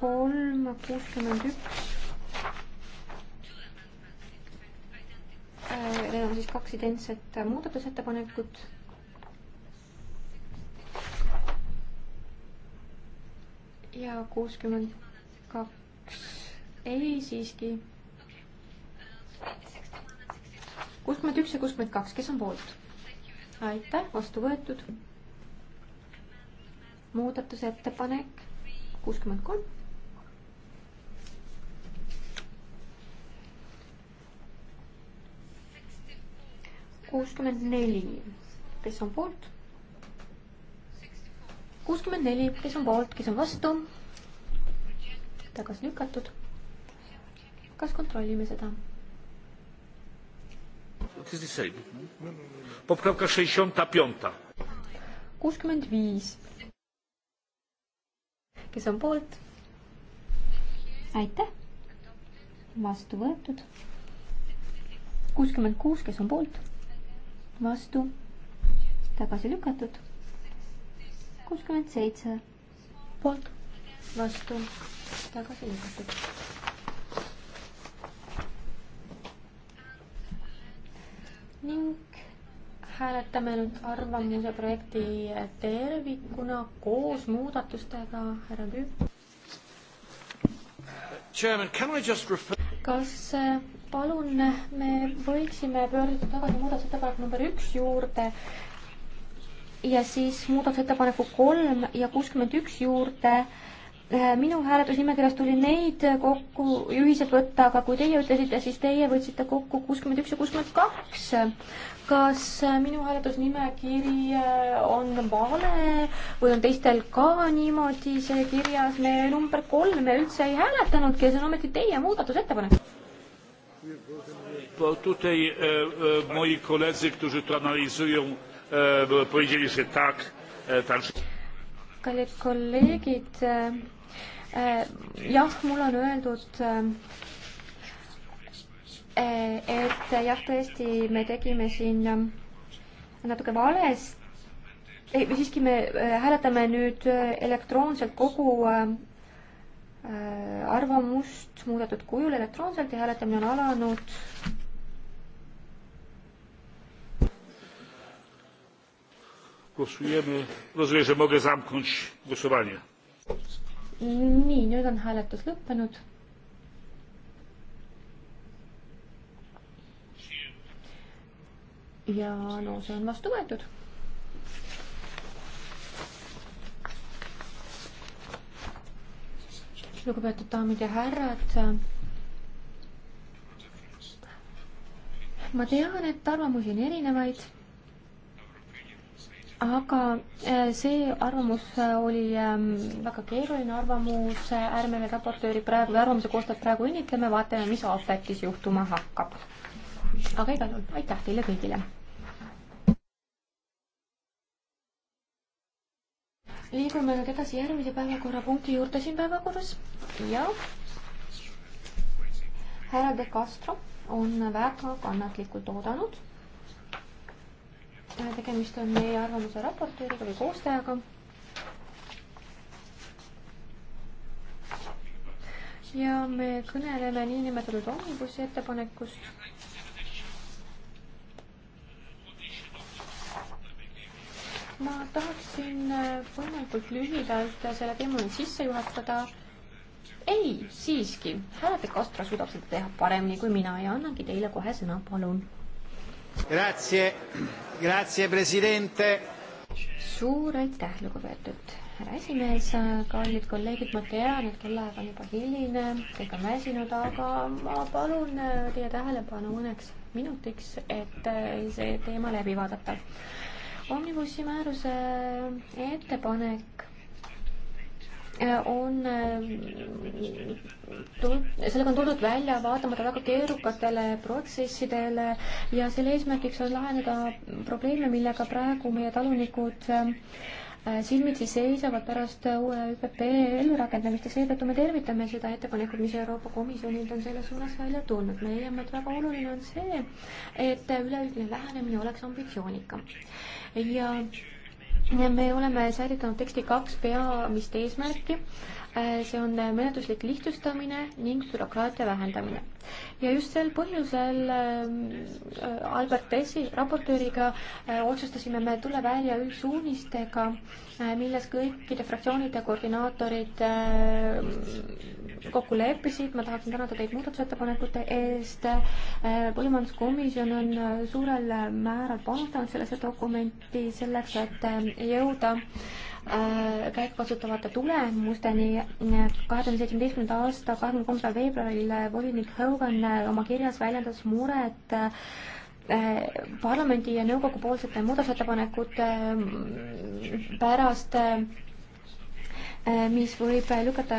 Speaker 4: kolm, kuuskümmend üks. Need on siis kaks identset muudatusettepanekut. ja kuuskümmend kaks, ei siiski. kuuskümmend üks ja kuuskümmend kaks, kes on poolt? aitäh, vastu võetud. muudatusettepanek kuuskümmend kolm kuuskümmend neli, kes on poolt? kuuskümmend neli, kes on poolt, kes on vastu? tagasi lükatud. kas kontrollime seda?
Speaker 3: poprawka sześćdziesiąta piąta.
Speaker 4: kuuskümmend viis. kes on poolt? aitäh. vastu võetud. kuuskümmend kuus, kes on poolt? vastu, tagasi lükatud. kuuskümmend seitse poolt, vastu, tagasi lükatud. ning hääletame nüüd arvamuse projekti tervikuna koos muudatustega, härra Püü. kas palun, me võiksime pöörduda tagasi muudatusettepaneku number üks juurde ja siis muudatusettepaneku kolm ja kuuskümmend üks juurde minu hääletusnimekirjas tuli neid kokku ühiselt võtta, aga kui teie ütlesite, siis teie võtsite kokku kuuskümmend üks ja kuuskümmend kaks. kas minu hääletusnimekiri äh, on vale või on teistel ka niimoodi see kirjas? me number kolme üldse ei hääletanudki ja see on ometi teie muudatusettepanek
Speaker 3: Bo tutaj e, e, moi koledzy, którzy to analizują, e, powiedzieli, że tak. E, także...
Speaker 4: kallid kolleegid e,, e jah, mulle on öeldud e, e,, et jah, tõesti, me tegime siin e, natuke valesti ei, siiski me hääletame nüüd elektroonselt kogu Äh, arvamust muudetud kujul elektroonselt ja hääletamine on alanud.
Speaker 3: Głosujemy. Rozumiem, że mogę zamknąć głosowanie.
Speaker 4: Nii, nüüd on hääletus lõppenud. ja no see on vastu võetud lugupeetud daamid ja härrad. ma tean, et arvamusi on erinevaid. aga eh, see arvamus oli ehm, väga keeruline arvamus, ärme veel raportööri praegu või arvamuse koostajat praegu õnnitleme, vaatame, mis Aafetis juhtuma hakkab. aga igal juhul aitäh teile kõigile liigume nüüd edasi järgmise päevakorrapunkti juurde siin päevakorras ja härra De Castro on väga kannatlikult oodanud. Äh, tegemist on meie arvamuse raportööriga või koostajaga. ja me kõneleme niinimetatud omnibussi ettepanekust ma tahaksin äh, võimalikult lühidalt selle teema sisse juhatada. ei, siiski, härra De Castro suudab seda teha paremini kui mina ja annangi teile kohe sõna, palun.
Speaker 3: Grazie, grazie, presidente. suur
Speaker 4: aitäh, lugupeetud härra esimees, kallid kolleegid, ma tean, et kellaaeg on juba hiline, kõik on väsinud, aga ma palun äh, teie tähelepanu mõneks minutiks, et äh, see teema läbi vaadata omnibussi määruse ettepanek äh, on äh, tul-, sellega on tuldud välja vaatamata väga keerukatele protsessidele ja selle eesmärgiks on lahendada probleeme, millega praegu meie talunikud äh, silmitsi seisavad pärast uue ÜPP ellurakendamist ja seetõttu me tervitame seda ettepanekut, mis Euroopa Komisjonilt on selles suunas välja tulnud. me leiame, et väga oluline on see, et üleüldine lähenemine oleks ambitsioonikam ja me oleme säilitanud teksti kaks peamist eesmärki Äh, see on äh, menetluslik lihtsustamine ning bürokraatia vähendamine. ja just sel põhjusel ähm, äh, Albert Tessi raportööriga otsustasime me tulla välja üldsuunistega, milles kõikide fraktsioonide koordinaatorid kokku leppisid, ma tahaksin tänada teid muudatusettepanekute eest, põllumajanduskomisjon on suurel määral panustanud sellesse dokumenti selleks, et jõuda äh, Äh, käegakatsutavate tulemusteni. kahe tuhande seitsmeteistkümnenda aasta kahekümne kolmandal veebruaril volinik Hogan äh, oma kirjas väljendas muret äh, parlamendi ja nõukogu poolsete muudatusettepanekute pärast Äh, mis võib äh, lükata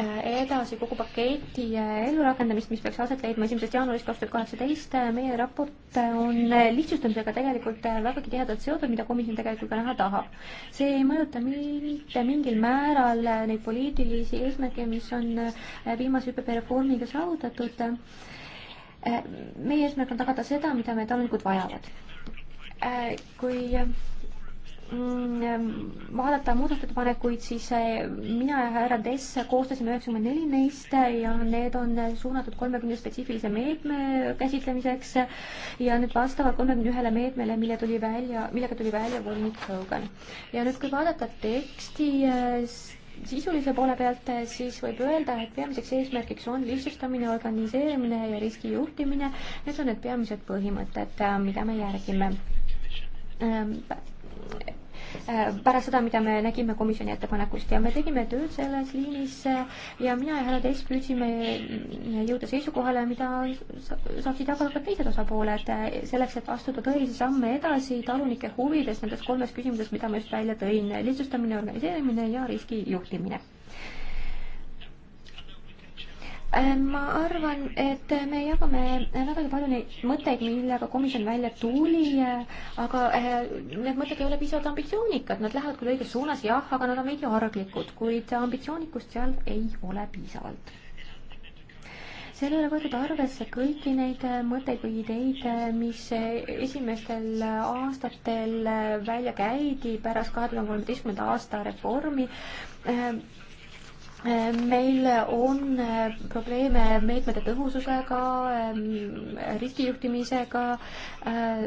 Speaker 4: äh, edasi kogu paketi ellurakendamist, mis peaks aset leidma esimesest jaanuarist kaks tuhat kaheksateist. meie raport on lihtsustamisega tegelikult vägagi tihedalt seotud, mida komisjon tegelikult ka näha tahab. see ei mõjuta mitte mingil määral neid poliitilisi eesmärke, mis on viimase ÜPP reformiga saavutatud. meie eesmärk on tagada seda, mida meie talunikud vajavad. kui Mm, ähm, vaadata muudatusettepanekuid, siis äh, mina ja härra Dess koostasime üheksakümmend neli neist äh, ja need on äh, suunatud kolmekümne spetsiifilise meetme käsitlemiseks ja need vastavad kolmekümne ühele meetmele, mille tuli välja, millega tuli välja volinik Hogan. ja nüüd, kui vaadata teksti sisulise poole pealt, siis võib öelda, et peamiseks eesmärgiks on lihtsustamine, organiseerimine ja riskijuhtimine. Need on need peamised põhimõtted, mida me järgime ähm, Äh, pärast seda, mida me nägime komisjoni ettepanekust ja me tegime tööd selles liinis äh, ja mina ja härra Tess püüdsime äh, jõuda seisukohale, mida saaksid jagada ka teised osapooled, selleks et astuda tõelisi samme edasi talunike huvides nendes kolmes küsimuses, mida ma just välja tõin, lihtsustamine, organiseerimine ja riskijuhtimine ma arvan, et me jagame vägagi palju neid mõtteid, millega komisjon välja tuli, aga eh, need mõtted ei ole piisavalt ambitsioonikad, nad lähevad küll õiges suunas, jah, aga nad on veidi arglikud, kuid ambitsioonikust seal ei ole piisavalt seal ei ole võetud arvesse kõiki neid mõtteid või ideid, mis esimestel aastatel välja käidi pärast kahe tuhande kolmeteistkümnenda aasta reformi meil on äh, probleeme meetmete tõhususega, ähm, riskijuhtimisega, äh,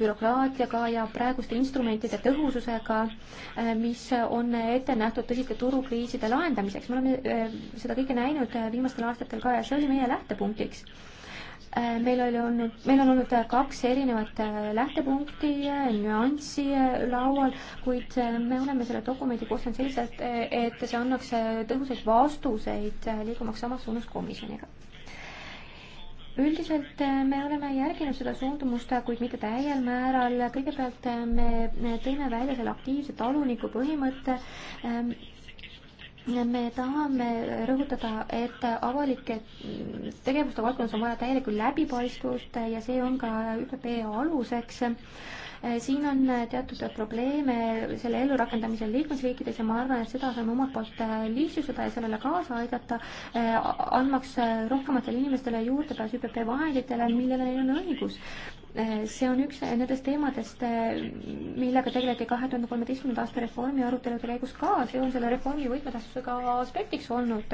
Speaker 4: bürokraatiaga ja praeguste instrumentide tõhususega, äh, mis on ette nähtud tõsiste turukriiside lahendamiseks. me oleme seda kõike näinud viimastel aastatel ka ja see oli meie lähtepunktiks Äh, meil oli olnud, meil on olnud äh, kaks erinevat äh, lähtepunkti, nüanssi laual, kuid me oleme selle dokumendi koostanud selliselt, et see annaks tõhusaid vastuseid, liigumaks samas suunas komisjoniga. üldiselt me oleme järginud seda suundumust, kuid mitte täiel määral, kõigepealt me tõime välja selle aktiivse taluniku põhimõtte, ähm, me tahame rõhutada, et avalike tegevuste valdkonnas on vaja täielikku läbipaistvust ja see on ka ÜPP aluseks Eh, siin on eh, teatud probleeme selle ellurakendamisel liikmesriikides ja ma arvan, et seda saame omalt poolt eh, lihtsustada ja sellele kaasa aidata, andmaks rohkematele inimestele juurdepääs ÜPP vahenditele, millele neil on õigus see on üks nendest teemadest, millega tegeleti kahe tuhande kolmeteistkümnenda aasta reformi arutelude käigus ka, see on selle reformi võtmetähtsusega aspektiks olnud.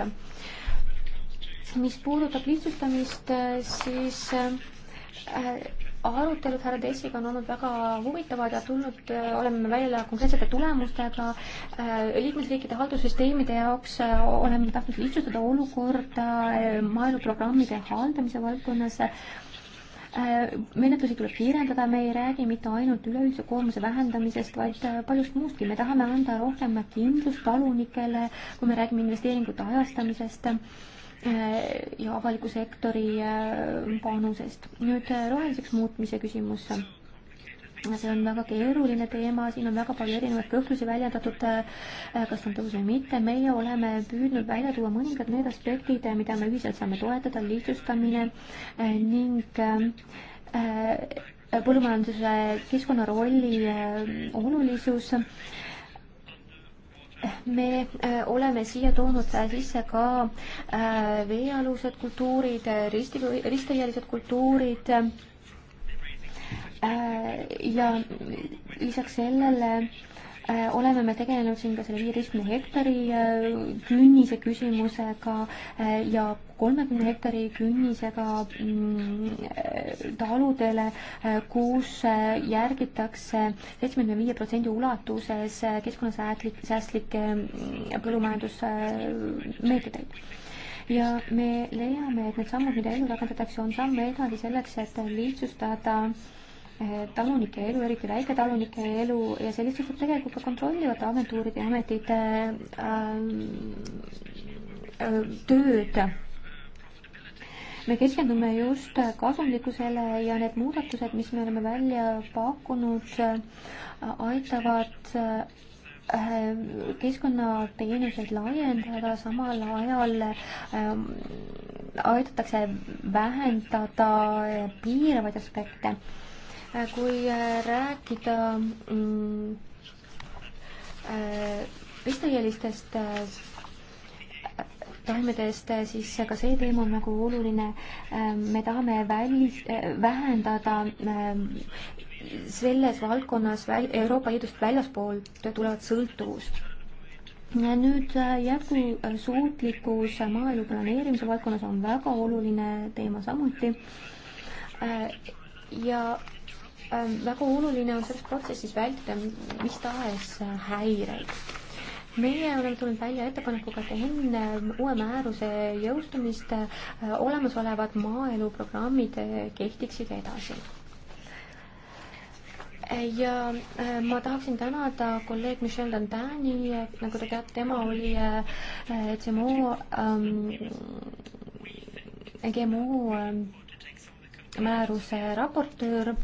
Speaker 4: mis puudutab lihtsustamist, siis arutelud härra Tessiga on olnud väga huvitavad ja tulnud, äh, oleme me välja konkreetsete tulemustega. Äh, liikmesriikide haldussüsteemide jaoks äh, oleme tahtnud lihtsustada olukorda maaeluprogrammide haldamise valdkonnas. menetlusi tuleb kiirendada, me ei räägi mitte ainult üleüldise koormuse vähendamisest, vaid paljust muustki. me tahame anda rohkem kindlust talunikele, kui me räägime investeeringute ajastamisest Äh, ja avaliku sektori äh, panusest. nüüd äh, roheliseks muutmise küsimus. see on väga keeruline teema, siin on väga palju erinevaid kõhklusi väljendatud, kas ta on tõus või mitte. meie oleme püüdnud välja tuua mõningad need aspektid, mida me ühiselt saame toetada, lihtsustamine ning põllumajanduse keskkonna rolli olulisus me äh, oleme siia toonud äh, sisse ka äh, veealused kultuurid, risti, ristikielised kultuurid ja lisaks sellele Äh, oleme me tegelenud siin ka selle viieteistkümne hektari äh, künnise küsimusega äh, ja kolmekümne hektari künnisega mm, taludele, kus järgitakse seitsmekümne viie protsendi ulatuses keskkonnasäästlik, säästlikke mm, põllumajandusmeetodeid ja me leiame, et need sammud, mida ellu rakendatakse, on samm edasi selleks, et lihtsustada äh, Eh, talunike elu, eriti väiketalunike elu ja see lihtsustab tegelikult ka kontrollivate agentuuride ja ametite ähm, äh, tööd. me keskendume just kasumlikkusele ja need muudatused, mis me oleme välja pakkunud, äh, aitavad äh, keskkonnateenuseid laiendada, samal ajal ähm, aidatakse vähendada piiravaid aspekte kui äh, rääkida ristahielistest mm, äh, äh, taimedest, siis ka see teema on väga oluline. me tahame välis, vähendada ähm, selles valdkonnas väl, Euroopa Liidust väljaspoolt tulevat sõltuvust nüüd jätkusuutlikkus maaelu
Speaker 1: planeerimise
Speaker 4: valdkonnas on väga oluline teema samuti. ja Ähm, väga oluline on selles protsessis vältida mis tahes äh, häireid. meie oleme tulnud välja ettepanekuga, et enne uue määruse jõustumist äh, olemasolevad maaeluprogrammid äh, kehtiksid edasi ja ma tahaksin tänada kolleeg Michel Dantani, nagu te teate, tema oli GMO ähm,, GMO ähm, määruse raportöör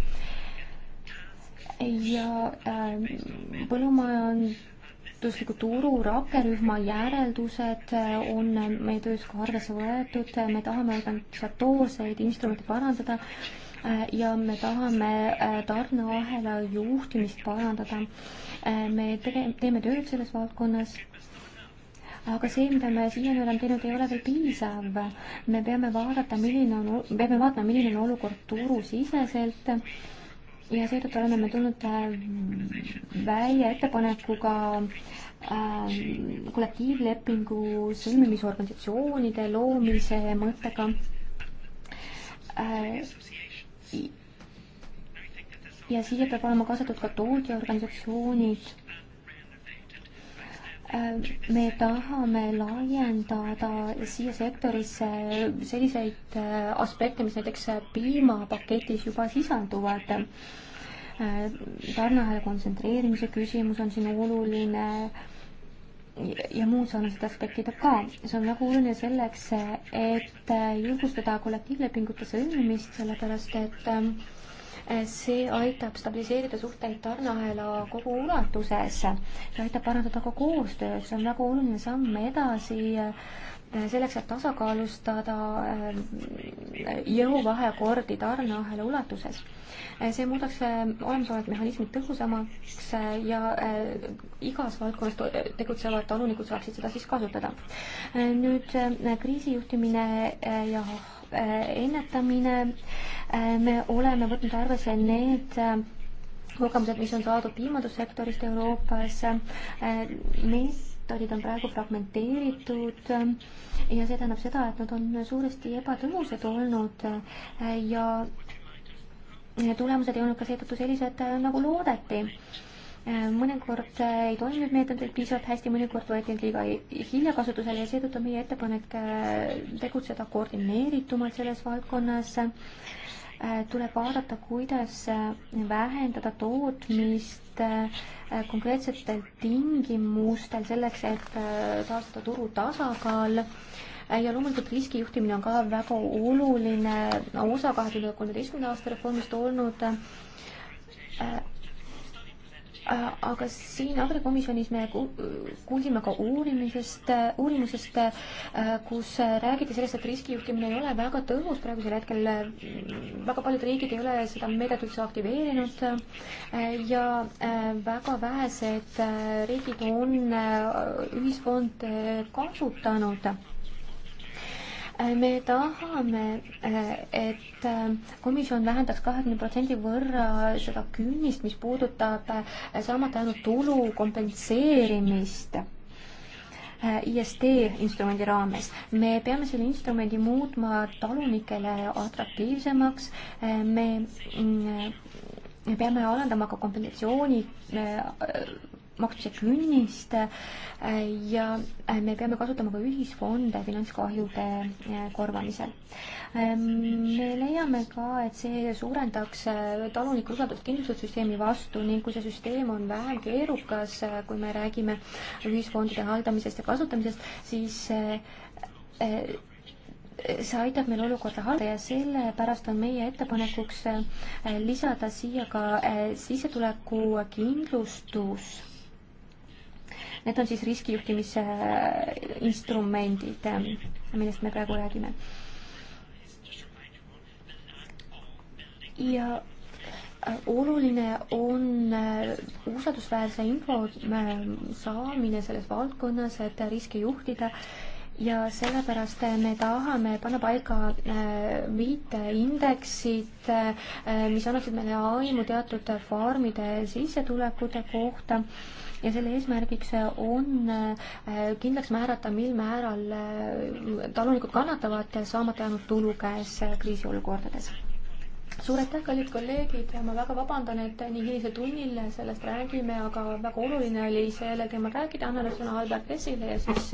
Speaker 4: ja ähm, põllumajandusliku turu rakkerühma järeldused äh, on meie töös ka arvesse võetud, me tahame organisatoorseid instrumente parandada äh, ja me tahame äh, tarneahela juhtimist parandada. me tege-, teeme tööd selles valdkonnas aga see, mida me siiani oleme teinud, ei ole veel piisav. me peame vaadata, milline on, peame vaatama, milline on olukord turusiseselt ja seetõttu oleme me tulnud äh, välja ettepanekuga äh, kollektiivlepingu sõlmimisorganisatsioonide loomise mõttega äh, ja siia peab olema kaasatud ka tootjaorganisatsioonid Äh, me tahame laiendada siia sektorisse selliseid äh, aspekte, mis näiteks piimapaketis juba sisalduvad. Äh, tarneahela kontsentreerimise küsimus on siin oluline ja muud sarnased aspektid ka. see on väga oluline selleks, et julgustada kollektiivlepingute sõlmimist, sellepärast et äh, see aitab stabiliseerida suhteid tarneahela kogu ulatuses. see aitab parandada ka koostööd, see on väga oluline samm edasi eh, selleks, et tasakaalustada eh, jõuvahekordi tarneahela ulatuses. Eh, see muudaks olemasolevad mehhanismid tõhusamaks ja igas valdkonnas tegutsevad talunikud saaksid seda siis kasutada. nüüd kriisijuhtimine ja Äh, ennetamine. Äh, me oleme võtnud arvesse need äh, kogemused, mis on saadud piimandussektorist Euroopas. meetodid on praegu fragmenteeritud ja see tähendab seda, et nad on suuresti ebatõhusad olnud ja tulemused ei olnud ka seetõttu sellised, nagu loodeti mõnikord äh, ei toiminud meetodid piisavalt hästi, mõnikord võeti need liiga hilja kasutusele ja seetõttu on meie ettepanek äh, tegutseda koordineeritumalt selles valdkonnas. Äh, tuleb vaadata, kuidas vähendada tootmist konkreetsetel tingimustel selleks, et taastada turu tasakaal ja loomulikult riskijuhtimine on ka väga oluline osa kahe tuhande kolmeteistkümnenda aasta reformist olnud Äh, aga siin agrikomisjonis me kuulsime ka uurimisest, äh, uurimusest, äh, kus räägiti sellest, et riskijuhtimine ei ole väga tõhus praegusel hetkel. Mm, väga paljud riigid ei ole seda meedet üldse aktiveerinud ja väga vähesed riigid on ühisfonde kasutanud me tahame, eh, et eh, komisjon vähendaks kahekümne protsendi võrra seda künnist, mis puudutab eh, saamata jäänud tulu kompenseerimist IST instrumendi raames. me peame selle instrumendi muutma talunikele atraktiivsemaks, me mm, me peame alandama ka kompensatsiooni maksmiseks ünnist äh, ja äh, me peame kasutama ka ühisfonde finantskahjude äh, korvamisel. Ähm, me leiame ka, et see suurendaks talunike usaldust kindlustussüsteemi vastu ning kui see süsteem on vähem keerukas, kui me räägime ühisfondide haldamisest ja kasutamisest, siis see aitab meil olukorda halda ja sellepärast on meie ettepanekuks lisada siia ka sissetulekukindlustus Need on siis riskijuhtimise äh, instrumendid, äh, millest me praegu räägime. ja äh, oluline on usaldusväärse info saamine selles valdkonnas, et riske juhtida ja sellepärast me tahame panna paika viiteindeksid, mis annaksid meile aimu teatud farmide sissetulekute kohta ja selle eesmärgiks on äh, kindlaks määrata, mil määral äh, talunikud kannatavad saamata jäänud tulu käes äh, kriisiolukordades suur aitäh, kallid kolleegid, ma väga vabandan, et nii hilisel tunnil sellest räägime, aga väga oluline oli sellel teemal rääkida, anname sõna Albert Vessile ja siis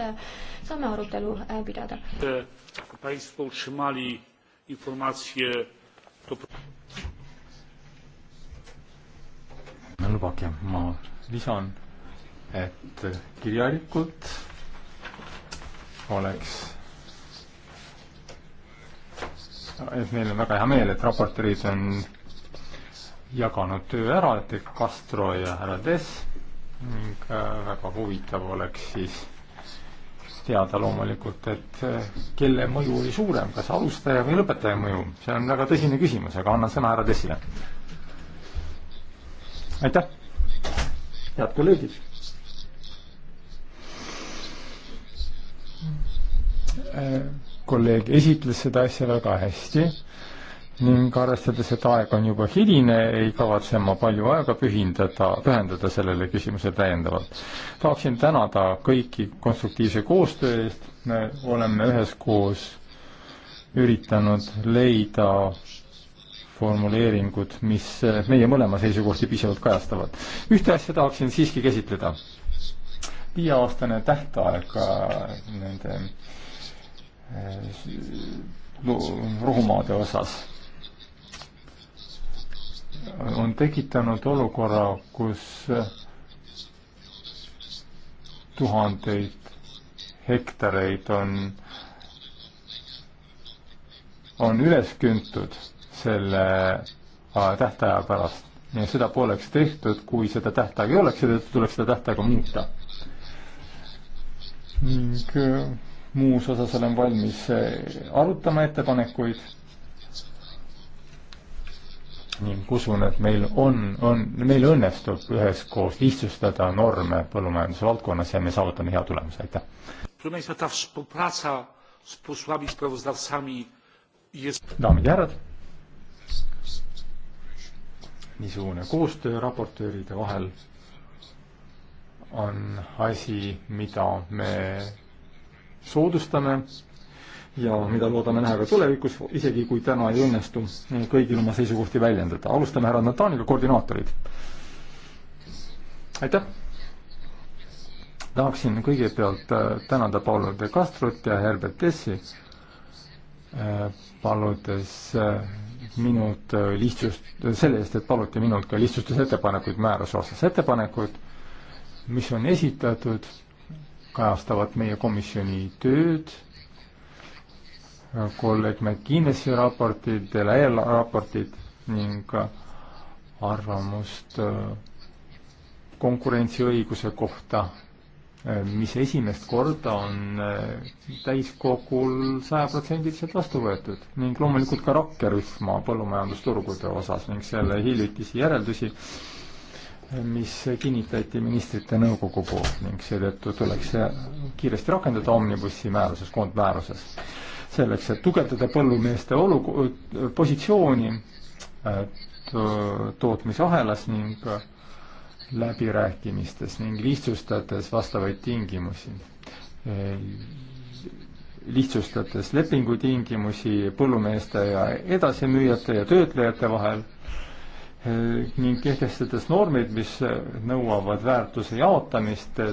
Speaker 4: saame arutelu pidada.
Speaker 5: lubage, ma lisan et kirjalikult oleks, et meil on väga hea meel, et raportöörid on jaganud töö ära, et Castro ja härra Dess ning äh, väga huvitav oleks siis teada loomulikult, et äh, kelle mõju oli suurem, kas alustaja või lõpetaja mõju, see on väga tõsine küsimus, aga annan sõna härra Tessile. aitäh, head kolleegid kolleeg esitles seda asja väga hästi ning arvestades, et aeg on juba hiline, ei kavatse ma palju aega pühindada, pühendada sellele küsimusele täiendavalt. tahaksin tänada kõiki konstruktiivse koostöö eest, me oleme üheskoos üritanud leida formuleeringud, mis meie mõlema seisukohti piisavalt kajastavad. ühte asja tahaksin siiski käsitleda. viieaastane tähtaeg äh, nende Äh, rohumaade osas on tekitanud olukorra, kus äh, tuhandeid hektareid on, on üles küntud selle äh, tähtaja pärast. ja seda poleks tehtud, kui seda tähtaega ei oleks, seetõttu tuleks seda tähtaega muuta. ning muus osas olen valmis eh, arutama ettepanekuid ning usun, et meil on, on, meil õnnestub üheskoos lihtsustada norme põllumajandusvaldkonnas ja me saavutame hea tulemuse, aitäh. daamid ja härrad, niisugune koostöö raportööride vahel on asi, mida me soodustame ja mida loodame näha ka tulevikus, isegi kui täna ei õnnestu kõigil oma seisukohti väljendada. alustame härra Nataniga, koordinaatorid. aitäh! tahaksin kõigepealt äh, tänada Paolo de Castrot ja Herbert Tessi, äh, paludes äh, minult lihtsust, selle eest, et paluti minult ka lihtsustusettepanekuid määruse osas, ettepanekud, mis on esitatud kajastavad meie komisjoni tööd, kolleeg McKinnesi raportid, Delael raportid ning arvamust äh, konkurentsiõiguse kohta, äh, mis esimest korda on äh, täiskogul sajaprotsendiliselt vastu võetud ning loomulikult ka rakkerühma põllumajandusturgude osas ning selle hiljutisi järeldusi mis kinnitati ministrite nõukogu poolt ning seetõttu tuleks see kiiresti rakendada omnibussi määruses, koondmääruses. selleks, et tugevdada põllumeeste olu-, positsiooni äh, tootmisahelas ning läbirääkimistes ning lihtsustades vastavaid tingimusi äh, lihtsustades lepingutingimusi põllumeeste ja edasimüüjate ja töötlejate vahel Eh, ning kehtestades normid, mis eh, nõuavad väärtuse jaotamist eh,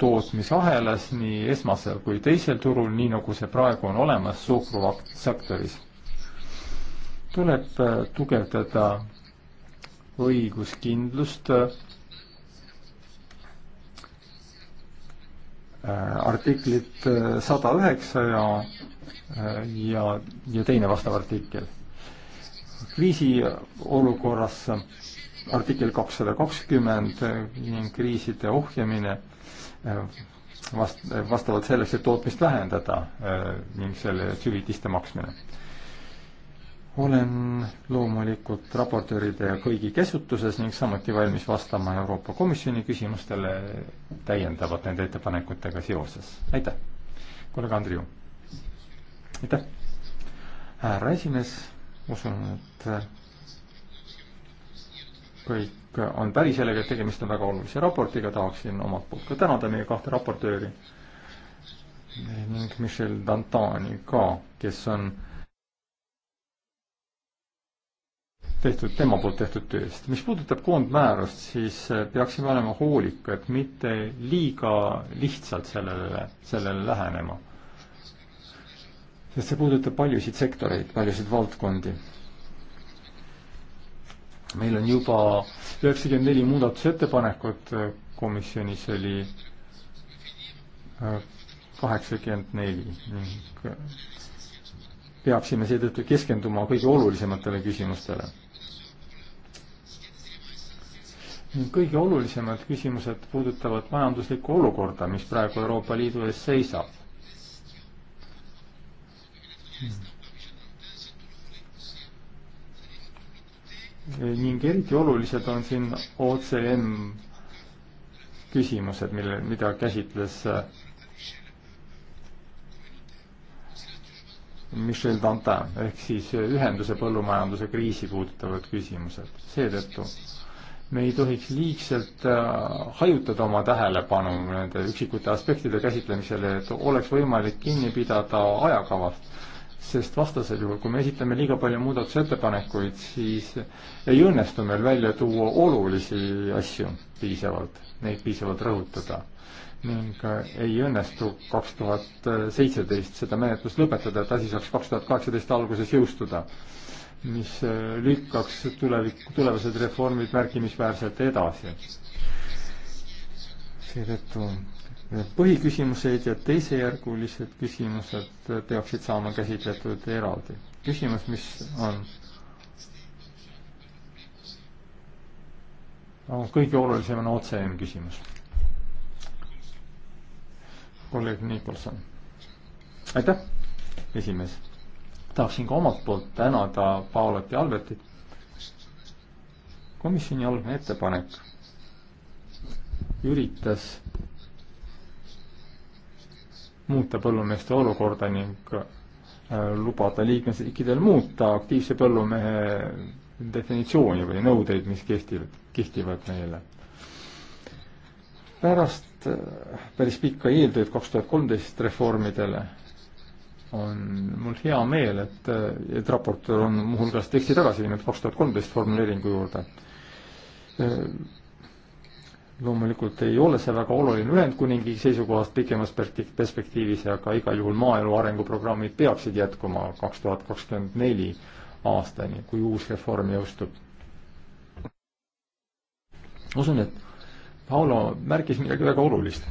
Speaker 5: tootmisahelas nii esmasel kui teisel turul, nii nagu see praegu on olemas suhkrusektoris. tuleb tugevdada õiguskindlust artiklit sada üheksa ja, ja, ja teine vastav artikkel kriisiolukorras artikkel kakssada kakskümmend ning kriiside ohjamine äh, vast-, vastavalt selleks, et tootmist vähendada äh, ning selle hüvitiste maksmine. olen loomulikult raportööride ja kõigi käsutuses ning samuti valmis vastama Euroopa Komisjoni küsimustele täiendavalt nende ettepanekutega seoses. aitäh, kolleeg Andriu! aitäh, härra esimees usun, et kõik on päri sellega, et tegemist on väga olulise raportiga, tahaksin omalt poolt ka tänada meie kahte raportööri ning Michel Dantani ka, kes on tehtud, tema poolt tehtud tööst. mis puudutab koondmäärust, siis peaksime olema hoolikad, mitte liiga lihtsalt sellele, sellele lähenema sest see puudutab paljusid sektoreid, paljusid valdkondi. meil on juba üheksakümmend neli muudatusettepanekut, äh, komisjonis oli äh, kaheksakümmend neli ning äh, peaksime seetõttu keskenduma kõige olulisematele küsimustele. kõige olulisemad küsimused puudutavad majanduslikku olukorda, mis praegu Euroopa Liidu ees seisab Hmm. ning eriti olulised on siin OCM küsimused, mille, mida käsitles äh, Michel Dantin ehk siis ühenduse põllumajanduse kriisi puudutavad küsimused. seetõttu me ei tohiks liigselt äh, hajutada oma tähelepanu nende üksikute aspektide käsitlemisele, et oleks võimalik kinni pidada ajakavast sest vastasel juhul, kui me esitame liiga palju muudatusettepanekuid, siis ei õnnestu meil välja tuua olulisi asju piisavalt, neid piisavalt rõhutada. ning ei õnnestu kaks tuhat seitseteist seda menetlust lõpetada, et asi saaks kaks tuhat kaheksateist alguses jõustuda, mis lükkaks tulevik, tulevased reformid märkimisväärselt edasi. seetõttu põhiküsimused ja teisejärgulised küsimused peaksid saama käsitletud eraldi. küsimus, mis on, on kõige olulisem, on OCM küsimus. kolleeg Nikolson. aitäh, esimees. tahaksin ka omalt poolt tänada Paulat ja Albertit. komisjoni algne ettepanek üritas muuta põllumeeste olukorda ning äh, lubada liikmesriikidel muuta aktiivse põllumehe definitsiooni või nõudeid, mis kehtivad, kehtivad meile. pärast äh, päris pikka eeltööd kaks tuhat kolmteist reformidele on mul hea meel, et, äh, et raportöör on muuhulgas teksti tagasi viinud kaks tuhat kolmteist formuleeringu juurde loomulikult ei ole see väga oluline Ühendkuningriigi seisukohast pikemas perspektiivis, aga igal juhul maaelu arenguprogrammid peaksid jätkuma kaks tuhat kakskümmend neli aastani, kui uus reform jõustub. usun, et Paolo märkis midagi väga olulist.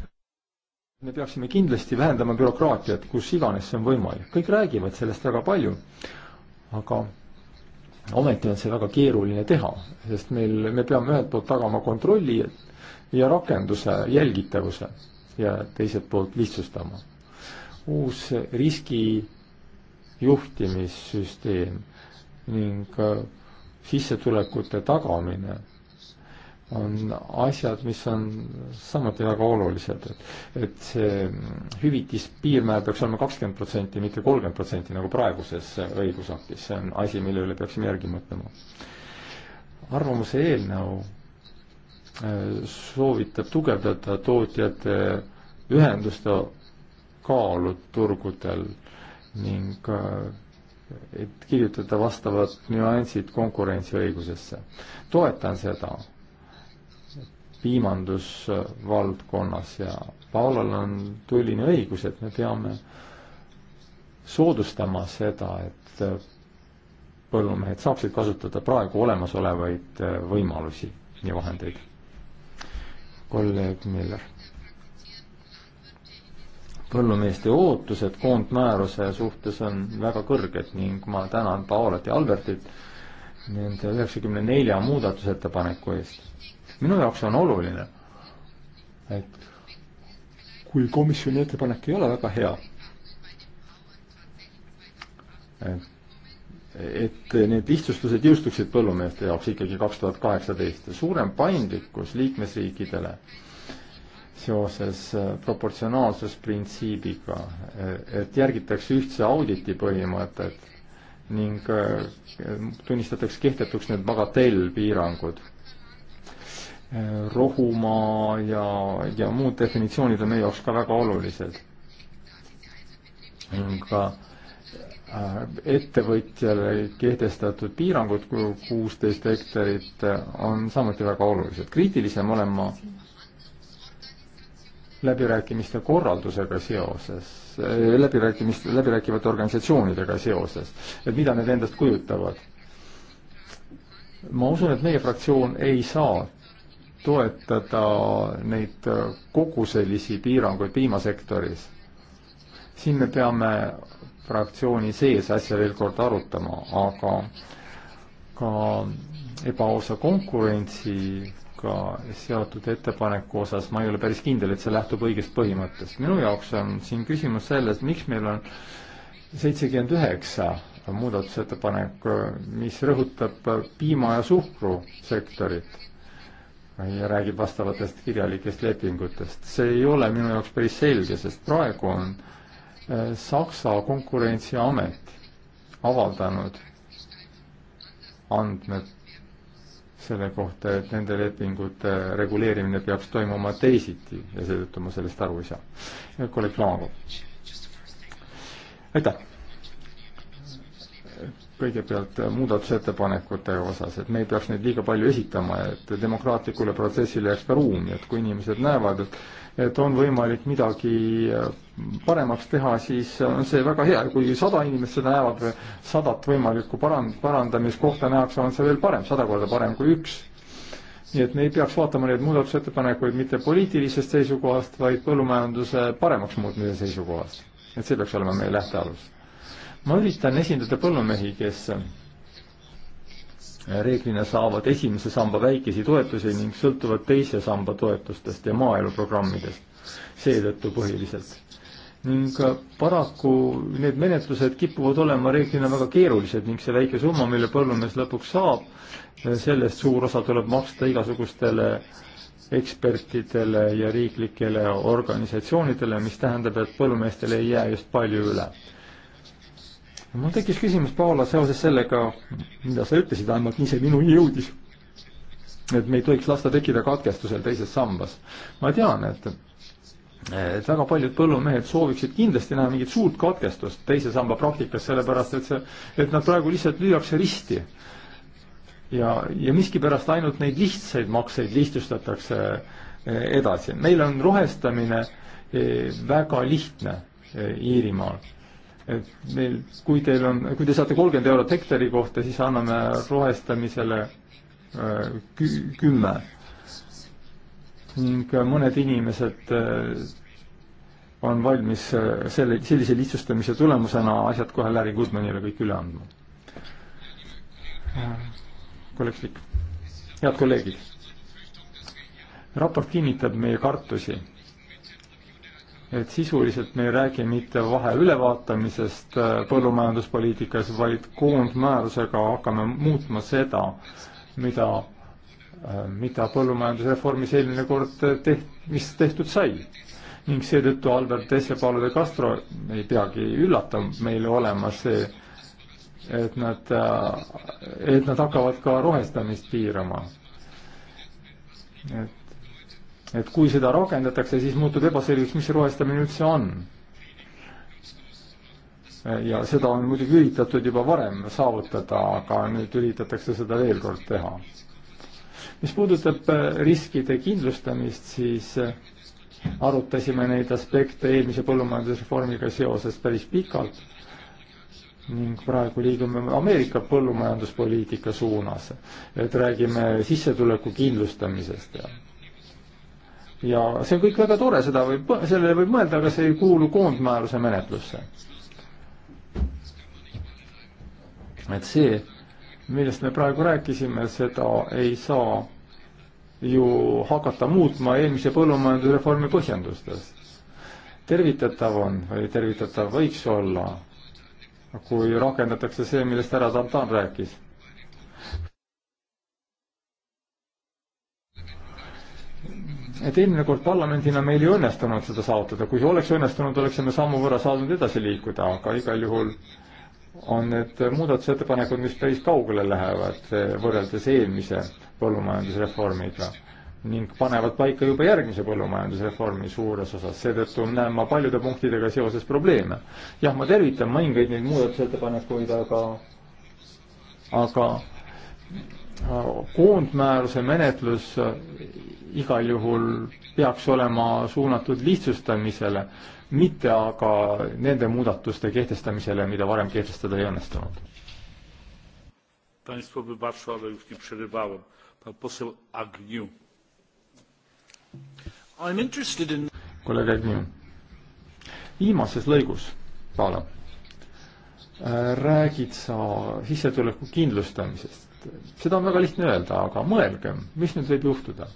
Speaker 5: me peaksime kindlasti vähendama bürokraatiat, kus iganes see on võimalik, kõik räägivad sellest väga palju, aga ometi on see väga keeruline teha, sest meil, me peame ühelt poolt tagama kontrolli ja rakenduse jälgitavuse ja teiselt poolt lihtsustama. uus riskijuhtimissüsteem ning sissetulekute tagamine on asjad, mis on samuti väga olulised, et et see hüvitis piirmäär peaks olema kakskümmend protsenti, mitte kolmkümmend protsenti nagu praeguses õigusaktis, see on asi, mille üle peaksime järgi mõtlema. arvamuse eelnõu äh, soovitab tugevdada tootjate ühenduste kaalu turgudel ning äh, et kirjutada vastavad nüansid konkurentsiõigusesse. toetan seda piimandusvaldkonnas ja Paulal on tuline õigus, et me peame soodustama seda, et põllumehed saaksid kasutada praegu olemasolevaid äh, võimalusi ja vahendeid. kolleeg Miller. põllumeeste ootused koondmääruse suhtes on väga kõrged ning ma tänan Paolat ja Albertit nende üheksakümne nelja muudatusettepaneku eest minu jaoks on oluline, et kui komisjoni ettepanek ei ole väga hea, et need lihtsustused jõustuksid põllumeeste jaoks ikkagi kaks tuhat kaheksateist ja suurem paindlikkus liikmesriikidele seoses äh, proportsionaalsusprintsiibiga, äh, et järgitakse ühtse auditi põhimõtet ning äh, tunnistatakse kehtetuks need bagatellpiirangud rohumaa ja, ja muud definitsioonid on meie jaoks ka väga olulised. ka äh, ettevõtjale kehtestatud piirangud, kuusteist hektarit, äh, on samuti väga olulised. kriitilisem olen ma läbirääkimiste korraldusega seoses, äh, läbirääkimist, läbirääkivate organisatsioonidega seoses, et mida need endast kujutavad. ma usun, et meie fraktsioon ei saa toetada neid koguselisi piiranguid piimasektoris. siin me peame fraktsiooni sees asja veel kord arutama, aga ka ebaausa konkurentsiga seotud ettepaneku osas ma ei ole päris kindel, et see lähtub õigest põhimõttest. minu jaoks on siin küsimus selles, miks meil on seitsekümmend üheksa muudatusettepanek, mis rõhutab piima- ja suhkrusektorit Äh, räägib vastavatest kirjalikest lepingutest. see ei ole minu jaoks päris selge, sest praegu on äh, Saksa konkurentsiamet avaldanud andmed selle kohta, et nende lepingute reguleerimine peaks toimuma teisiti ja seetõttu ma sellest aru ei saa. kolleeg Laanov. aitäh! kõigepealt äh, muudatusettepanekute osas, et me ei peaks neid liiga palju esitama, et demokraatlikule protsessile jääks ka ruumi, et kui inimesed näevad, et et on võimalik midagi äh, paremaks teha, siis äh, on see väga hea, kui sada inimest seda näevad või sadat võimalikku parand-, parandamiskohta nähakse, on see veel parem, sada korda parem kui üks. nii et me ei peaks vaatama neid muudatusettepanekuid mitte poliitilisest seisukohast, vaid põllumajanduse paremaks muutmise seisukohast. et see peaks olema meie lähtealus ma üritan esindada põllumehi, kes reeglina saavad esimese samba väikesi toetusi ning sõltuvad teise samba toetustest ja maaeluprogrammidest, seetõttu põhiliselt. ning paraku need menetlused kipuvad olema reeglina väga keerulised ning see väike summa, mille põllumees lõpuks saab, sellest suur osa tuleb maksta igasugustele ekspertidele ja riiklikele organisatsioonidele, mis tähendab, et põllumeestel ei jää just palju üle mul tekkis küsimus, Paula, seoses sellega, mida sa ütlesid, vähemalt nii see minuni jõudis, et me ei tohiks lasta tekkida katkestusel teises sambas. ma tean, et et väga paljud põllumehed sooviksid kindlasti näha mingit suurt katkestust teise samba praktikas, sellepärast et see, et nad praegu lihtsalt lüüakse risti. ja, ja miskipärast ainult neid lihtsaid makseid lihtsustatakse edasi. meil on rohestamine eh, väga lihtne eh, Iirimaal et meil, kui teil on, kui te saate kolmkümmend eurot hektari kohta, siis anname rohestamisele äh, kü-, kümme. ning äh, mõned inimesed äh, on valmis selle, sellise lihtsustamise tulemusena asjad kohe Larry Goodmanile kõik üle andma. kolleeg Slik, head kolleegid, raport kinnitab meie kartusi et sisuliselt me ei räägi mitte vahe ülevaatamisest äh, põllumajanduspoliitikas, vaid koondmäärusega hakkame muutma seda, mida, äh, mida põllumajandusreformis eelmine kord teht-, mis tehtud sai. ning seetõttu Albert S. ja Paolo de Castro ei peagi üllatama meile olema see, et nad, äh, et nad hakkavad ka rohestamist piirama. et et kui seda rakendatakse, siis muutub ebaselgeks, mis rohestamine üldse on. ja seda on muidugi üritatud juba varem saavutada, aga nüüd üritatakse seda veel kord teha. mis puudutab äh, riskide kindlustamist, siis äh, arutasime neid aspekte eelmise põllumajandusreformiga seoses päris pikalt ning praegu liigume Ameerika põllumajanduspoliitika suunas, et räägime sissetuleku kindlustamisest ja ja see on kõik väga tore, seda võib, sellele võib mõelda, aga see ei kuulu koondmääruse menetlusse. et see, millest me praegu rääkisime, seda ei saa ju hakata muutma eelmise põllumajandusreformi põhjendustes. tervitatav on või tervitatav võiks olla, kui rakendatakse see, millest härra Tartan rääkis et eelmine kord parlamendina meil ei õnnestunud seda saavutada, kui oleks õnnestunud, oleksime sammu võrra saanud edasi liikuda, aga igal juhul on need muudatusettepanekud, mis päris kaugele lähevad eh, võrreldes eelmise põllumajandusreformiga ning panevad paika juba järgmise põllumajandusreformi suures osas, seetõttu näen ma paljude punktidega seoses probleeme. jah, ma tervitan mõningaid neid muudatusettepanekuid, aga aga äh, koondmääruse menetlus igal juhul peaks olema suunatud lihtsustamisele, mitte aga nende muudatuste kehtestamisele, mida varem kehtestada ei õnnestunud. kolleeg Agniu, viimases lõigus, Paala, räägid sa sissetuleku kindlustamisest seda on väga lihtne öelda, aga mõelgem, mis nüüd võib juhtuda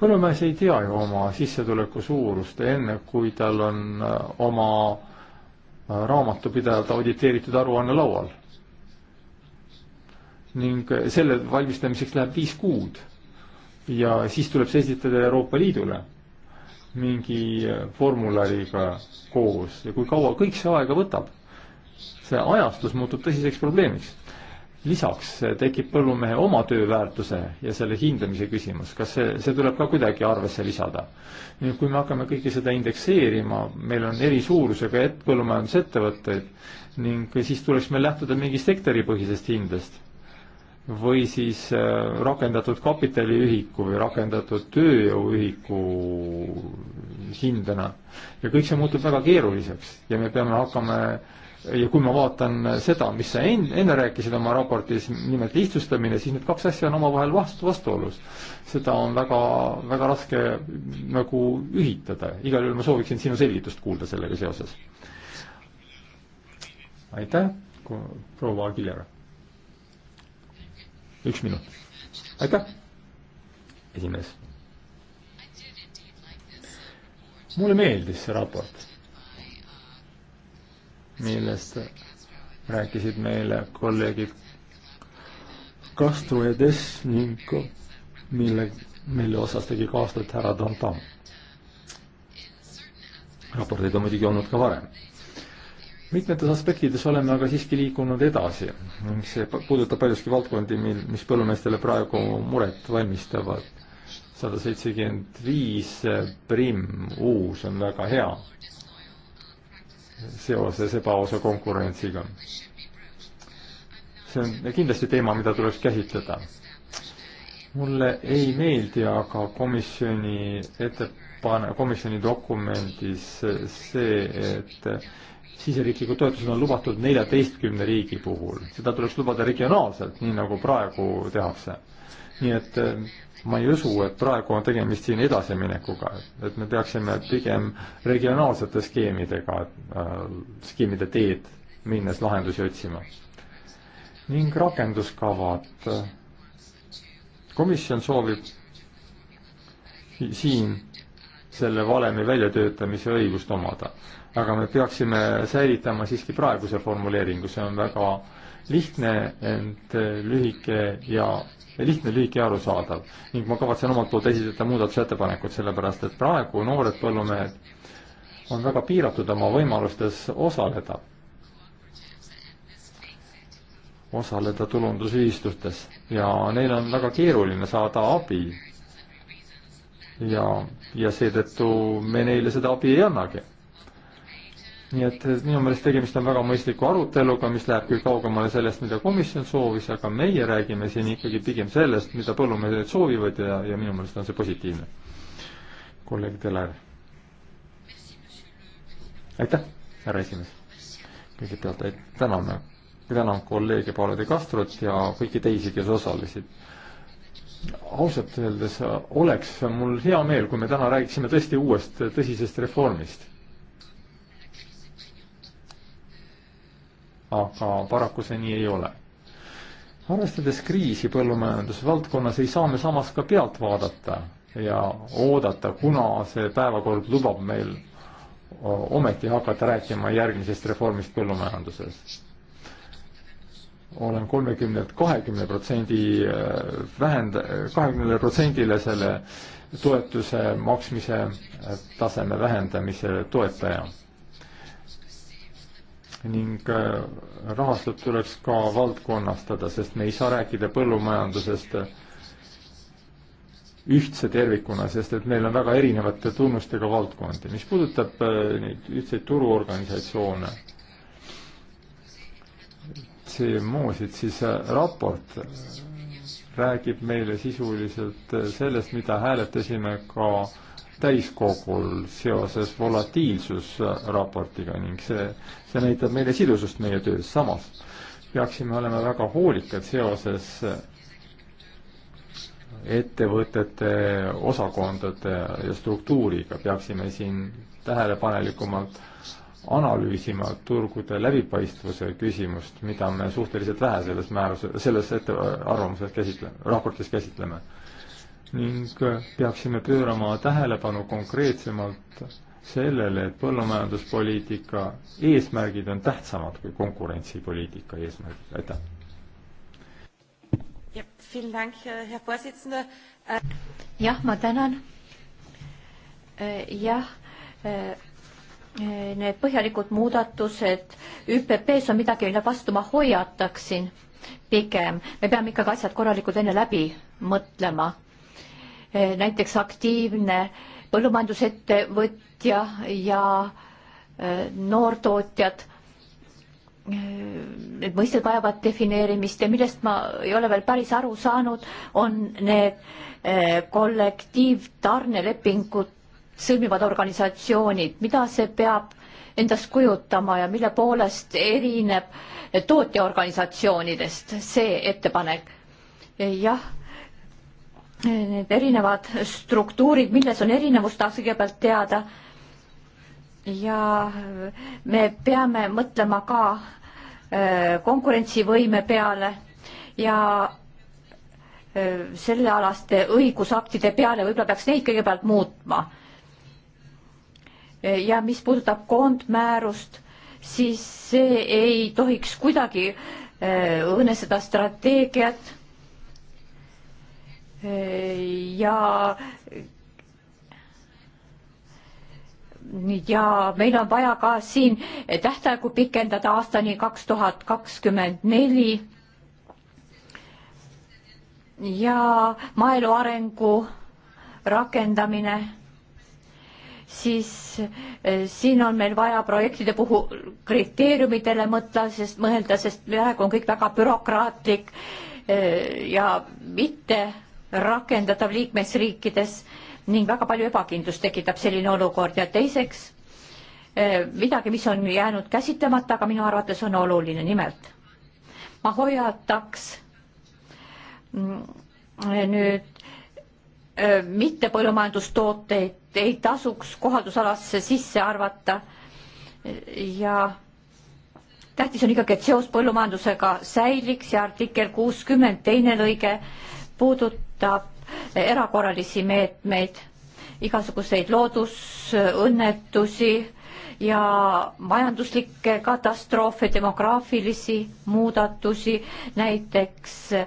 Speaker 5: põllumees ei tea ju oma sissetuleku suurust, enne kui tal on äh, oma äh, raamatupidajalt auditeeritud aruanne laual. ning äh, selle valmistamiseks läheb viis kuud ja siis tuleb see esitada Euroopa Liidule mingi formulariga koos ja kui kaua kõik see aega võtab, see ajastus muutub tõsiseks probleemiks lisaks eh, tekib põllumehe oma tööväärtuse ja selle hindamise küsimus, kas see, see tuleb ka kuidagi arvesse lisada. nüüd, kui me hakkame kõike seda indekseerima, meil on eri suurusega et-, põllumajandusettevõtteid ning siis tuleks meil lähtuda mingist hektaripõhisest hindest või siis eh, rakendatud kapitaliühiku või rakendatud tööjõuühiku hindena. ja kõik see muutub väga keeruliseks ja me peame hakkama ja kui ma vaatan seda, mis sa enne rääkisid oma raportis, nimelt lihtsustamine, siis need kaks asja on omavahel vastu, vastuolus. seda on väga, väga raske nagu ühitada, igal juhul ma sooviksin sinu selgitust kuulda sellega seoses. aitäh, proua Aguilera. üks minut. aitäh, esimees. mulle meeldis see raport millest rääkisid meile kolleegid Castro Edes ning mille, mille osas tegi kaastööd härra Dantam. raporteid on muidugi olnud ka varem. mitmetes aspektides oleme aga siiski liikunud edasi, see puudutab paljuski valdkondi, mil, mis põllumeestele praegu muret valmistavad. sada seitsekümmend viis prim uus on väga hea seoses ebaausa konkurentsiga. see on kindlasti teema, mida tuleks käsitleda. mulle ei meeldi aga komisjoni ettepane-, komisjoni dokumendis see, et siseriiklikud toetused on lubatud neljateistkümne riigi puhul. seda tuleks lubada regionaalselt, nii nagu praegu tehakse nii et äh, ma ei usu, et praegu on tegemist siin edasiminekuga, et me peaksime pigem regionaalsete skeemidega, äh, skeemide teed minnes lahendusi otsima. ning rakenduskavad. Äh, komisjon soovib siin selle valemi väljatöötamise õigust omada. aga me peaksime säilitama siiski praeguse formuleeringu, see on väga lihtne, ent lühike ja lihtne, lühike ja arusaadav. ning ma kavatsen omalt poolt esitada muudatusettepanekud, sellepärast et praegu noored põllumehed on väga piiratud oma võimalustes osaleda, osaleda tulundusühistustes ja neil on väga keeruline saada abi. ja, ja seetõttu me neile seda abi ei annagi nii et minu meelest tegemist on väga mõistliku aruteluga, mis läheb küll kaugemale sellest, mida komisjon soovis, aga meie räägime siin ikkagi pigem sellest, mida põllumehed soovivad ja, ja minu meelest on see positiivne. kolleeg Teler. aitäh, härra esimees. kõigepealt täname, tänan kolleege Paolo de Castrot ja kõiki teisi, kes osalesid ausalt öeldes oleks mul hea meel, kui me täna räägiksime tõesti uuest tõsisest reformist aga paraku see nii ei ole. arvestades kriisi põllumajandusvaldkonnas, ei saa me samas ka pealt vaadata ja oodata, kuna see päevakord lubab meil ometi hakata rääkima järgmisest reformist põllumajanduses olen kolmekümnelt kahekümne protsendi äh, vähend-, kahekümnele protsendile selle toetuse maksmise äh, taseme vähendamise toetaja ning äh, rahastust tuleks ka valdkonnastada, sest me ei saa rääkida põllumajandusest äh, ühtse tervikuna, sest et meil on väga erinevate tunnustega valdkondi. mis puudutab äh, neid ühtseid turuorganisatsioone, CMO-sid, siis raport räägib meile sisuliselt sellest, mida hääletasime ka täiskogul seoses volatiilsusraportiga ning see see näitab meile sidusust meie töös, samas peaksime olema väga hoolikad seoses ettevõtete osakondade ja struktuuriga, peaksime siin tähelepanelikumalt analüüsima turgude läbipaistvuse küsimust, mida me suhteliselt vähe selles määruse, selles ette, arvamuses käsitleme, raportis käsitleme. ning peaksime pöörama tähelepanu konkreetsemalt sellele, et põllumajanduspoliitika eesmärgid on tähtsamad kui konkurentsipoliitika eesmärgid, aitäh.
Speaker 1: Äh, äh, jah, ma tänan. Äh, jah, need põhjalikud muudatused ÜPP-s on midagi, mille vastu ma hoiataksin pigem. me peame ikkagi asjad korralikult enne läbi mõtlema. näiteks aktiivne põllumajandusettevõte tootja ja äh, noortootjad. Äh, need mõisted vajavad defineerimist ja millest ma ei ole veel päris aru saanud, on need äh, kollektiivtarnelepingud sõlmivad organisatsioonid, mida see peab endast kujutama ja mille poolest erineb tootjaorganisatsioonidest see ettepanek? jah, need erinevad struktuurid, milles on erinevus, tahaks kõigepealt teada ja eh, me peame mõtlema ka eh, konkurentsivõime peale ja eh, sellealaste õigusaktide peale, võib-olla peaks neid kõigepealt muutma. ja mis puudutab koondmäärust, siis see ei tohiks kuidagi õõnestada strateegiat ja ja meil on vaja ka siin tähtaegu pikendada aastani kaks tuhat kakskümmend neli. ja maaelu arengu rakendamine, siis eh, siin on meil vaja projektide puhul kriteeriumidele mõtla, sest mõelda, sest praegu on kõik väga bürokraatlik eh, ja mitte rakendatav liikmesriikides ning väga palju ebakindlust tekitab selline olukord ja teiseks eh, midagi, mis on jäänud käsitlemata, aga minu arvates on oluline, nimelt ma hoiataks mm, eh, nüüd eh, mittepõllumajandustooteid ei tasuks kohaldusalasse sisse arvata ja tähtis on ikkagi, et seos põllumajandusega säiliks ja artikkel kuuskümmend teine lõige puudutab erakorralisi meetmeid, igasuguseid loodusõnnetusi ja majanduslikke katastroofe, demograafilisi muudatusi, näiteks äh,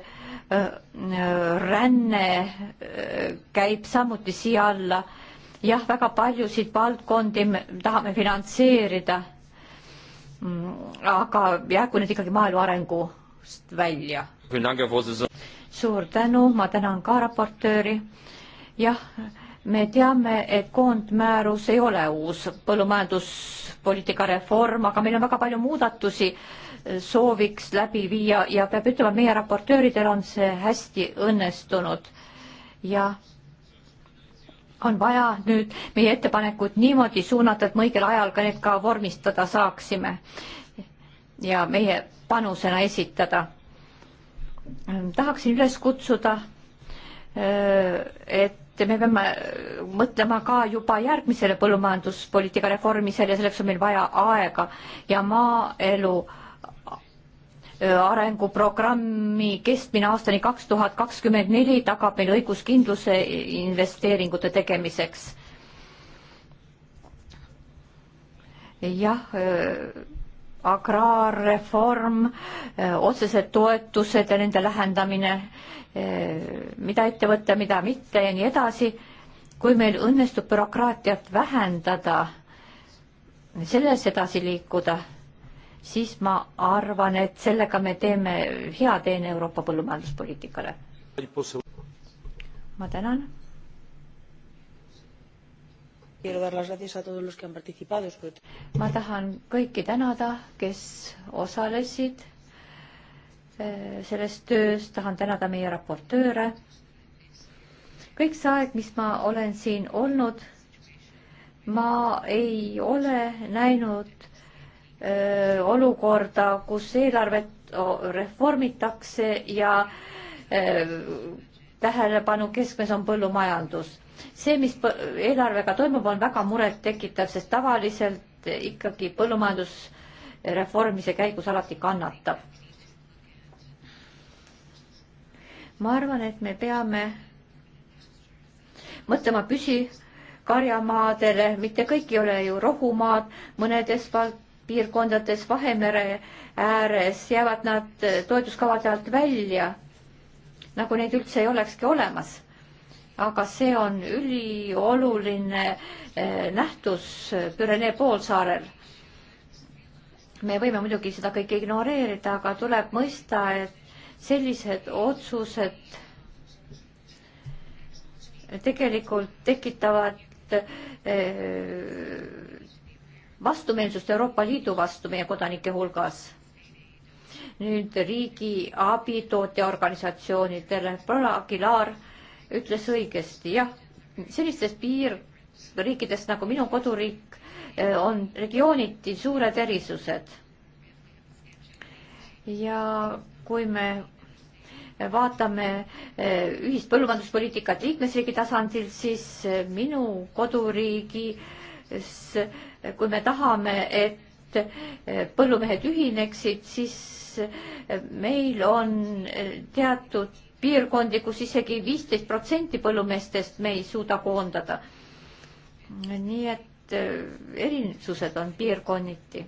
Speaker 1: äh, ränne äh, käib samuti siia alla. jah, väga paljusid valdkondi me tahame finantseerida. Mm, aga jäägu need ikkagi maaelu arengust välja suur tänu, ma tänan ka raportööri. jah, me teame, et koondmäärus ei ole uus põllumajanduspoliitika reform, aga meil on väga palju muudatusi sooviks läbi viia ja peab ütlema, meie raportööridel on see hästi õnnestunud ja on vaja nüüd meie ettepanekud niimoodi suunata, et me õigel ajal ka need ka vormistada saaksime ja meie panusena esitada Ähm, tahaksin üles kutsuda, äh, et me peame mõtlema ka juba järgmisele põllumajanduspoliitika reformisele ja selleks on meil vaja aega ja maaelu äh, arenguprogrammi kestmine aastani kaks tuhat kakskümmend neli tagab meil õiguskindluse investeeringute tegemiseks. jah äh, agraarreform, eh, otsesed toetused ja nende lähendamine, eh, mida ette võtta, mida mitte ja nii edasi. kui meil õnnestub bürokraatiat vähendada, selles edasi liikuda, siis ma arvan, et sellega me teeme hea teene Euroopa põllumajanduspoliitikale. ma tänan ma tahan kõiki tänada, kes osalesid eh, selles töös, tahan tänada meie raportööre. kõik see aeg, mis ma olen siin olnud, ma ei ole näinud öö, eh, olukorda, kus eelarvet reformitakse ja öö, eh, tähelepanu keskmes on põllumajandus see, mis eelarvega toimub, on väga murettekitav, sest tavaliselt ikkagi põllumajandusreformise käigus alati kannatab. ma arvan, et me peame mõtlema püsikarjamaadele, mitte kõik ei ole ju rohumaad, mõnedes piirkondades Vahemere ääres jäävad nad toetuskavade alt välja, nagu neid üldse ei olekski olemas aga see on ülioluline eh, nähtus Pürenee poolsaarel. me võime muidugi seda kõike ignoreerida, aga tuleb mõista, et sellised otsused tegelikult tekitavad eh, vastumeelsust Euroopa Liidu vastu meie kodanike hulgas nüüd riigi abi tootjaorganisatsioonidele. Paul Aguilar ütles õigesti, jah, sellistes piirriikides nagu minu koduriik eh, on regiooniti suured erisused. ja kui me vaatame eh, ühist põllumajanduspoliitikat liikmesriigi tasandil, siis eh, minu koduriigis, kui me tahame, et põllumehed ühineksid, siis meil on teatud piirkondi, kus isegi viisteist protsenti põllumeestest me ei suuda koondada. nii et äh, erinevused on piirkonniti.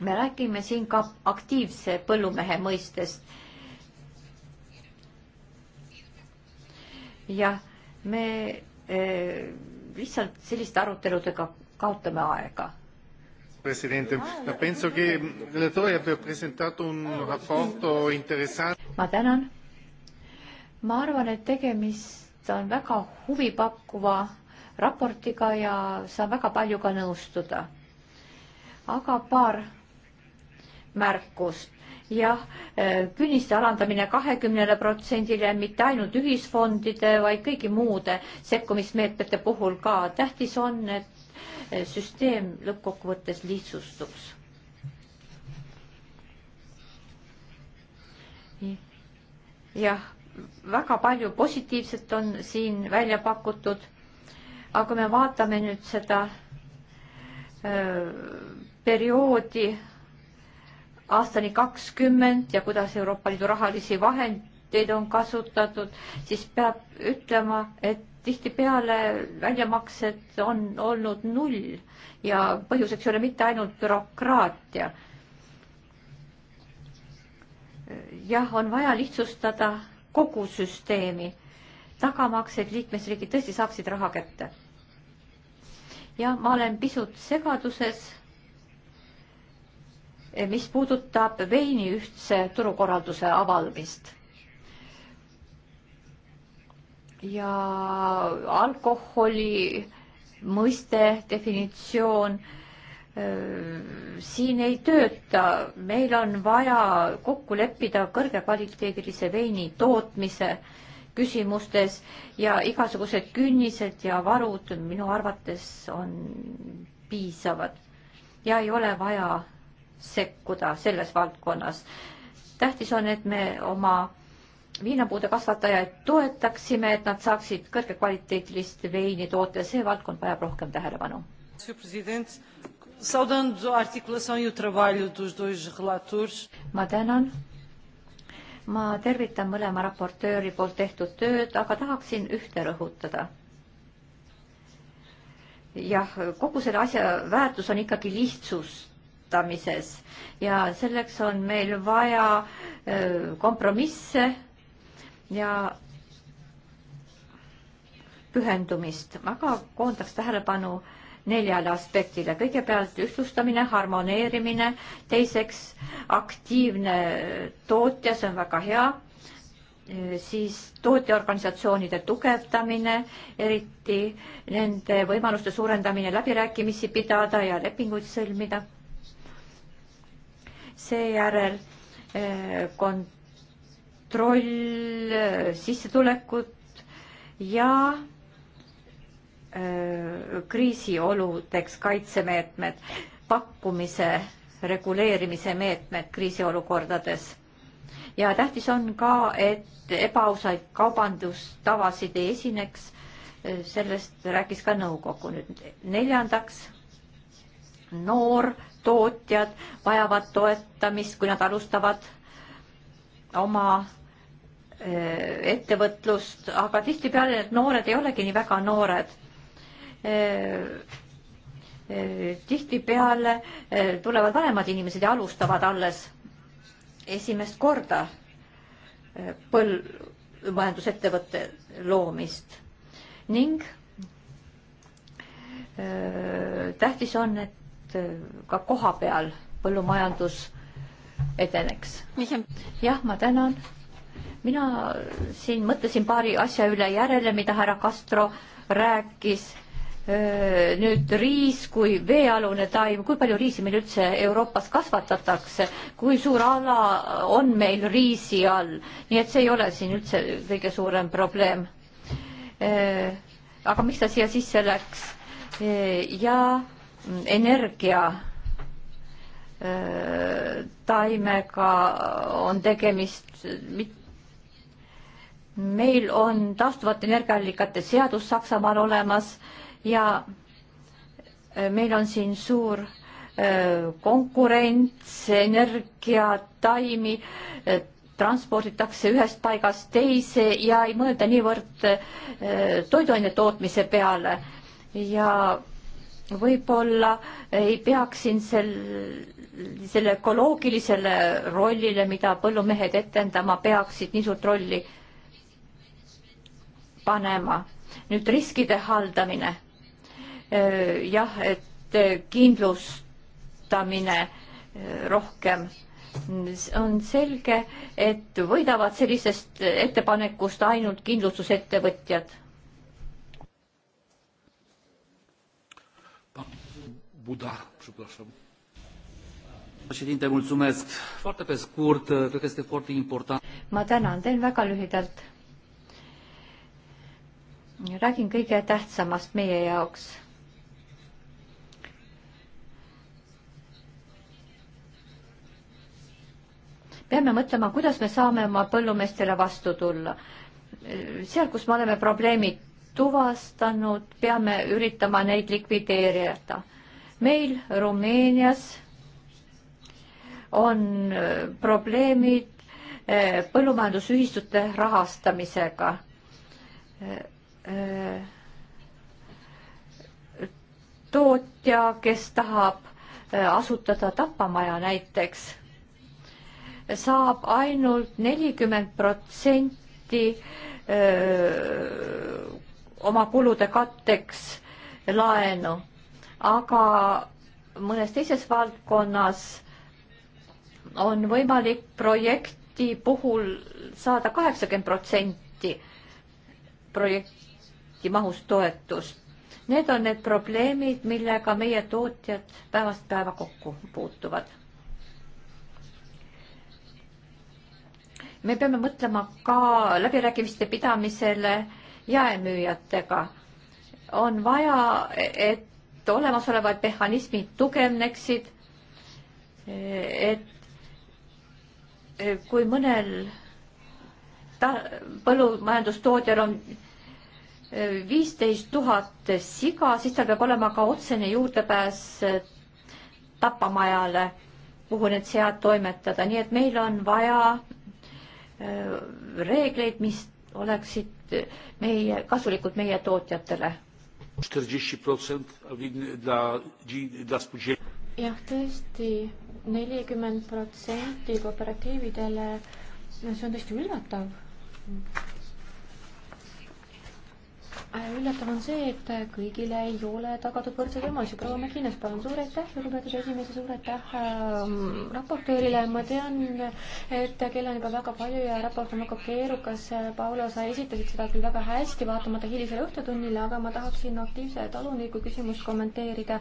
Speaker 1: me räägime siin ka aktiivse põllumehe mõistest. jah, me äh, lihtsalt selliste aruteludega kaotame aega
Speaker 3: Presidente. Penso che il relatore abbia presentato un rapporto interessante.
Speaker 1: ma tänan. ma arvan, et tegemist on väga huvipakkuva raportiga ja saan väga paljuga nõustuda. aga paar märkust. jah, künniste alandamine kahekümnele protsendile, mitte ainult ühisfondide, vaid kõigi muude sekkumismeetmete puhul ka. tähtis on, et Eh, süsteem lõppkokkuvõttes lihtsustuks. jah, väga palju positiivset on siin välja pakutud, aga kui me vaatame nüüd seda öö, eh, perioodi aastani kakskümmend ja kuidas Euroopa Liidu rahalisi vahendeid on kasutatud, siis peab ütlema, et tihtipeale väljamaksed on olnud null ja põhjuseks ei ole mitte ainult bürokraatia. jah, on vaja lihtsustada kogu süsteemi, tagamaks, et liikmesriigid tõesti saaksid raha kätte. ja ma olen pisut segaduses, mis puudutab veini ühtse turukorralduse avaldamist ja alkoholi mõiste, definitsioon äh, siin ei tööta, meil on vaja kokku leppida kõrgekvaliteedilise veini tootmise küsimustes ja igasugused künnised ja varud minu arvates on piisavad ja ei ole vaja sekkuda selles valdkonnas. tähtis on, et me oma viinapuude kasvatajaid toetaksime, et nad saaksid kõrgekvaliteetilist veini toota ja see valdkond vajab rohkem tähelepanu. E ma tänan. ma tervitan mõlema raportööri poolt tehtud tööd, aga tahaksin ühte rõhutada. jah, kogu selle asja väärtus on ikkagi lihtsus ja selleks on meil vaja äh, kompromisse ja pühendumist, aga koondaks tähelepanu neljale aspektile. kõigepealt ühtlustamine, harmoneerimine, teiseks aktiivne tootja, see on väga hea, siis tootjaorganisatsioonide tugevdamine, eriti nende võimaluste suurendamine läbirääkimisi pidada ja lepinguid sõlmida. seejärel eh, kont-, kontroll, äh, sissetulekut ja äh, kriisioludeks kaitsemeetmed, pakkumise reguleerimise meetmed kriisiolukordades. ja tähtis on ka, et ebaausaid kaubandustavasid ei esineks. Äh, sellest rääkis ka nõukogu nüüd. neljandaks, noortootjad vajavad toetamist, kui nad alustavad oma Eh, ettevõtlust, aga tihtipeale need noored ei olegi nii väga noored. Eh, eh, tihtipeale tulevad vanemad inimesed ja alustavad alles esimest korda põl-, majandusettevõtte loomist ning tähtis on, et ka koha peal põllumajandus edeneks. jah, ma tänan mina siin mõtlesin paari asja üle järele, mida härra Castro rääkis. nüüd riis kui veealune taim, kui palju riisi meil üldse Euroopas kasvatatakse, kui suur ala on meil riisi all, nii et see ei ole siin üldse kõige suurem probleem. aga miks ta siia sisse läks? ja energia taimega on tegemist mit, meil on taastuvate energiaallikate seadus Saksamaal olemas ja äh, meil on siin suur äh, konkurents, energiataimi äh, transporditakse ühest paigast teise ja ei mõelda niivõrd toiduaine tootmise peale ja võib-olla ei peaks siin sel, selle ökoloogilisele rollile, mida põllumehed etendama peaksid, nii suurt rolli panema. nüüd riskide haldamine. Äh, jah, et äh, kindlustamine äh, rohkem. on selge, et võidavad sellisest ettepanekust ainult kindlustusettevõtjad.
Speaker 3: Buda, przepraszam. Președinte, mulțumesc. Foarte pe scurt, cred că este foarte important.
Speaker 1: Ma tänan, teen väga lühidalt räägin kõige tähtsamast meie jaoks. peame mõtlema, kuidas me saame oma põllumeestele vastu tulla. seal, kus me oleme probleemid tuvastanud, peame üritama neid likvideerida. meil Rumeenias on äh, probleemid äh, põllumajandusühistute rahastamisega äh, Äh, tootja, kes tahab äh, asutada tapamaja näiteks, saab ainult nelikümmend protsenti äh, oma kulude katteks laenu, aga mõnes teises valdkonnas on võimalik projekti puhul saada kaheksakümmend protsenti projekt mahus toetust. Need on need probleemid, millega meie tootjad päevast päeva kokku puutuvad. me peame mõtlema ka läbirääkimiste pidamisele jaemüüjatega. on vaja, et olemasolevad mehhanismid tugevneksid, et kui mõnel ta-, põllumajandustootjal on viisteist tuhat siga, siis tal peab olema ka otsene juurdepääs eh, tapamajale, kuhu need sead toimetada, nii et meil on vaja eh, reegleid, mis oleksid eh, meie, kasulikud meie tootjatele.
Speaker 4: jah, tõesti, nelikümmend protsenti kooperatiividele, no see on tõesti üllatav üllatav on see, et kõigile ei ole tagatud võrdseid võimalusi. proua Mäkinas, palun, suur aitäh, lugupeetud esimees ja suur aitäh äh, raportöörile. ma tean, et kell on juba väga palju ja raport on väga keerukas. Paula, sa esitasid seda küll väga hästi, vaatamata hilisele õhtutunnile, aga ma tahaksin aktiivse taluniku küsimust kommenteerida.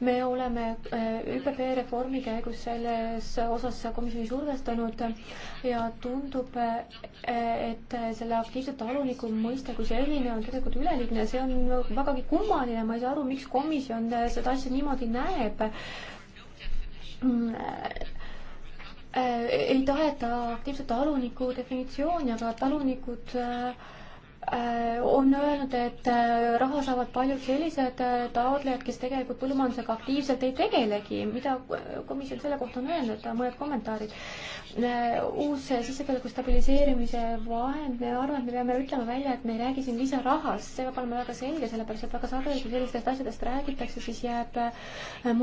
Speaker 4: me oleme äh, ÜPP reformi käigus selles osas komisjoni survestanud ja tundub, äh, et selle aktiivse taluniku mõiste kui selline on tegelikult üleliigne, see on vägagi kummaline, ma ei saa aru, miks komisjon äh, seda asja niimoodi näeb mm, äh, äh, ei taheta aktiivset taluniku definitsiooni, aga talunikud äh, Äh, on öelnud, et äh, raha saavad paljud sellised äh, taotlejad, kes tegelikult põllumajandusega aktiivselt ei tegelegi. mida komisjon selle kohta on öelnud, mõned kommentaarid. uus sissetuleku stabiliseerimise vahend, me arvame, et me peame ütlema välja, et me ei räägi siin lisarahast, see peab olema väga selge, sellepärast et väga sageli, kui sellistest asjadest räägitakse, siis jääb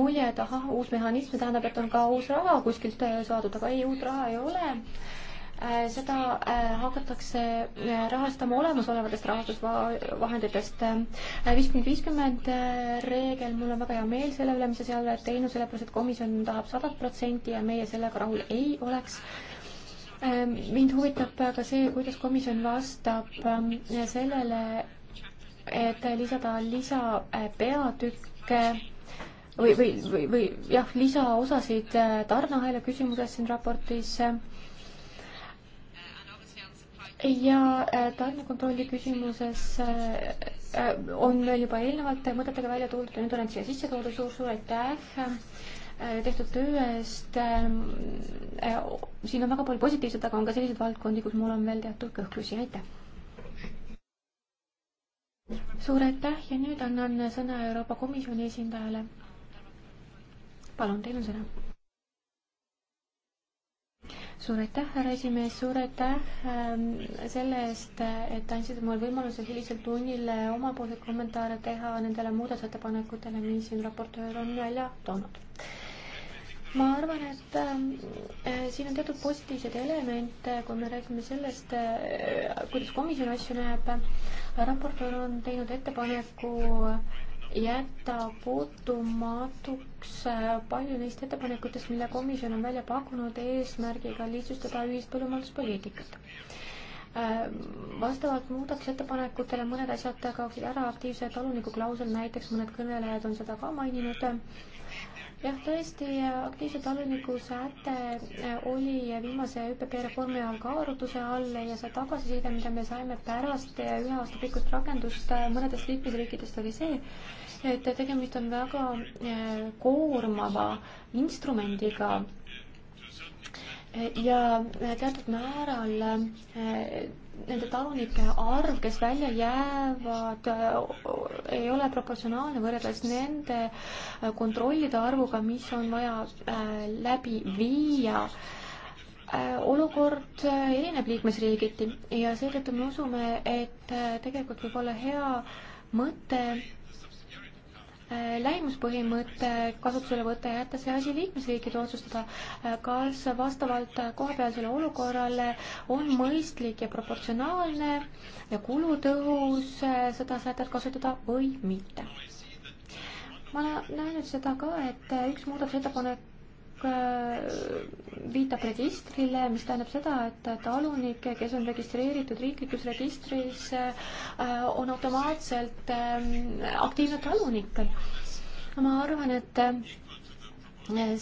Speaker 4: mulje, et ahah, uus mehhanism, see tähendab, et on ka uus raha kuskilt saadud, aga ei, uut raha ei ole Äh, seda äh, hakatakse äh, rahastama olemasolevatest rahastusvahenditest. viiskümmend, viiskümmend reegel, mul on väga hea meel selle üle, mis sa seal oled teinud, sellepärast et komisjon tahab sadat protsenti ja meie sellega rahul ei oleks mind huvitab ka see, kuidas komisjon vastab sellele, et lisada lisapeatükke või, või, või, või jah, lisaosasid tarneahela küsimuses siin raportis ja äh, tarnekontrolli küsimuses äh, äh, on meil juba eelnevalt mõtetega välja tuldud ja nüüd olen siia sisse toodud suur,, suur-suur aitäh tehtud töö eest. siin on väga palju positiivset, aga on ka selliseid valdkondi, kus mul on veel teatud kõhklusi, aitäh. suur aitäh ja nüüd annan sõna Euroopa Komisjoni esindajale. palun, teil on sõna suur aitäh, härra esimees, suur aitäh ähm, selle eest, et andsite mulle võimaluse hilisel tunnil omapoolseid kommentaare teha nendele muudatusettepanekutele, mis siin raportöör on välja toonud. ma arvan, et ähm, äh, siin on teatud positiivseid elemente, kui me räägime sellest äh,, kuidas komisjon asju näeb. raportöör on teinud ettepaneku äh, jätta puutumatuks äh, palju neist ettepanekutest, mille komisjon on välja pakkunud eesmärgiga lihtsustada ühist põllumajanduspoliitikat. Äh, vastavalt muudatusettepanekutele mõned asjad kaoksid ära, aktiivse taluniku klausel näiteks, mõned kõnelejad on seda ka maininud, jah, tõesti, aktiivse taluniku säte äh, oli viimase ÜPP reformi ajal ka arutluse all ja see tagasiside, mida me saime pärast ühe aasta pikkust rakendust mõnedest liikmesriikidest, oli see, et tegemist on väga eh, koormava instrumendiga ja teatud määral eh, nende talunike arv, kes välja jäävad, eh, ei ole proportsionaalne võrreldes nende kontrollide arvuga, mis on vaja läbi viia. olukord erineb liikmesriigiti ja seetõttu me usume, et tegelikult võib olla hea mõte Äh, lähimuspõhimõtte kasutusele võtta ja jätta see asi liikmesriikide otsustada, äh, kas vastavalt kohapealsele olukorrale on mõistlik ja proportsionaalne ja kulutõhus äh, seda sätet kasutada või mitte ma näen nüüd seda ka, et üks muudatusettepanek Äh, viitab registrile, mis tähendab seda, et talunik, kes on registreeritud riiklikus registris, äh, on automaatselt ähm, aktiivne talunik. ma arvan, et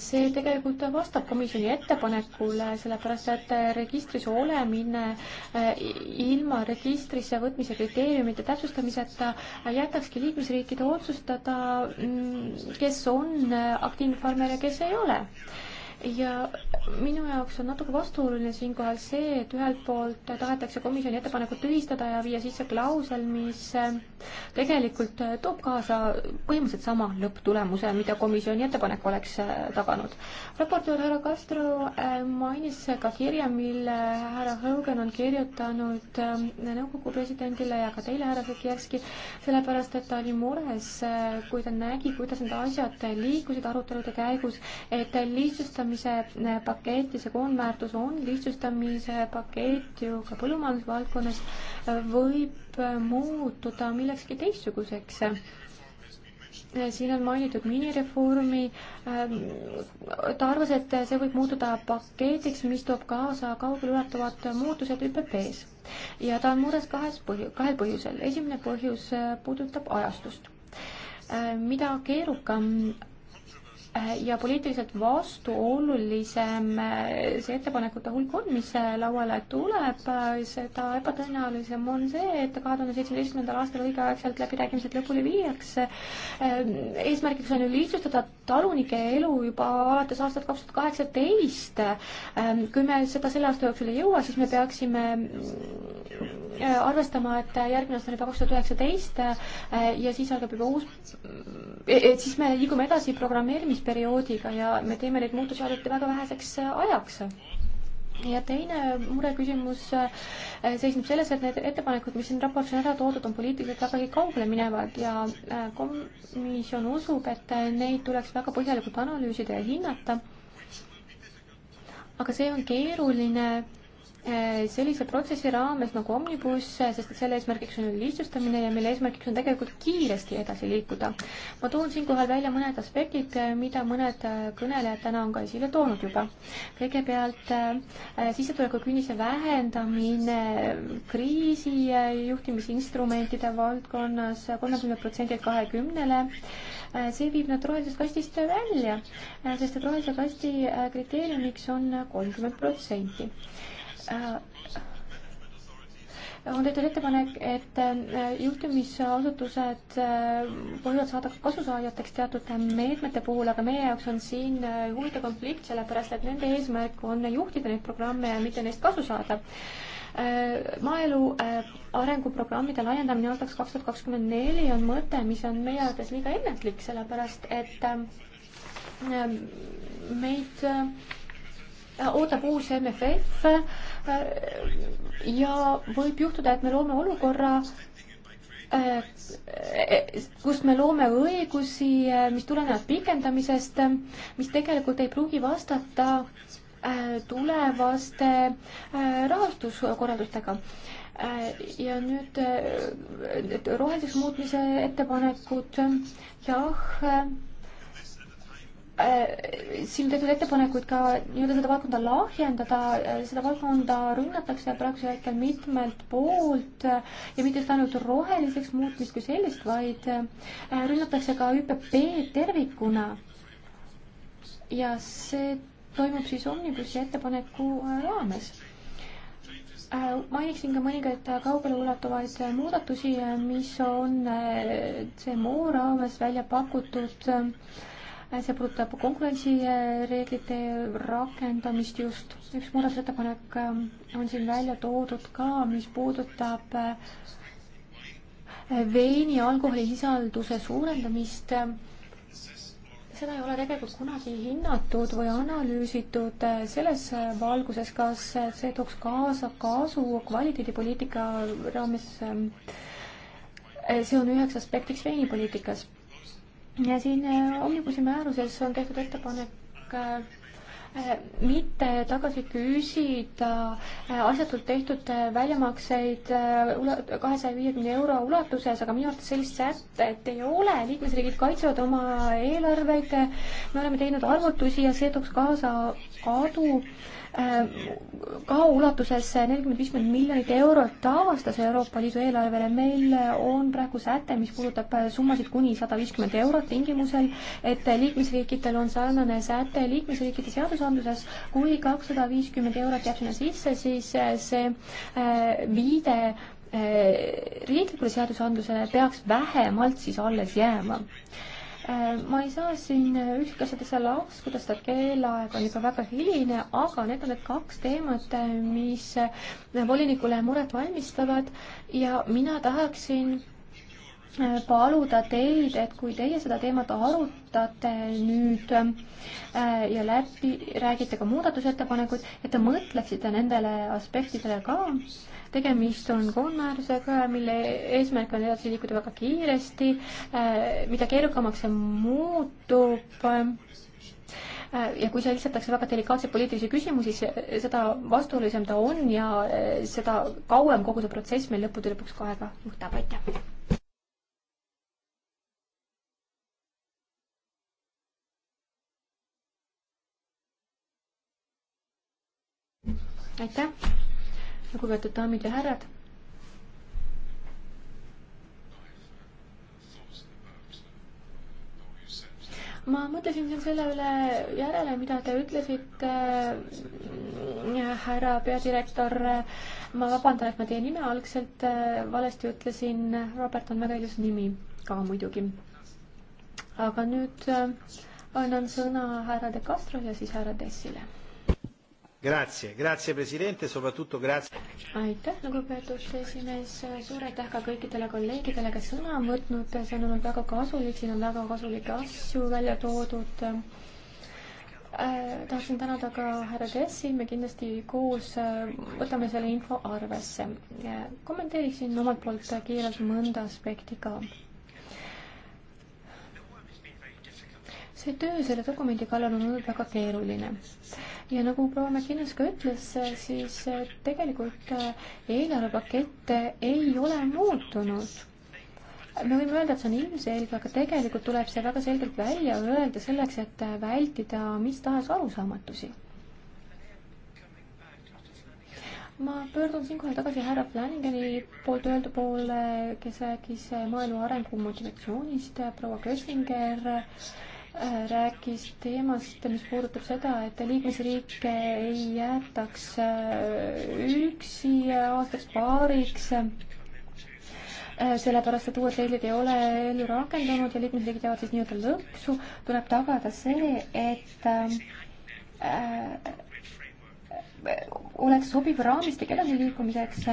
Speaker 4: see tegelikult vastab komisjoni ettepanekule, sellepärast et registris olemine äh, ilma registrisse võtmise kriteeriumite täpsustamiseta jätakski liikmesriikide otsustada, mm, kes on äh, aktiivne farmer ja kes ei ole ja minu jaoks on natuke vastuoluline siinkohal see, et ühelt poolt tahetakse komisjoni ettepanekut tühistada ja viia sisse klausel, mis äh, tegelikult äh, toob kaasa põhimõtteliselt sama lõpptulemuse, mida komisjoni ettepanek oleks äh, taganud. raportöör härra Castro mainis ka kirja, mille härra Hogan on kirjutanud nõukogu presidendile ja ka teile, härra Sekierski, sellepärast et ta oli mures, kui ta nägi, kuidas need asjad liikusid arutelude käigus, et lihtsustamise lihtsustamise pakett ja see koondväärtus on lihtsustamise pakett ju ka põllumajandusvaldkonnas, võib muutuda millekski teistsuguseks siin on mainitud minireformi. ta arvas, et see võib muutuda paketiks, mis toob kaasa kaugeleulatuvad muutused ÜPP-s ja ta on mures kahes põhju-, kahel põhjusel. esimene põhjus puudutab ajastust. mida keerukam ja poliitiliselt vastuolulisem eh, see ettepanekute hulk on, mis lauale tuleb, eh, seda ebatõenäolisem on see, et kahe tuhande seitsmeteistkümnendal aastal õigeaegselt läbirääkimised lõpule viiakse. Eh, eesmärgiks on ju lihtsustada talunike elu juba alates aastast kaks tuhat kaheksateist. kui me seda selle aasta jooksul ei jõua, siis me peaksime arvestama, et järgmine aasta on juba kaks tuhat üheksateist ja siis algab juba uus, et siis me liigume edasi programmeerimis- perioodiga ja me teeme neid muutusi alati väga väheseks äh, ajaks ja teine mureküsimus äh, seisneb selles, et need ettepanekud, mis siin raportis on ära toodud, on poliitiliselt vägagi kaugele minevad ja äh, komisjon usub, et neid tuleks väga põhjalikult analüüsida ja hinnata. aga see on keeruline Äh, sellise protsessi raames nagu Omnibus, äh, sest et selle eesmärgiks on lihtsustamine ja mille eesmärgiks on tegelikult kiiresti edasi liikuda. ma toon siinkohal välja mõned aspektid, äh, mida mõned kõnelejad täna on ka esile toonud juba. kõigepealt sissetulekukünnise vähendamine kriisijuhtimisinstrumentide valdkonnas kolmekümne protsendilt kahekümnele, see viib nad rohelisest kastist välja, sest et rohelise kasti kriteeriumiks on kolmkümmend protsenti Äh, on tehtud ettepanek, et äh, juhtimisasutused äh, võivad saada ka kasusaajateks teatud meetmete puhul, aga meie jaoks on siin huvide konflikt, sellepärast et nende eesmärk on juhtida neid programme ja mitte neist kasu saada. maaelu arenguprogrammide laiendamine aastaks kaks tuhat kakskümmend neli on mõte, mis on meie arvates liiga ennatlik, sellepärast et ähm, meid ootab uus MFF Äh, ja võib juhtuda, et me loome olukorra, äh, äh, kus me loome õigusi, mis tulenevad pikendamisest, mis tegelikult ei pruugi vastata tulevaste rahastuskorraldustega ja nüüd roheliseks muutmise ettepanekud, jah, Äh, siin tehtud ettepanekuid ka nii-öelda seda valdkonda lahjendada, äh, seda valdkonda rünnatakse praegusel hetkel mitmelt poolt äh, ja mitte just ainult roheliseks muutmist kui sellist, vaid rünnatakse ka ÜPP-d tervikuna. ja see toimub siis Omnibussi ettepaneku raames mainiksin ka mõningaid kaugeleulatuvaid muudatusi, mis on CMO raames välja pakutud äh, see puudutab konkurentsireeglite rakendamist just. üks muudatusettepanek ähm, on siin välja toodud ka, mis puudutab äh, veini alkoholisisalduse suurendamist seda ei ole tegelikult kunagi hinnatud või analüüsitud äh, selles äh, valguses, kas see tooks kaasa kasu kvaliteedipoliitika raames. Ähm, see on üheks aspektiks veinipoliitikas ja siin äh, Omnibusi määruses on tehtud ettepanek äh, mitte tagasi küsida äh, asjatult tehtud väljamakseid kahesaja viiekümne euro ulatuses, aga minu arvates sellist sätet ei ole, liikmesriigid kaitsevad oma eelarveid, me oleme teinud arvutusi ja see tooks kaasa kadu äh, Äh, ka ulatuses nelikümmend, viiskümmend miljonit eurot aastas Euroopa Liidu eelarvele. meil on praegu säte, mis puudutab äh, summasid kuni sada viiskümmend eurot tingimusel, et liikmesriikidel on sarnane säte liikmesriikide seadusandluses. kui kakssada viiskümmend eurot jääb sinna sisse, siis äh, see viide riiklikule seadusandlusele peaks vähemalt siis alles jääma Äh, ma ei saa siin üksikasjadesse laskuda, sest kellaaeg on juba väga hiline, aga need on need kaks teemat, mis äh, volinikule muret valmistavad ja mina tahaksin äh, paluda teid, et kui teie seda teemat arutate nüüd ja läbi räägite ka muudatusettepanekuid, et te mõtleksite nendele aspektidele ka tegemist on konverentsiga, mille eesmärk on edasi liikuda väga kiiresti, äh, mida keerukamaks see muutub äh, ja kui seal lisatakse väga delikaatseid poliitilisi küsimusi, siis seda vastuolulisem ta on ja äh, seda kauem kogu see protsess meil lõppude lõpuks ka aega võtab, aitäh.
Speaker 2: aitäh
Speaker 4: lugupeetud daamid ja härrad. ma mõtlesin siin selle üle järele, mida te ütlesite
Speaker 2: äh,, härra
Speaker 4: peadirektor. ma vabandan, et ma teie nime algselt äh, valesti ütlesin. Robert on väga ilus nimi ka muidugi. aga nüüd äh, annan sõna härra De Castro ja siis härra Dessile
Speaker 3: Grazie, grazie presidente, soprattutto grazie.
Speaker 4: aitäh, lugupeetud esimees, suur aitäh ka kõikidele kolleegidele, kes sõna on võtnud, see on olnud väga kasulik, siin on väga kasulikke asju välja toodud äh,. tahaksin tänada ka härra Tessi, me kindlasti koos äh, võtame selle info arvesse. kommenteeriksin omalt poolt kiirelt mõnda aspekti ka see töö selle dokumendi kallal on olnud väga keeruline. ja nagu proua McKinnis ka ütles, siis tegelikult äh, eelarvepakett ei ole muutunud. me võime öelda, et see on ilmselge, aga tegelikult tuleb see väga selgelt välja öelda selleks, et vältida mis tahes arusaamatusi. ma pöördun siinkohal tagasi härra Flanagani poolt öelda poole, kes rääkis maaelu arengu motivatsioonist, proua Kössinger rääkis teemast, mis puudutab seda, et liikmesriike ei jäetaks äh, üksi aastaks-paariks, äh, sellepärast et uued reeglid ei ole ellu rakendunud ja liikmesriigid jäävad siis nii-öelda lõksu, tuleb tagada see, et äh, oleks sobiv raamistik edasiliikumiseks.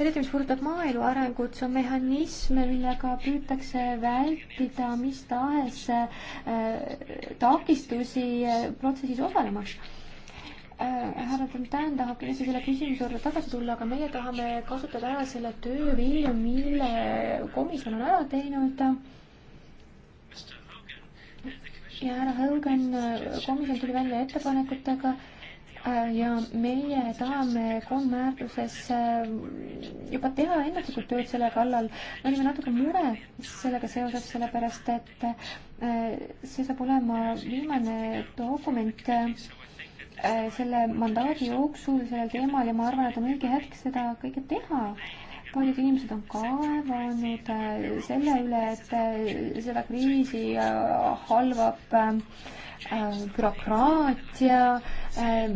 Speaker 4: eriti, mis puudutab maaelu arengut, see on mehhanism, millega püütakse vältida mis tahes äh, takistusi äh, protsessis osalemaks äh, härra Fontaine tahab kindlasti selle küsimuse juurde tagasi tulla, aga meie tahame kasutada ära selle töövilju, mille komisjon on ära teinud. ja härra Hogan, komisjon tuli välja ettepanekutega Äh, ja meie tahame kommääruses äh, juba teha ennatlikult tööd selle kallal. me olime natuke mures sellega seoses, sellepärast et äh, see saab olema viimane dokument selle mandaadi jooksul sellel teemal ja ma arvan, et on õige hetk seda kõike teha paljud inimesed on kaevanud selle üle, et seda kriisi halvab bürokraatia äh, Ehm,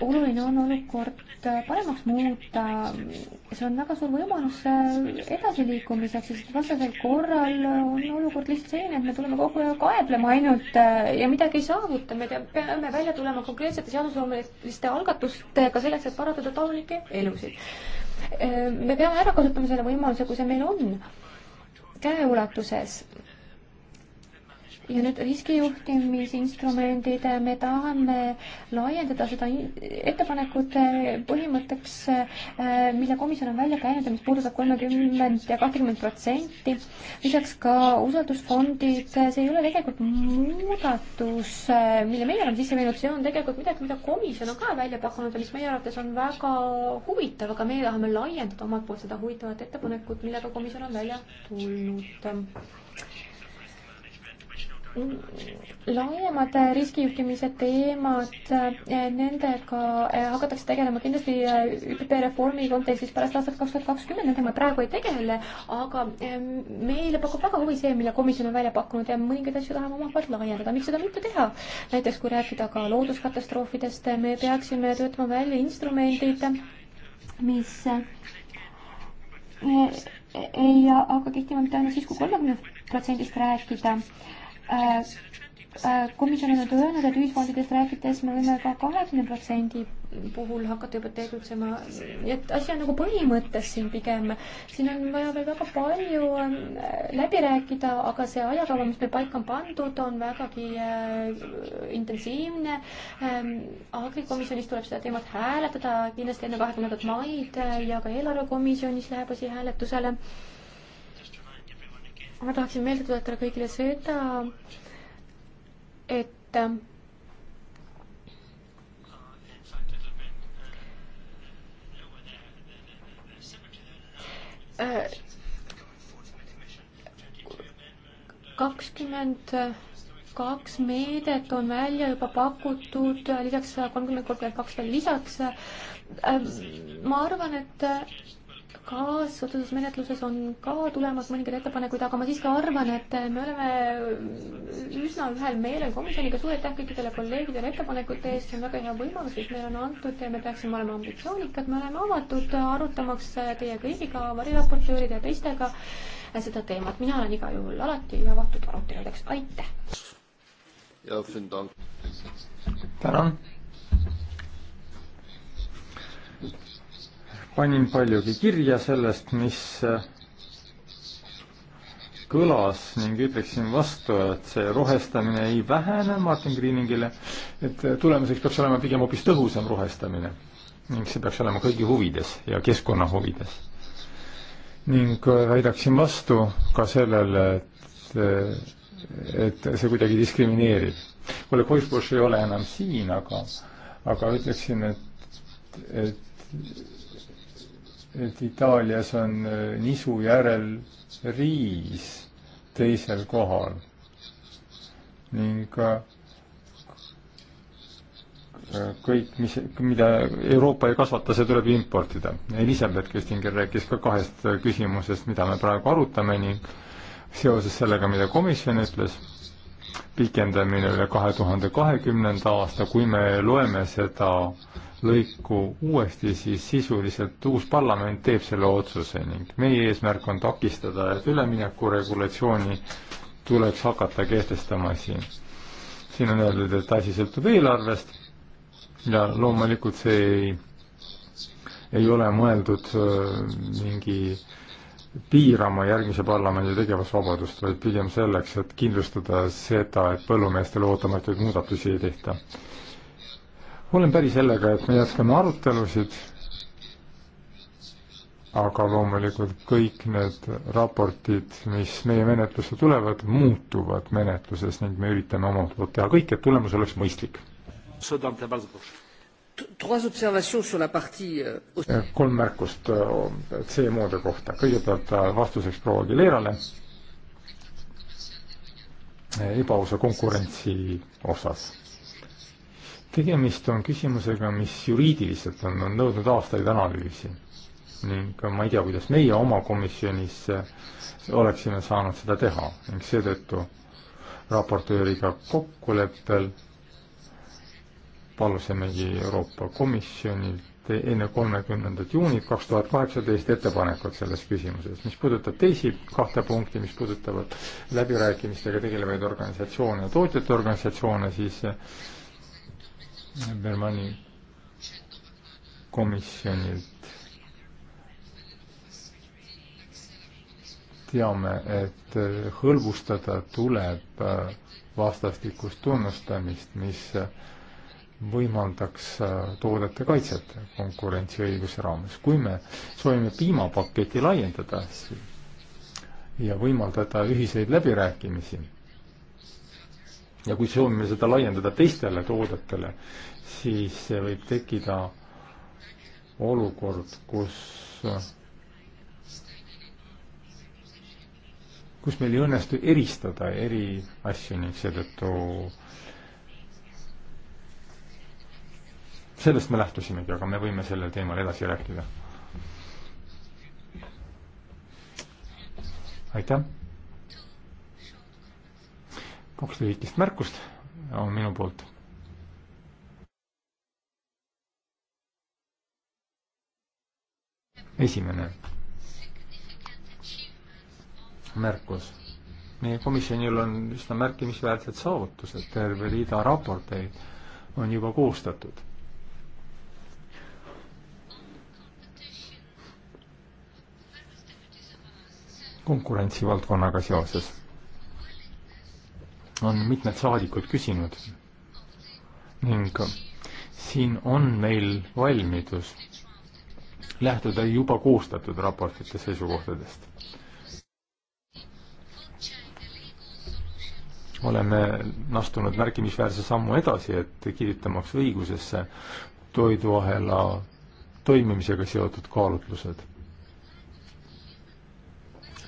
Speaker 4: oluline on olukord äh, paremaks muuta. see on väga suur võimalus äh, edasiliikumiseks, sest vastasel korral äh, on olukord lihtsalt selline, et me tuleme kogu aeg kaeblema ainult ja midagi ei saavuta. me peame välja tulema konkreetsete seadusloomeliste algatustega selleks, et parandada taolikke elusid. Ehm, me peame ära kasutama selle võimaluse, kui see meil on, käeulatuses ja nüüd riskijuhtimisinstrumendid, me tahame laiendada seda ettepanekut põhimõtteks, äh, mille komisjon on välja käinud ja mis puudutab kolmekümmend ja kahtekümmet protsenti. lisaks ka usaldusfondid, see ei ole tegelikult muudatus, äh, mille meie oleme sisse viinud, see on tegelikult midagi, mida komisjon on ka välja pakkunud ja mis meie arvates on väga huvitav, aga meie tahame laiendada omalt poolt seda huvitavat ettepanekut, millega komisjon on välja tulnud laiemad riskijuhtimise teemad, eh, nendega eh, hakatakse tegelema kindlasti eh, ÜPP reformi kontekstis pärast aastat kaks tuhat kakskümmend, nendega me praegu ei tegele, aga meile pakub väga huvi see, mille komisjon on välja pakkunud ja mõningaid asju tahame omalt poolt laiendada, miks seda mitte teha. näiteks kui rääkida ka looduskatastroofidest, me peaksime töötama välja instrumendid, mis ei hakka kehtima mitte ainult siis kui, kui kolmekümne protsendist rääkida Äh, äh, komisjon on nüüd öelnud, et ühisfondidest rääkides me võime ka kahekümne protsendi puhul hakata juba tegutsema, nii et asi on nagu põhimõttes siin pigem. siin on vaja veel väga palju äh, läbi rääkida, aga see ajakava, mis meil paika on pandud, on vägagi intensiivne. Ähm, agrikomisjonis tuleb seda teemat hääletada kindlasti enne kahekümnendat maid ja ka eelarvekomisjonis läheb asi hääletusele ma tahaksin meelde tuletada kõigile seda, et ähm, äh, kakskümmend kaks meedet on välja juba pakutud, lisaks kolmkümmend, kolmkümmend kaks veel lisaks. Ähm, ma arvan, et kaasotsusmenetluses on ka tulemas mõningaid ettepanekuid, aga ma siiski arvan, et me oleme üsna ühel meelel komisjoniga. suur aitäh kõikidele kolleegidele ettepanekute eest, see on väga hea võimalus, mis meile on antud ja me peaksime olema ambitsioonikad, me oleme avatud arutamaks teie kõigiga, variraportööride ja teistega seda teemat. mina olen igal juhul alati avatud aruteludeks, aitäh!
Speaker 5: tänan! panin paljugi kirja sellest, mis äh, kõlas ning ütleksin vastu, et see rohestamine ei vähene Martin Greeningile, et äh, tulemuseks peaks olema pigem hoopis tõhusam rohestamine. ning see peaks olema kõigi huvides ja keskkonna huvides. ning äh, väidaksin vastu ka sellele, et et see kuidagi diskrimineerib. kuule, Koisbusch ei ole enam siin, aga, aga ütleksin, et, et et Itaalias on äh, nisu järel riis teisel kohal ning kõik, mis, mida Euroopa ei kasvata, see tuleb importida. Elizabeth Köstinger rääkis ka kahest küsimusest, mida me praegu arutame ning seoses sellega, mida komisjon ütles, pikendamine üle kahe tuhande kahekümnenda aasta, kui me loeme seda äh, lõiku uuesti, siis sisuliselt uus parlament teeb selle otsuse ning meie eesmärk on takistada, et üleminekuregulatsiooni tuleks hakata kehtestama siin. siin on öeldud, et asi sõltub eelarvest ja loomulikult see ei, ei ole mõeldud äh, mingi piirama järgmise parlamendi tegevusvabadust, vaid pigem selleks, et kindlustada seda, et põllumeestele ootamatuid muudatusi ei tehta olen päri sellega, et me jätkame arutelusid, aga loomulikult kõik need raportid, mis meie menetlusse tulevad, muutuvad menetluses ning me üritame omalt poolt teha kõik, et tulemus oleks mõistlik. Euh, eh, kolm märkust äh, CMO-de kohta, kõigepealt äh, vastuseks proua Aguilerale äh, ebaausa konkurentsi osas tegemist on küsimusega, mis juriidiliselt on, on nõudnud aastaid analüüsi ning ma ei tea, kuidas meie oma komisjonis äh, oleksime saanud seda teha ning seetõttu raportööriga kokkuleppel palusimegi Euroopa Komisjonilt enne kolmekümnendat juunit kaks tuhat kaheksateist ettepanekut selles küsimuses, mis puudutab teisi kahte punkti, mis puudutavad läbirääkimistega tegelevaid organisatsioone ja tootjate organisatsioone, siis äh, Bermani komisjonilt teame, et hõlbustada tuleb vastastikust tunnustamist, mis võimaldaks toodete kaitset konkurentsiõiguse raames. kui me soovime piimapaketi laiendada ja võimaldada ühiseid läbirääkimisi ja kui soovime seda laiendada teistele toodetele, siis võib tekkida olukord, kus, kus meil ei õnnestu eristada eri asju ning seetõttu sellest me lähtusimegi, aga me võime sellel teemal edasi rääkida. aitäh! kaks lühikest märkust on minu poolt. esimene märkus. meie komisjonil on üsna märkimisväärsed saavutused, terve rida raporteid on juba koostatud. konkurentsivaldkonnaga seoses on mitmed saadikud küsinud ning siin on meil valmidus lähtuda juba koostatud raportite seisukohtadest. oleme astunud märkimisväärse sammu edasi, et kiritamaks õigusesse toiduahela toimimisega seotud kaalutlused.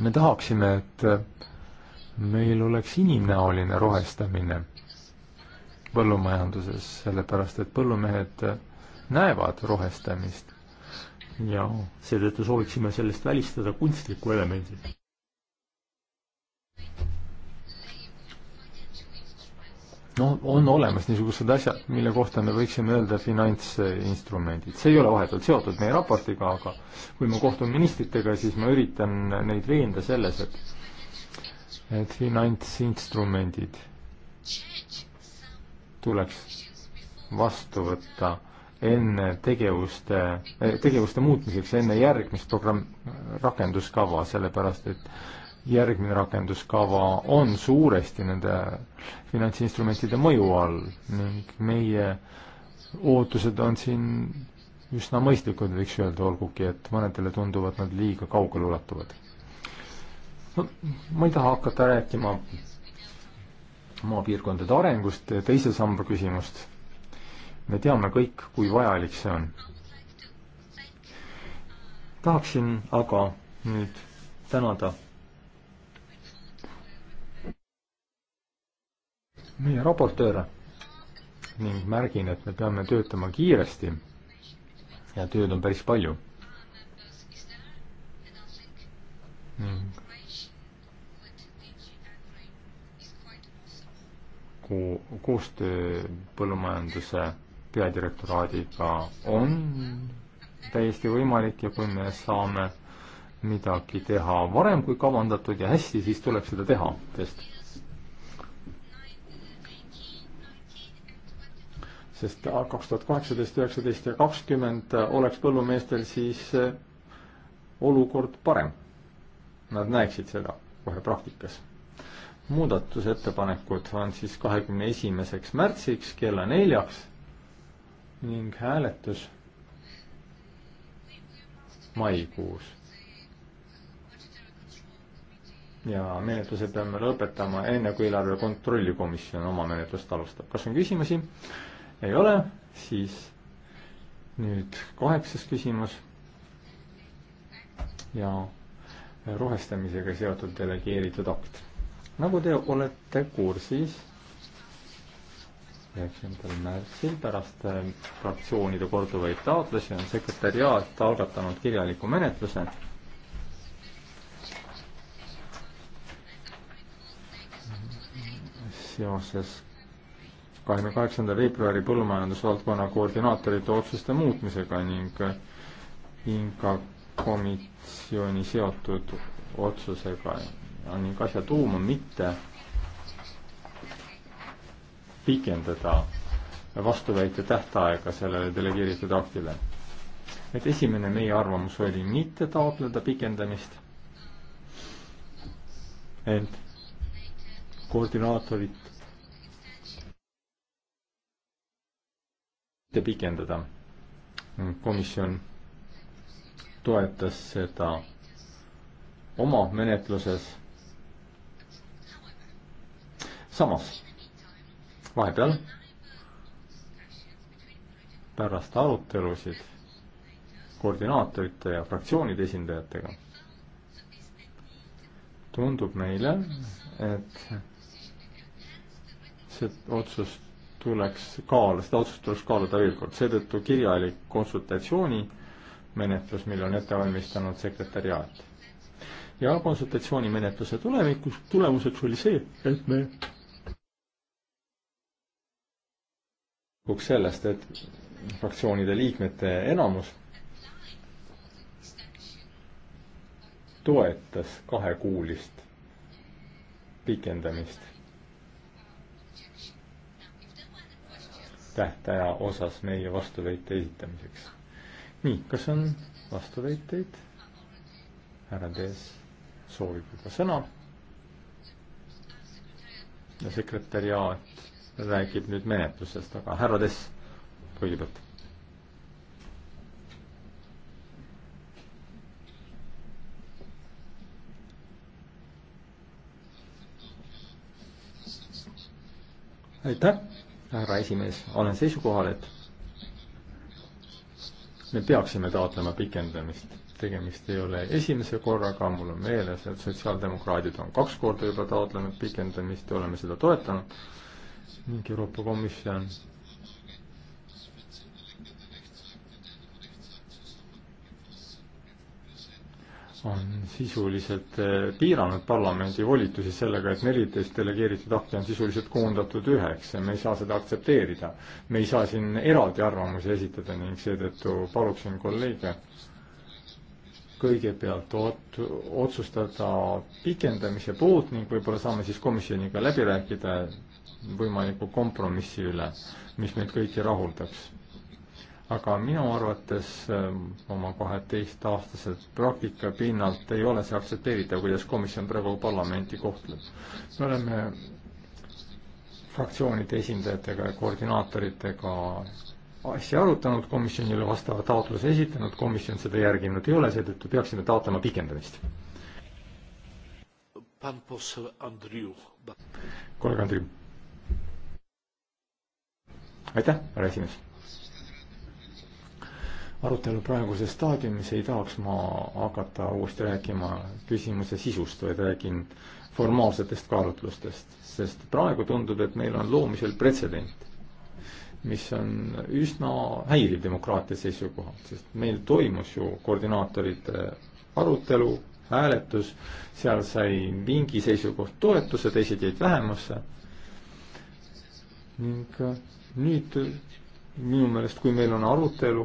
Speaker 5: me tahaksime, et meil oleks inimnäoline rohestamine põllumajanduses, sellepärast et põllumehed näevad rohestamist ja seetõttu sooviksime sellest välistada kunstliku elemendi. noh, on olemas niisugused asjad, mille kohta me võiksime öelda finantsinstrumendid. see ei ole vahetult seotud meie raportiga, aga kui ma kohtun ministritega, siis ma üritan neid veenda selles, et et finantsinstrumendid tuleks vastu võtta enne tegevuste, tegevuste muutmiseks, enne järgmist programm, rakenduskava, sellepärast et järgmine rakenduskava on suuresti nende finantsinstrumentide mõju all ning meie ootused on siin üsna mõistlikud, võiks öelda, olgugi et mõnedele tunduvad nad liiga kaugeleulatuvad no ma ei taha hakata rääkima maapiirkondade arengust, teise samba küsimust. me teame kõik, kui vajalik see on. tahaksin aga nüüd tänada meie raportööre ning märgin, et me peame töötama kiiresti ja tööd on päris palju. ning ko-, koostöö põllumajanduse peadirektoraadiga on täiesti võimalik ja kui me saame midagi teha varem kui kavandatud ja hästi, siis tuleb seda teha, sest sest kaks tuhat kaheksateist, üheksateist ja kakskümmend oleks põllumeestel siis eh, olukord parem. Nad näeksid seda kohe praktikas muudatusettepanekud on siis kahekümne esimeseks märtsiks kella neljaks ning hääletus maikuus. ja menetluse peame lõpetama enne, kui eelarve kontrolli komisjon oma menetlust alustab. kas on küsimusi? ei ole, siis nüüd kaheksas küsimus ja rohestamisega seotud delegeeritud akt nagu te olete kursis, üheksandal märtsil pärast äh, fraktsioonide korduvaid taotlusi on sekretäriaat algatanud kirjaliku menetluse. seoses kahekümne kaheksanda veebruari põllumajandusvaldkonna koordinaatorite otsuste muutmisega ning Inka komisjoni seotud otsusega ning asja tuum on mitte pikendada vastuväite tähtaega sellele delegeeritud aktile. et esimene meie arvamus oli mitte taotleda pikendamist, ent koordinaatorit mitte pikendada. komisjon toetas seda oma menetluses samas, vahepeal pärast arutelusid koordinaatorite ja fraktsioonide esindajatega tundub meile, et see otsus tuleks kaaluda, seda otsust tuleks kaaluda veel kord, seetõttu kirjalik konsultatsiooni menetlus, mille on ette valmistanud sekretäriaat. ja konsultatsioonimenetluse tulevikus, tulemuseks oli see, et me kuks sellest, et fraktsioonide liikmete enamus toetas kahekuulist pikendamist tähtaja osas meie vastuväite esitamiseks. nii, kas on vastuväiteid? härra Tees soovib juba sõna. ja sekretäriaat räägib nüüd menetlusest, aga härra Tess kõigepealt. aitäh, härra esimees, olen seisukohal, et me peaksime taotlema pikendamist. tegemist ei ole esimese korraga, mul on meeles, et sotsiaaldemokraadid on kaks korda juba taotlenud pikendamist ja oleme seda toetanud ning Euroopa Komisjon on sisuliselt eh, piiranud parlamendi volitusi sellega, et neliteist delegeeritud akti on sisuliselt koondatud üheks ja me ei saa seda aktsepteerida. me ei saa siin eraldi arvamusi esitada ning seetõttu paluksin kolleege kõigepealt ot-, otsustada pikendamise poolt ning võib-olla saame siis komisjoniga läbi rääkida, võimaliku kompromissi üle, mis meid kõiki rahuldaks. aga minu arvates ähm, oma kaheteistaastase praktika pinnalt ei ole see aktsepteeritav, kuidas komisjon praegu parlamenti kohtleb. me oleme fraktsioonide esindajatega ja koordinaatoritega asja arutanud, komisjonile vastava taotluse esitanud, komisjon seda järginud ei ole, seetõttu peaksime taotlema pikendamist. kolleeg Andriu aitäh, härra esimees. arutelu praeguses staadiumis ei tahaks ma hakata uuesti rääkima küsimuse sisust, vaid räägin formaalsetest kaalutlustest, sest praegu tundub, et meil on loomisel pretsedent, mis on üsna häiriv demokraatia seisukohalt, sest meil toimus ju koordinaatorite arutelu, hääletus, seal sai mingi seisukoht toetuse, teised jäid vähemusse ning nüüd minu meelest, kui meil on arutelu,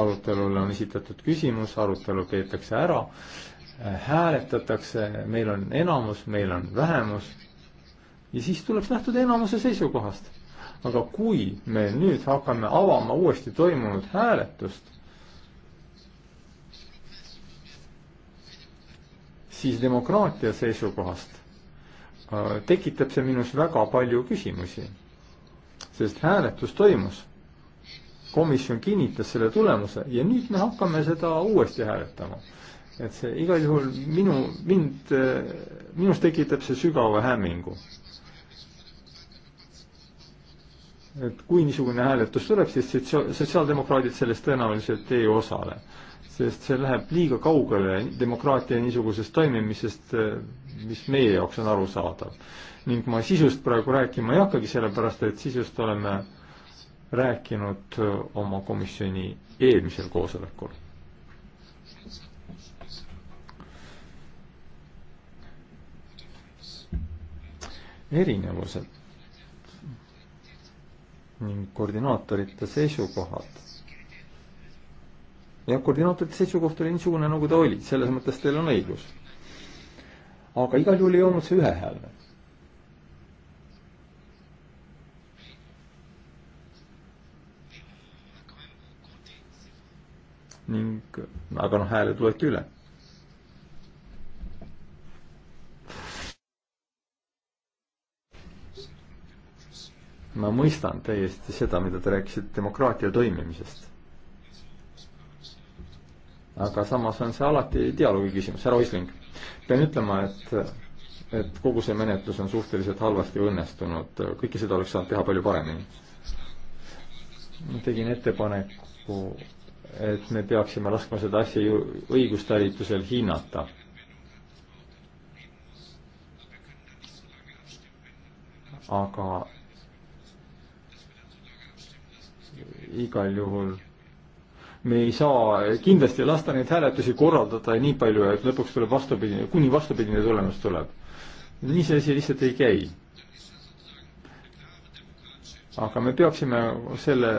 Speaker 5: arutelule on esitatud küsimus, arutelu peetakse ära, äh, hääletatakse, meil on enamus, meil on vähemus ja siis tuleb lähtuda enamuse seisukohast. aga kui me nüüd hakkame avama uuesti toimunud hääletust, siis demokraatia seisukohast äh, tekitab see minus väga palju küsimusi sest hääletus toimus, komisjon kinnitas selle tulemuse ja nüüd me hakkame seda uuesti hääletama. et see igal juhul minu, mind, minus tekitab see sügava hämmingu. et kui niisugune hääletus tuleb, siis sotsiaaldemokraadid selles tõenäoliselt ei osale sest see läheb liiga kaugele demokraatia niisugusest toimimisest, mis meie jaoks on arusaadav ning ma sisust praegu rääkima ei hakkagi, sellepärast et sisust oleme rääkinud äh, oma komisjoni eelmisel koosolekul. erinevused ning koordinaatorite seisukohad. ja koordinaatorite seisukoht oli niisugune, nagu ta oli, selles mõttes teil on õigus. aga igal juhul ei olnud see ühehäälne ning, aga noh, hääled loeti üle. ma mõistan täiesti seda, mida te rääkisite demokraatia toimimisest. aga samas on see alati dialoogi küsimus, härra Oisling, pean ütlema, et, et kogu see menetlus on suhteliselt halvasti õnnestunud, kõike seda oleks saanud teha palju paremini. tegin ettepaneku et me peaksime laskma seda asja ju õigustalitusel hinnata. aga igal juhul me ei saa kindlasti lasta neid hääletusi korraldada nii palju, et lõpuks tuleb vastupidine, kuni vastupidine tulemus tuleb. nii see asi lihtsalt ei käi aga me peaksime selle,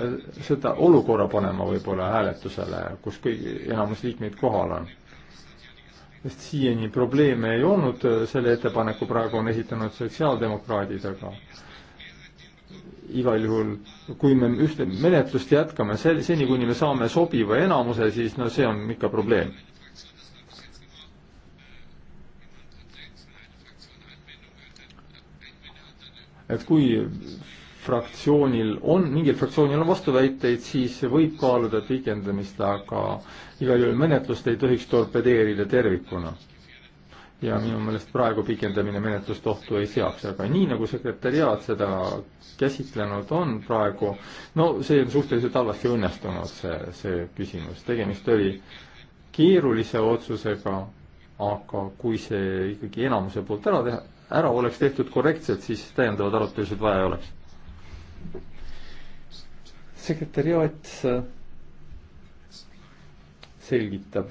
Speaker 5: seda olukorra panema võib-olla hääletusele, kus kõigi, enamus liikmeid kohal on. sest siiani probleeme ei olnud, selle ettepaneku praegu on esitanud sotsiaaldemokraadid, aga igal juhul, kui me ühte menetlust jätkame, sel-, seni kuni me saame sobiva enamuse, siis no see on ikka probleem et kui fraktsioonil on, mingil fraktsioonil on vastuväiteid, siis võib kaaluda pikendamist, aga igal juhul menetlust ei tohiks torpedeerida tervikuna. ja minu meelest praegu pikendamine menetlust ohtu ei seaks, aga nii, nagu sekretäriaat seda käsitlenud on praegu, no see on suhteliselt halvasti õnnestunud, see, see küsimus, tegemist oli keerulise otsusega, aga kui see ikkagi enamuse poolt ära teha, ära oleks tehtud korrektselt, siis täiendavaid arutelusid vaja ei oleks sekretäriaat äh, selgitab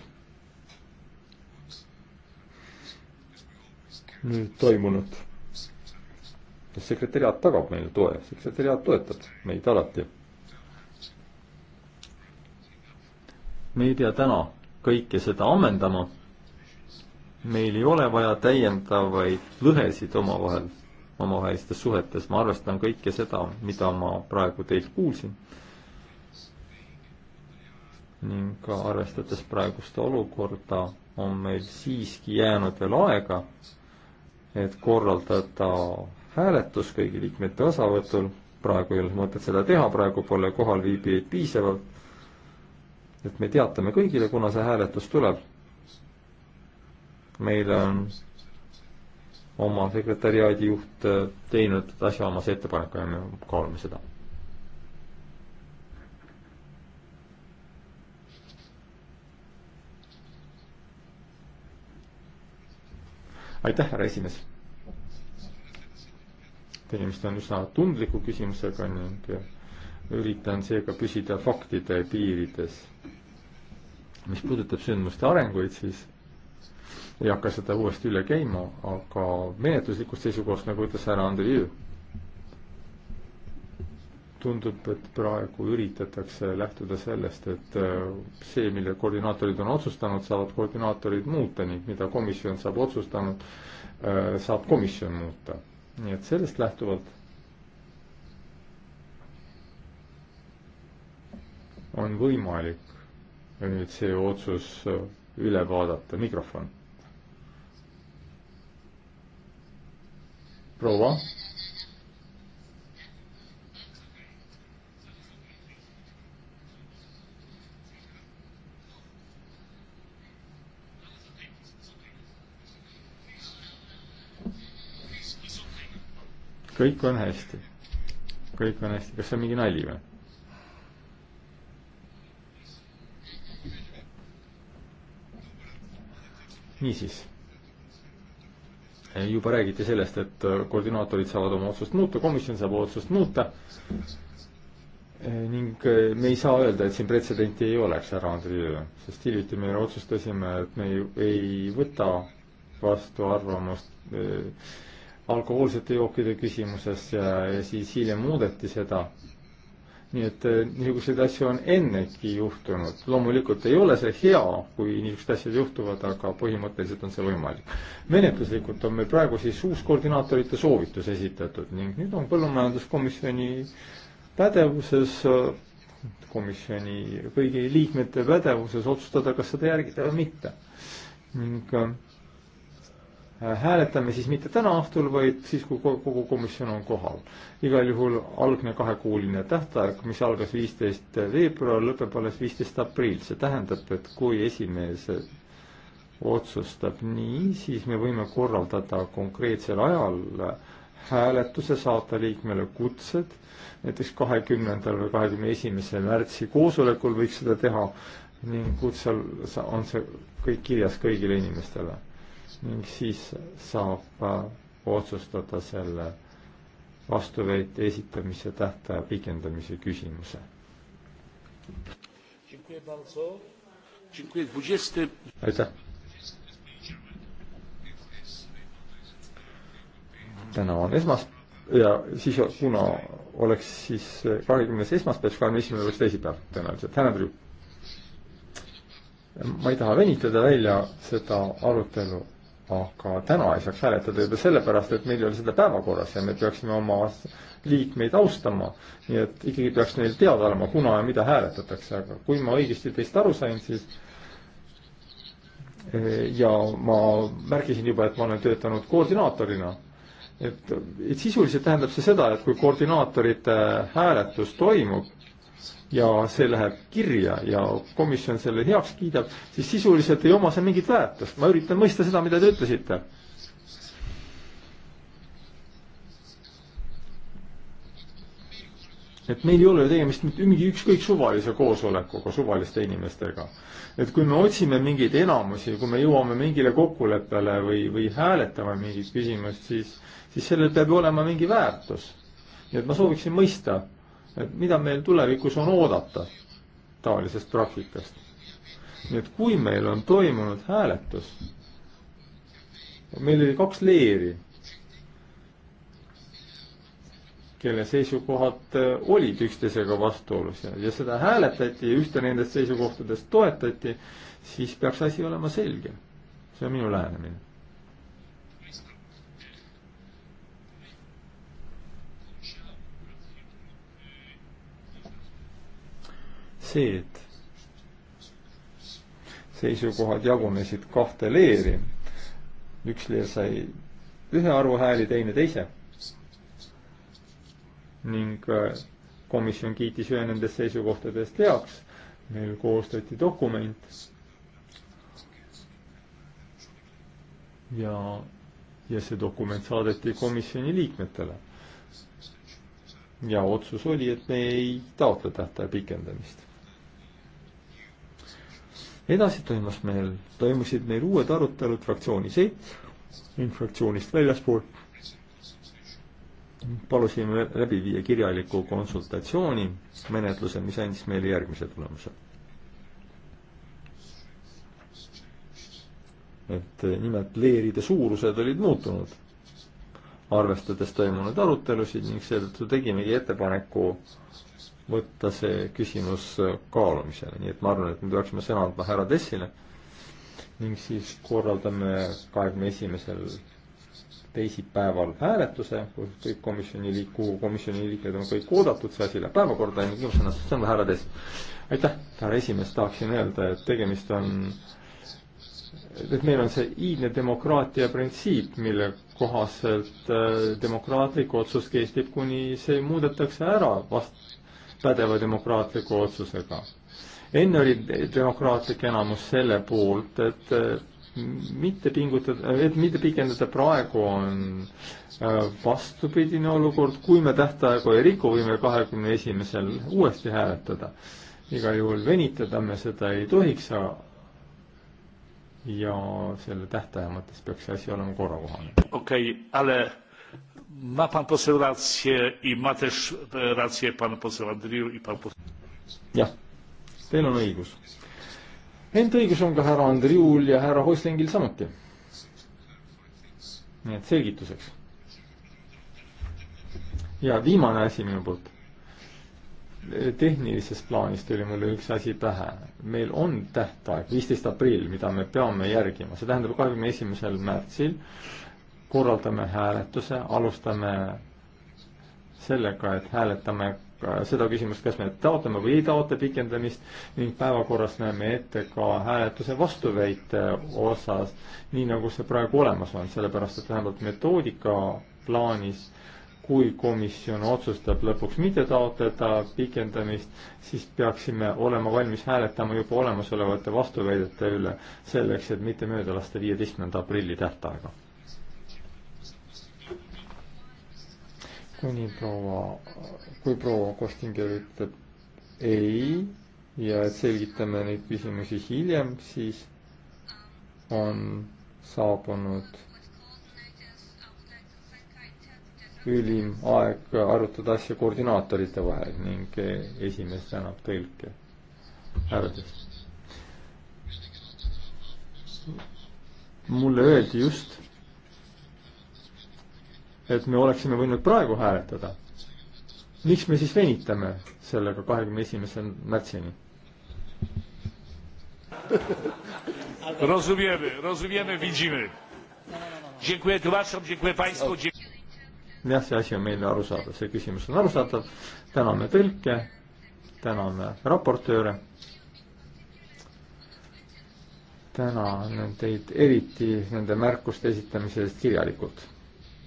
Speaker 5: nüüd toimunut. sekretäriaat tagab meile toe, sekretäriaat toetab meid alati. me ei pea täna kõike seda ammendama. meil ei ole vaja täiendavaid lõhesid omavahel omavahelistes suhetes. ma arvestan kõike seda, mida ma praegu teilt kuulsin ning ka arvestades praegust olukorda, on meil siiski jäänud veel aega, et korraldada hääletus kõigi liikmete osavõtul, praegu ei ole mõtet seda teha, praegu pole kohalviibijaid piisavalt, et me teatame kõigile, kuna see hääletus tuleb. meile on oma sekretäriaadi juht äh, teinud asjaomase ettepaneku ja me kaalume seda. aitäh, härra esimees. tegemist on üsna tundliku küsimusega ning äh, üritan seega püsida faktide piirides. mis puudutab sündmuste arenguid, siis ei hakka seda uuesti üle käima, aga menetluslikust seisukohast, nagu ütles härra Andrei, tundub, et praegu üritatakse lähtuda sellest, et äh, see, mille koordinaatorid on otsustanud, saavad koordinaatorid muuta ning mida komisjon saab otsustanud, äh, saab komisjon muuta. nii et sellest lähtuvalt on võimalik nüüd see otsus äh, üle vaadata, mikrofon proua. kõik on hästi, kõik on hästi, kas see on mingi nali või? niisiis juba räägiti sellest, et koordinaatorid saavad oma otsust muuta, komisjon saab otsust muuta ning me ei saa öelda, et siin pretsedenti ei oleks ära antud üle, sest hiljuti me otsustasime, et me ei, ei võta vastu arvamust äh, alkohoolsete jookide küsimuses ja, ja siis hiljem muudeti seda nii et äh, niisuguseid asju on ennegi juhtunud. loomulikult ei ole see hea, kui niisugused asjad juhtuvad, aga põhimõtteliselt on see võimalik. menetluslikult on meil praegu siis uus koordinaatorite soovitus esitatud ning nüüd on Põllumajanduskomisjoni pädevuses, äh, komisjoni kõigi liikmete pädevuses otsustada, kas seda järgida või mitte. ning äh, Äh, hääletame siis mitte täna õhtul, vaid siis, kui kogu komisjon on kohal. igal juhul algne kahekuuline tähtaeg, mis algas viisteist veebruar, lõpeb alles viisteist aprill, see tähendab, et kui esimees otsustab nii, siis me võime korraldada konkreetsel ajal hääletuse, saata liikmele kutsed, näiteks kahekümnendal või kahekümne esimese märtsi koosolekul võiks seda teha ning kutsel on see kõik kirjas kõigile inimestele ning siis saab otsustada selle vastuväite esitamise tähtaja pikendamise küsimuse. aitäh. täna on esmas- ja siis, kuna oleks siis kahekümnes esmaspäev, siis kahekümne esimene oleks teisipäev tõenäoliselt. Hänatrüü. ma ei taha venitada välja seda arutelu aga täna ei saaks hääletada juba sellepärast, et meil ei ole seda päevakorras ja me peaksime oma liikmeid austama. nii et ikkagi peaks neil teada olema, kuna ja mida hääletatakse, aga kui ma õigesti teist aru sain, siis eh, ja ma märkisin juba, et ma olen töötanud koordinaatorina, et, et sisuliselt tähendab see seda, et kui koordinaatorite hääletus toimub, ja see läheb kirja ja komisjon selle heaks kiidab, siis sisuliselt ei oma see mingit väärtust. ma üritan mõista seda, mida te ütlesite. et meil ei ole ju tegemist mitte mingi ükskõik suvalise koosolekuga, suvaliste inimestega. et kui me otsime mingeid enamusi, kui me jõuame mingile kokkuleppele või, või hääletame mingit küsimust, siis, siis sellel peab olema mingi väärtus. nii et ma sooviksin mõista et mida meil tulevikus on oodata taolisest praktikast. nii et kui meil on toimunud hääletus, meil oli kaks leeri, kelle seisukohad eh, olid üksteisega vastuolus ja, ja seda hääletati ja ühte nendest seisukohtadest toetati, siis peaks asi olema selge. see on minu lähenemine see, et seisukohad jagunesid kahte leeri. üks leer sai ühe arvu hääli, teine teise. ning äh, komisjon kiitis ühe nendest seisukohtadest heaks. meil koostati dokument. ja, ja see dokument saadeti komisjoni liikmetele. ja otsus oli, et me ei taotle tähtaja pikendamist edasi toimus meil, toimusid meil uued arutelud fraktsiooni seits, fraktsioonist väljaspool. palusime läbi viia kirjaliku konsultatsiooni menetluse, mis andis meile järgmise tulemuse. et eh, nimelt leeride suurused olid muutunud, arvestades toimunud arutelusid ning seetõttu tegimegi ettepaneku võtta see küsimus kaalumisele, nii et ma arvan, et me peaksime sõna andma härra Tessile ning siis korraldame kahekümne esimesel teisipäeval hääletuse, kus kõik komisjoni liik-, kuhu komisjoni liikmed on kõik oodatud, see asi läheb päevakorda ning ilusana siis on härra Tess. aitäh, härra esimees, tahaksin öelda, et tegemist on, et meil on see iidne demokraatia printsiip, mille kohaselt äh, demokraatlik otsus kestib, kuni see muudetakse ära vast-, pädeva demokraatliku otsusega. enne oli demokraatlik enamus selle poolt, et äh, mitte pingutada, et mitte pikendada, praegu on äh, vastupidine olukord, kui me tähtaegu ei riku, võime kahekümne esimesel uuesti hääletada. igal juhul venitada me seda ei tohiks, ja selle tähtaja mõttes peaks see asi olema korrakohane.
Speaker 3: okei okay,, ale ma pan poseł rację i ma też e, rację pan poseł Andriu i pan
Speaker 5: poseł... jah, teil on õigus. ent õigus on ka härra Andriul ja härra Hoislingil samuti. nii et selgituseks. ja viimane asi minu poolt. tehnilisest plaanist tuli mulle üks asi pähe. meil on tähtaeg, viisteist aprill, mida me peame järgima, see tähendab kahekümne esimesel märtsil äh, korraldame hääletuse, alustame sellega, et hääletame seda küsimust, kas me taotleme või ei taotle pikendamist ning päevakorras näeme ette ka hääletuse vastuväite osas, nii nagu see praegu olemas on, sellepärast et vähemalt metoodika plaanis kui komisjon otsustab lõpuks mitte taotleda pikendamist, siis peaksime olema valmis hääletama juba olemasolevate vastuväidete üle, selleks et mitte mööda lasta viieteistkümnenda aprilli tähtaega kuni proua, kui proua Kostinger ütleb ei ja selgitame neid küsimusi hiljem, siis on saabunud ülim aeg arutada asja koordinaatorite vahel ning esimees tänab tõlke häälest. mulle öeldi just, et me oleksime võinud praegu hääletada. miks me siis venitame sellega kahekümne esimese märtsini?
Speaker 3: [LAUGHS] Rozumiemy, rozumiemy, widzimy. Dziękuję tłumaczom, dziękuję Państwu.
Speaker 5: jah, see asi on meile arusaadav, see küsimus on arusaadav. täname tõlke, täname raportööre. tänan teid eriti nende märkuste esitamise eest kirjalikult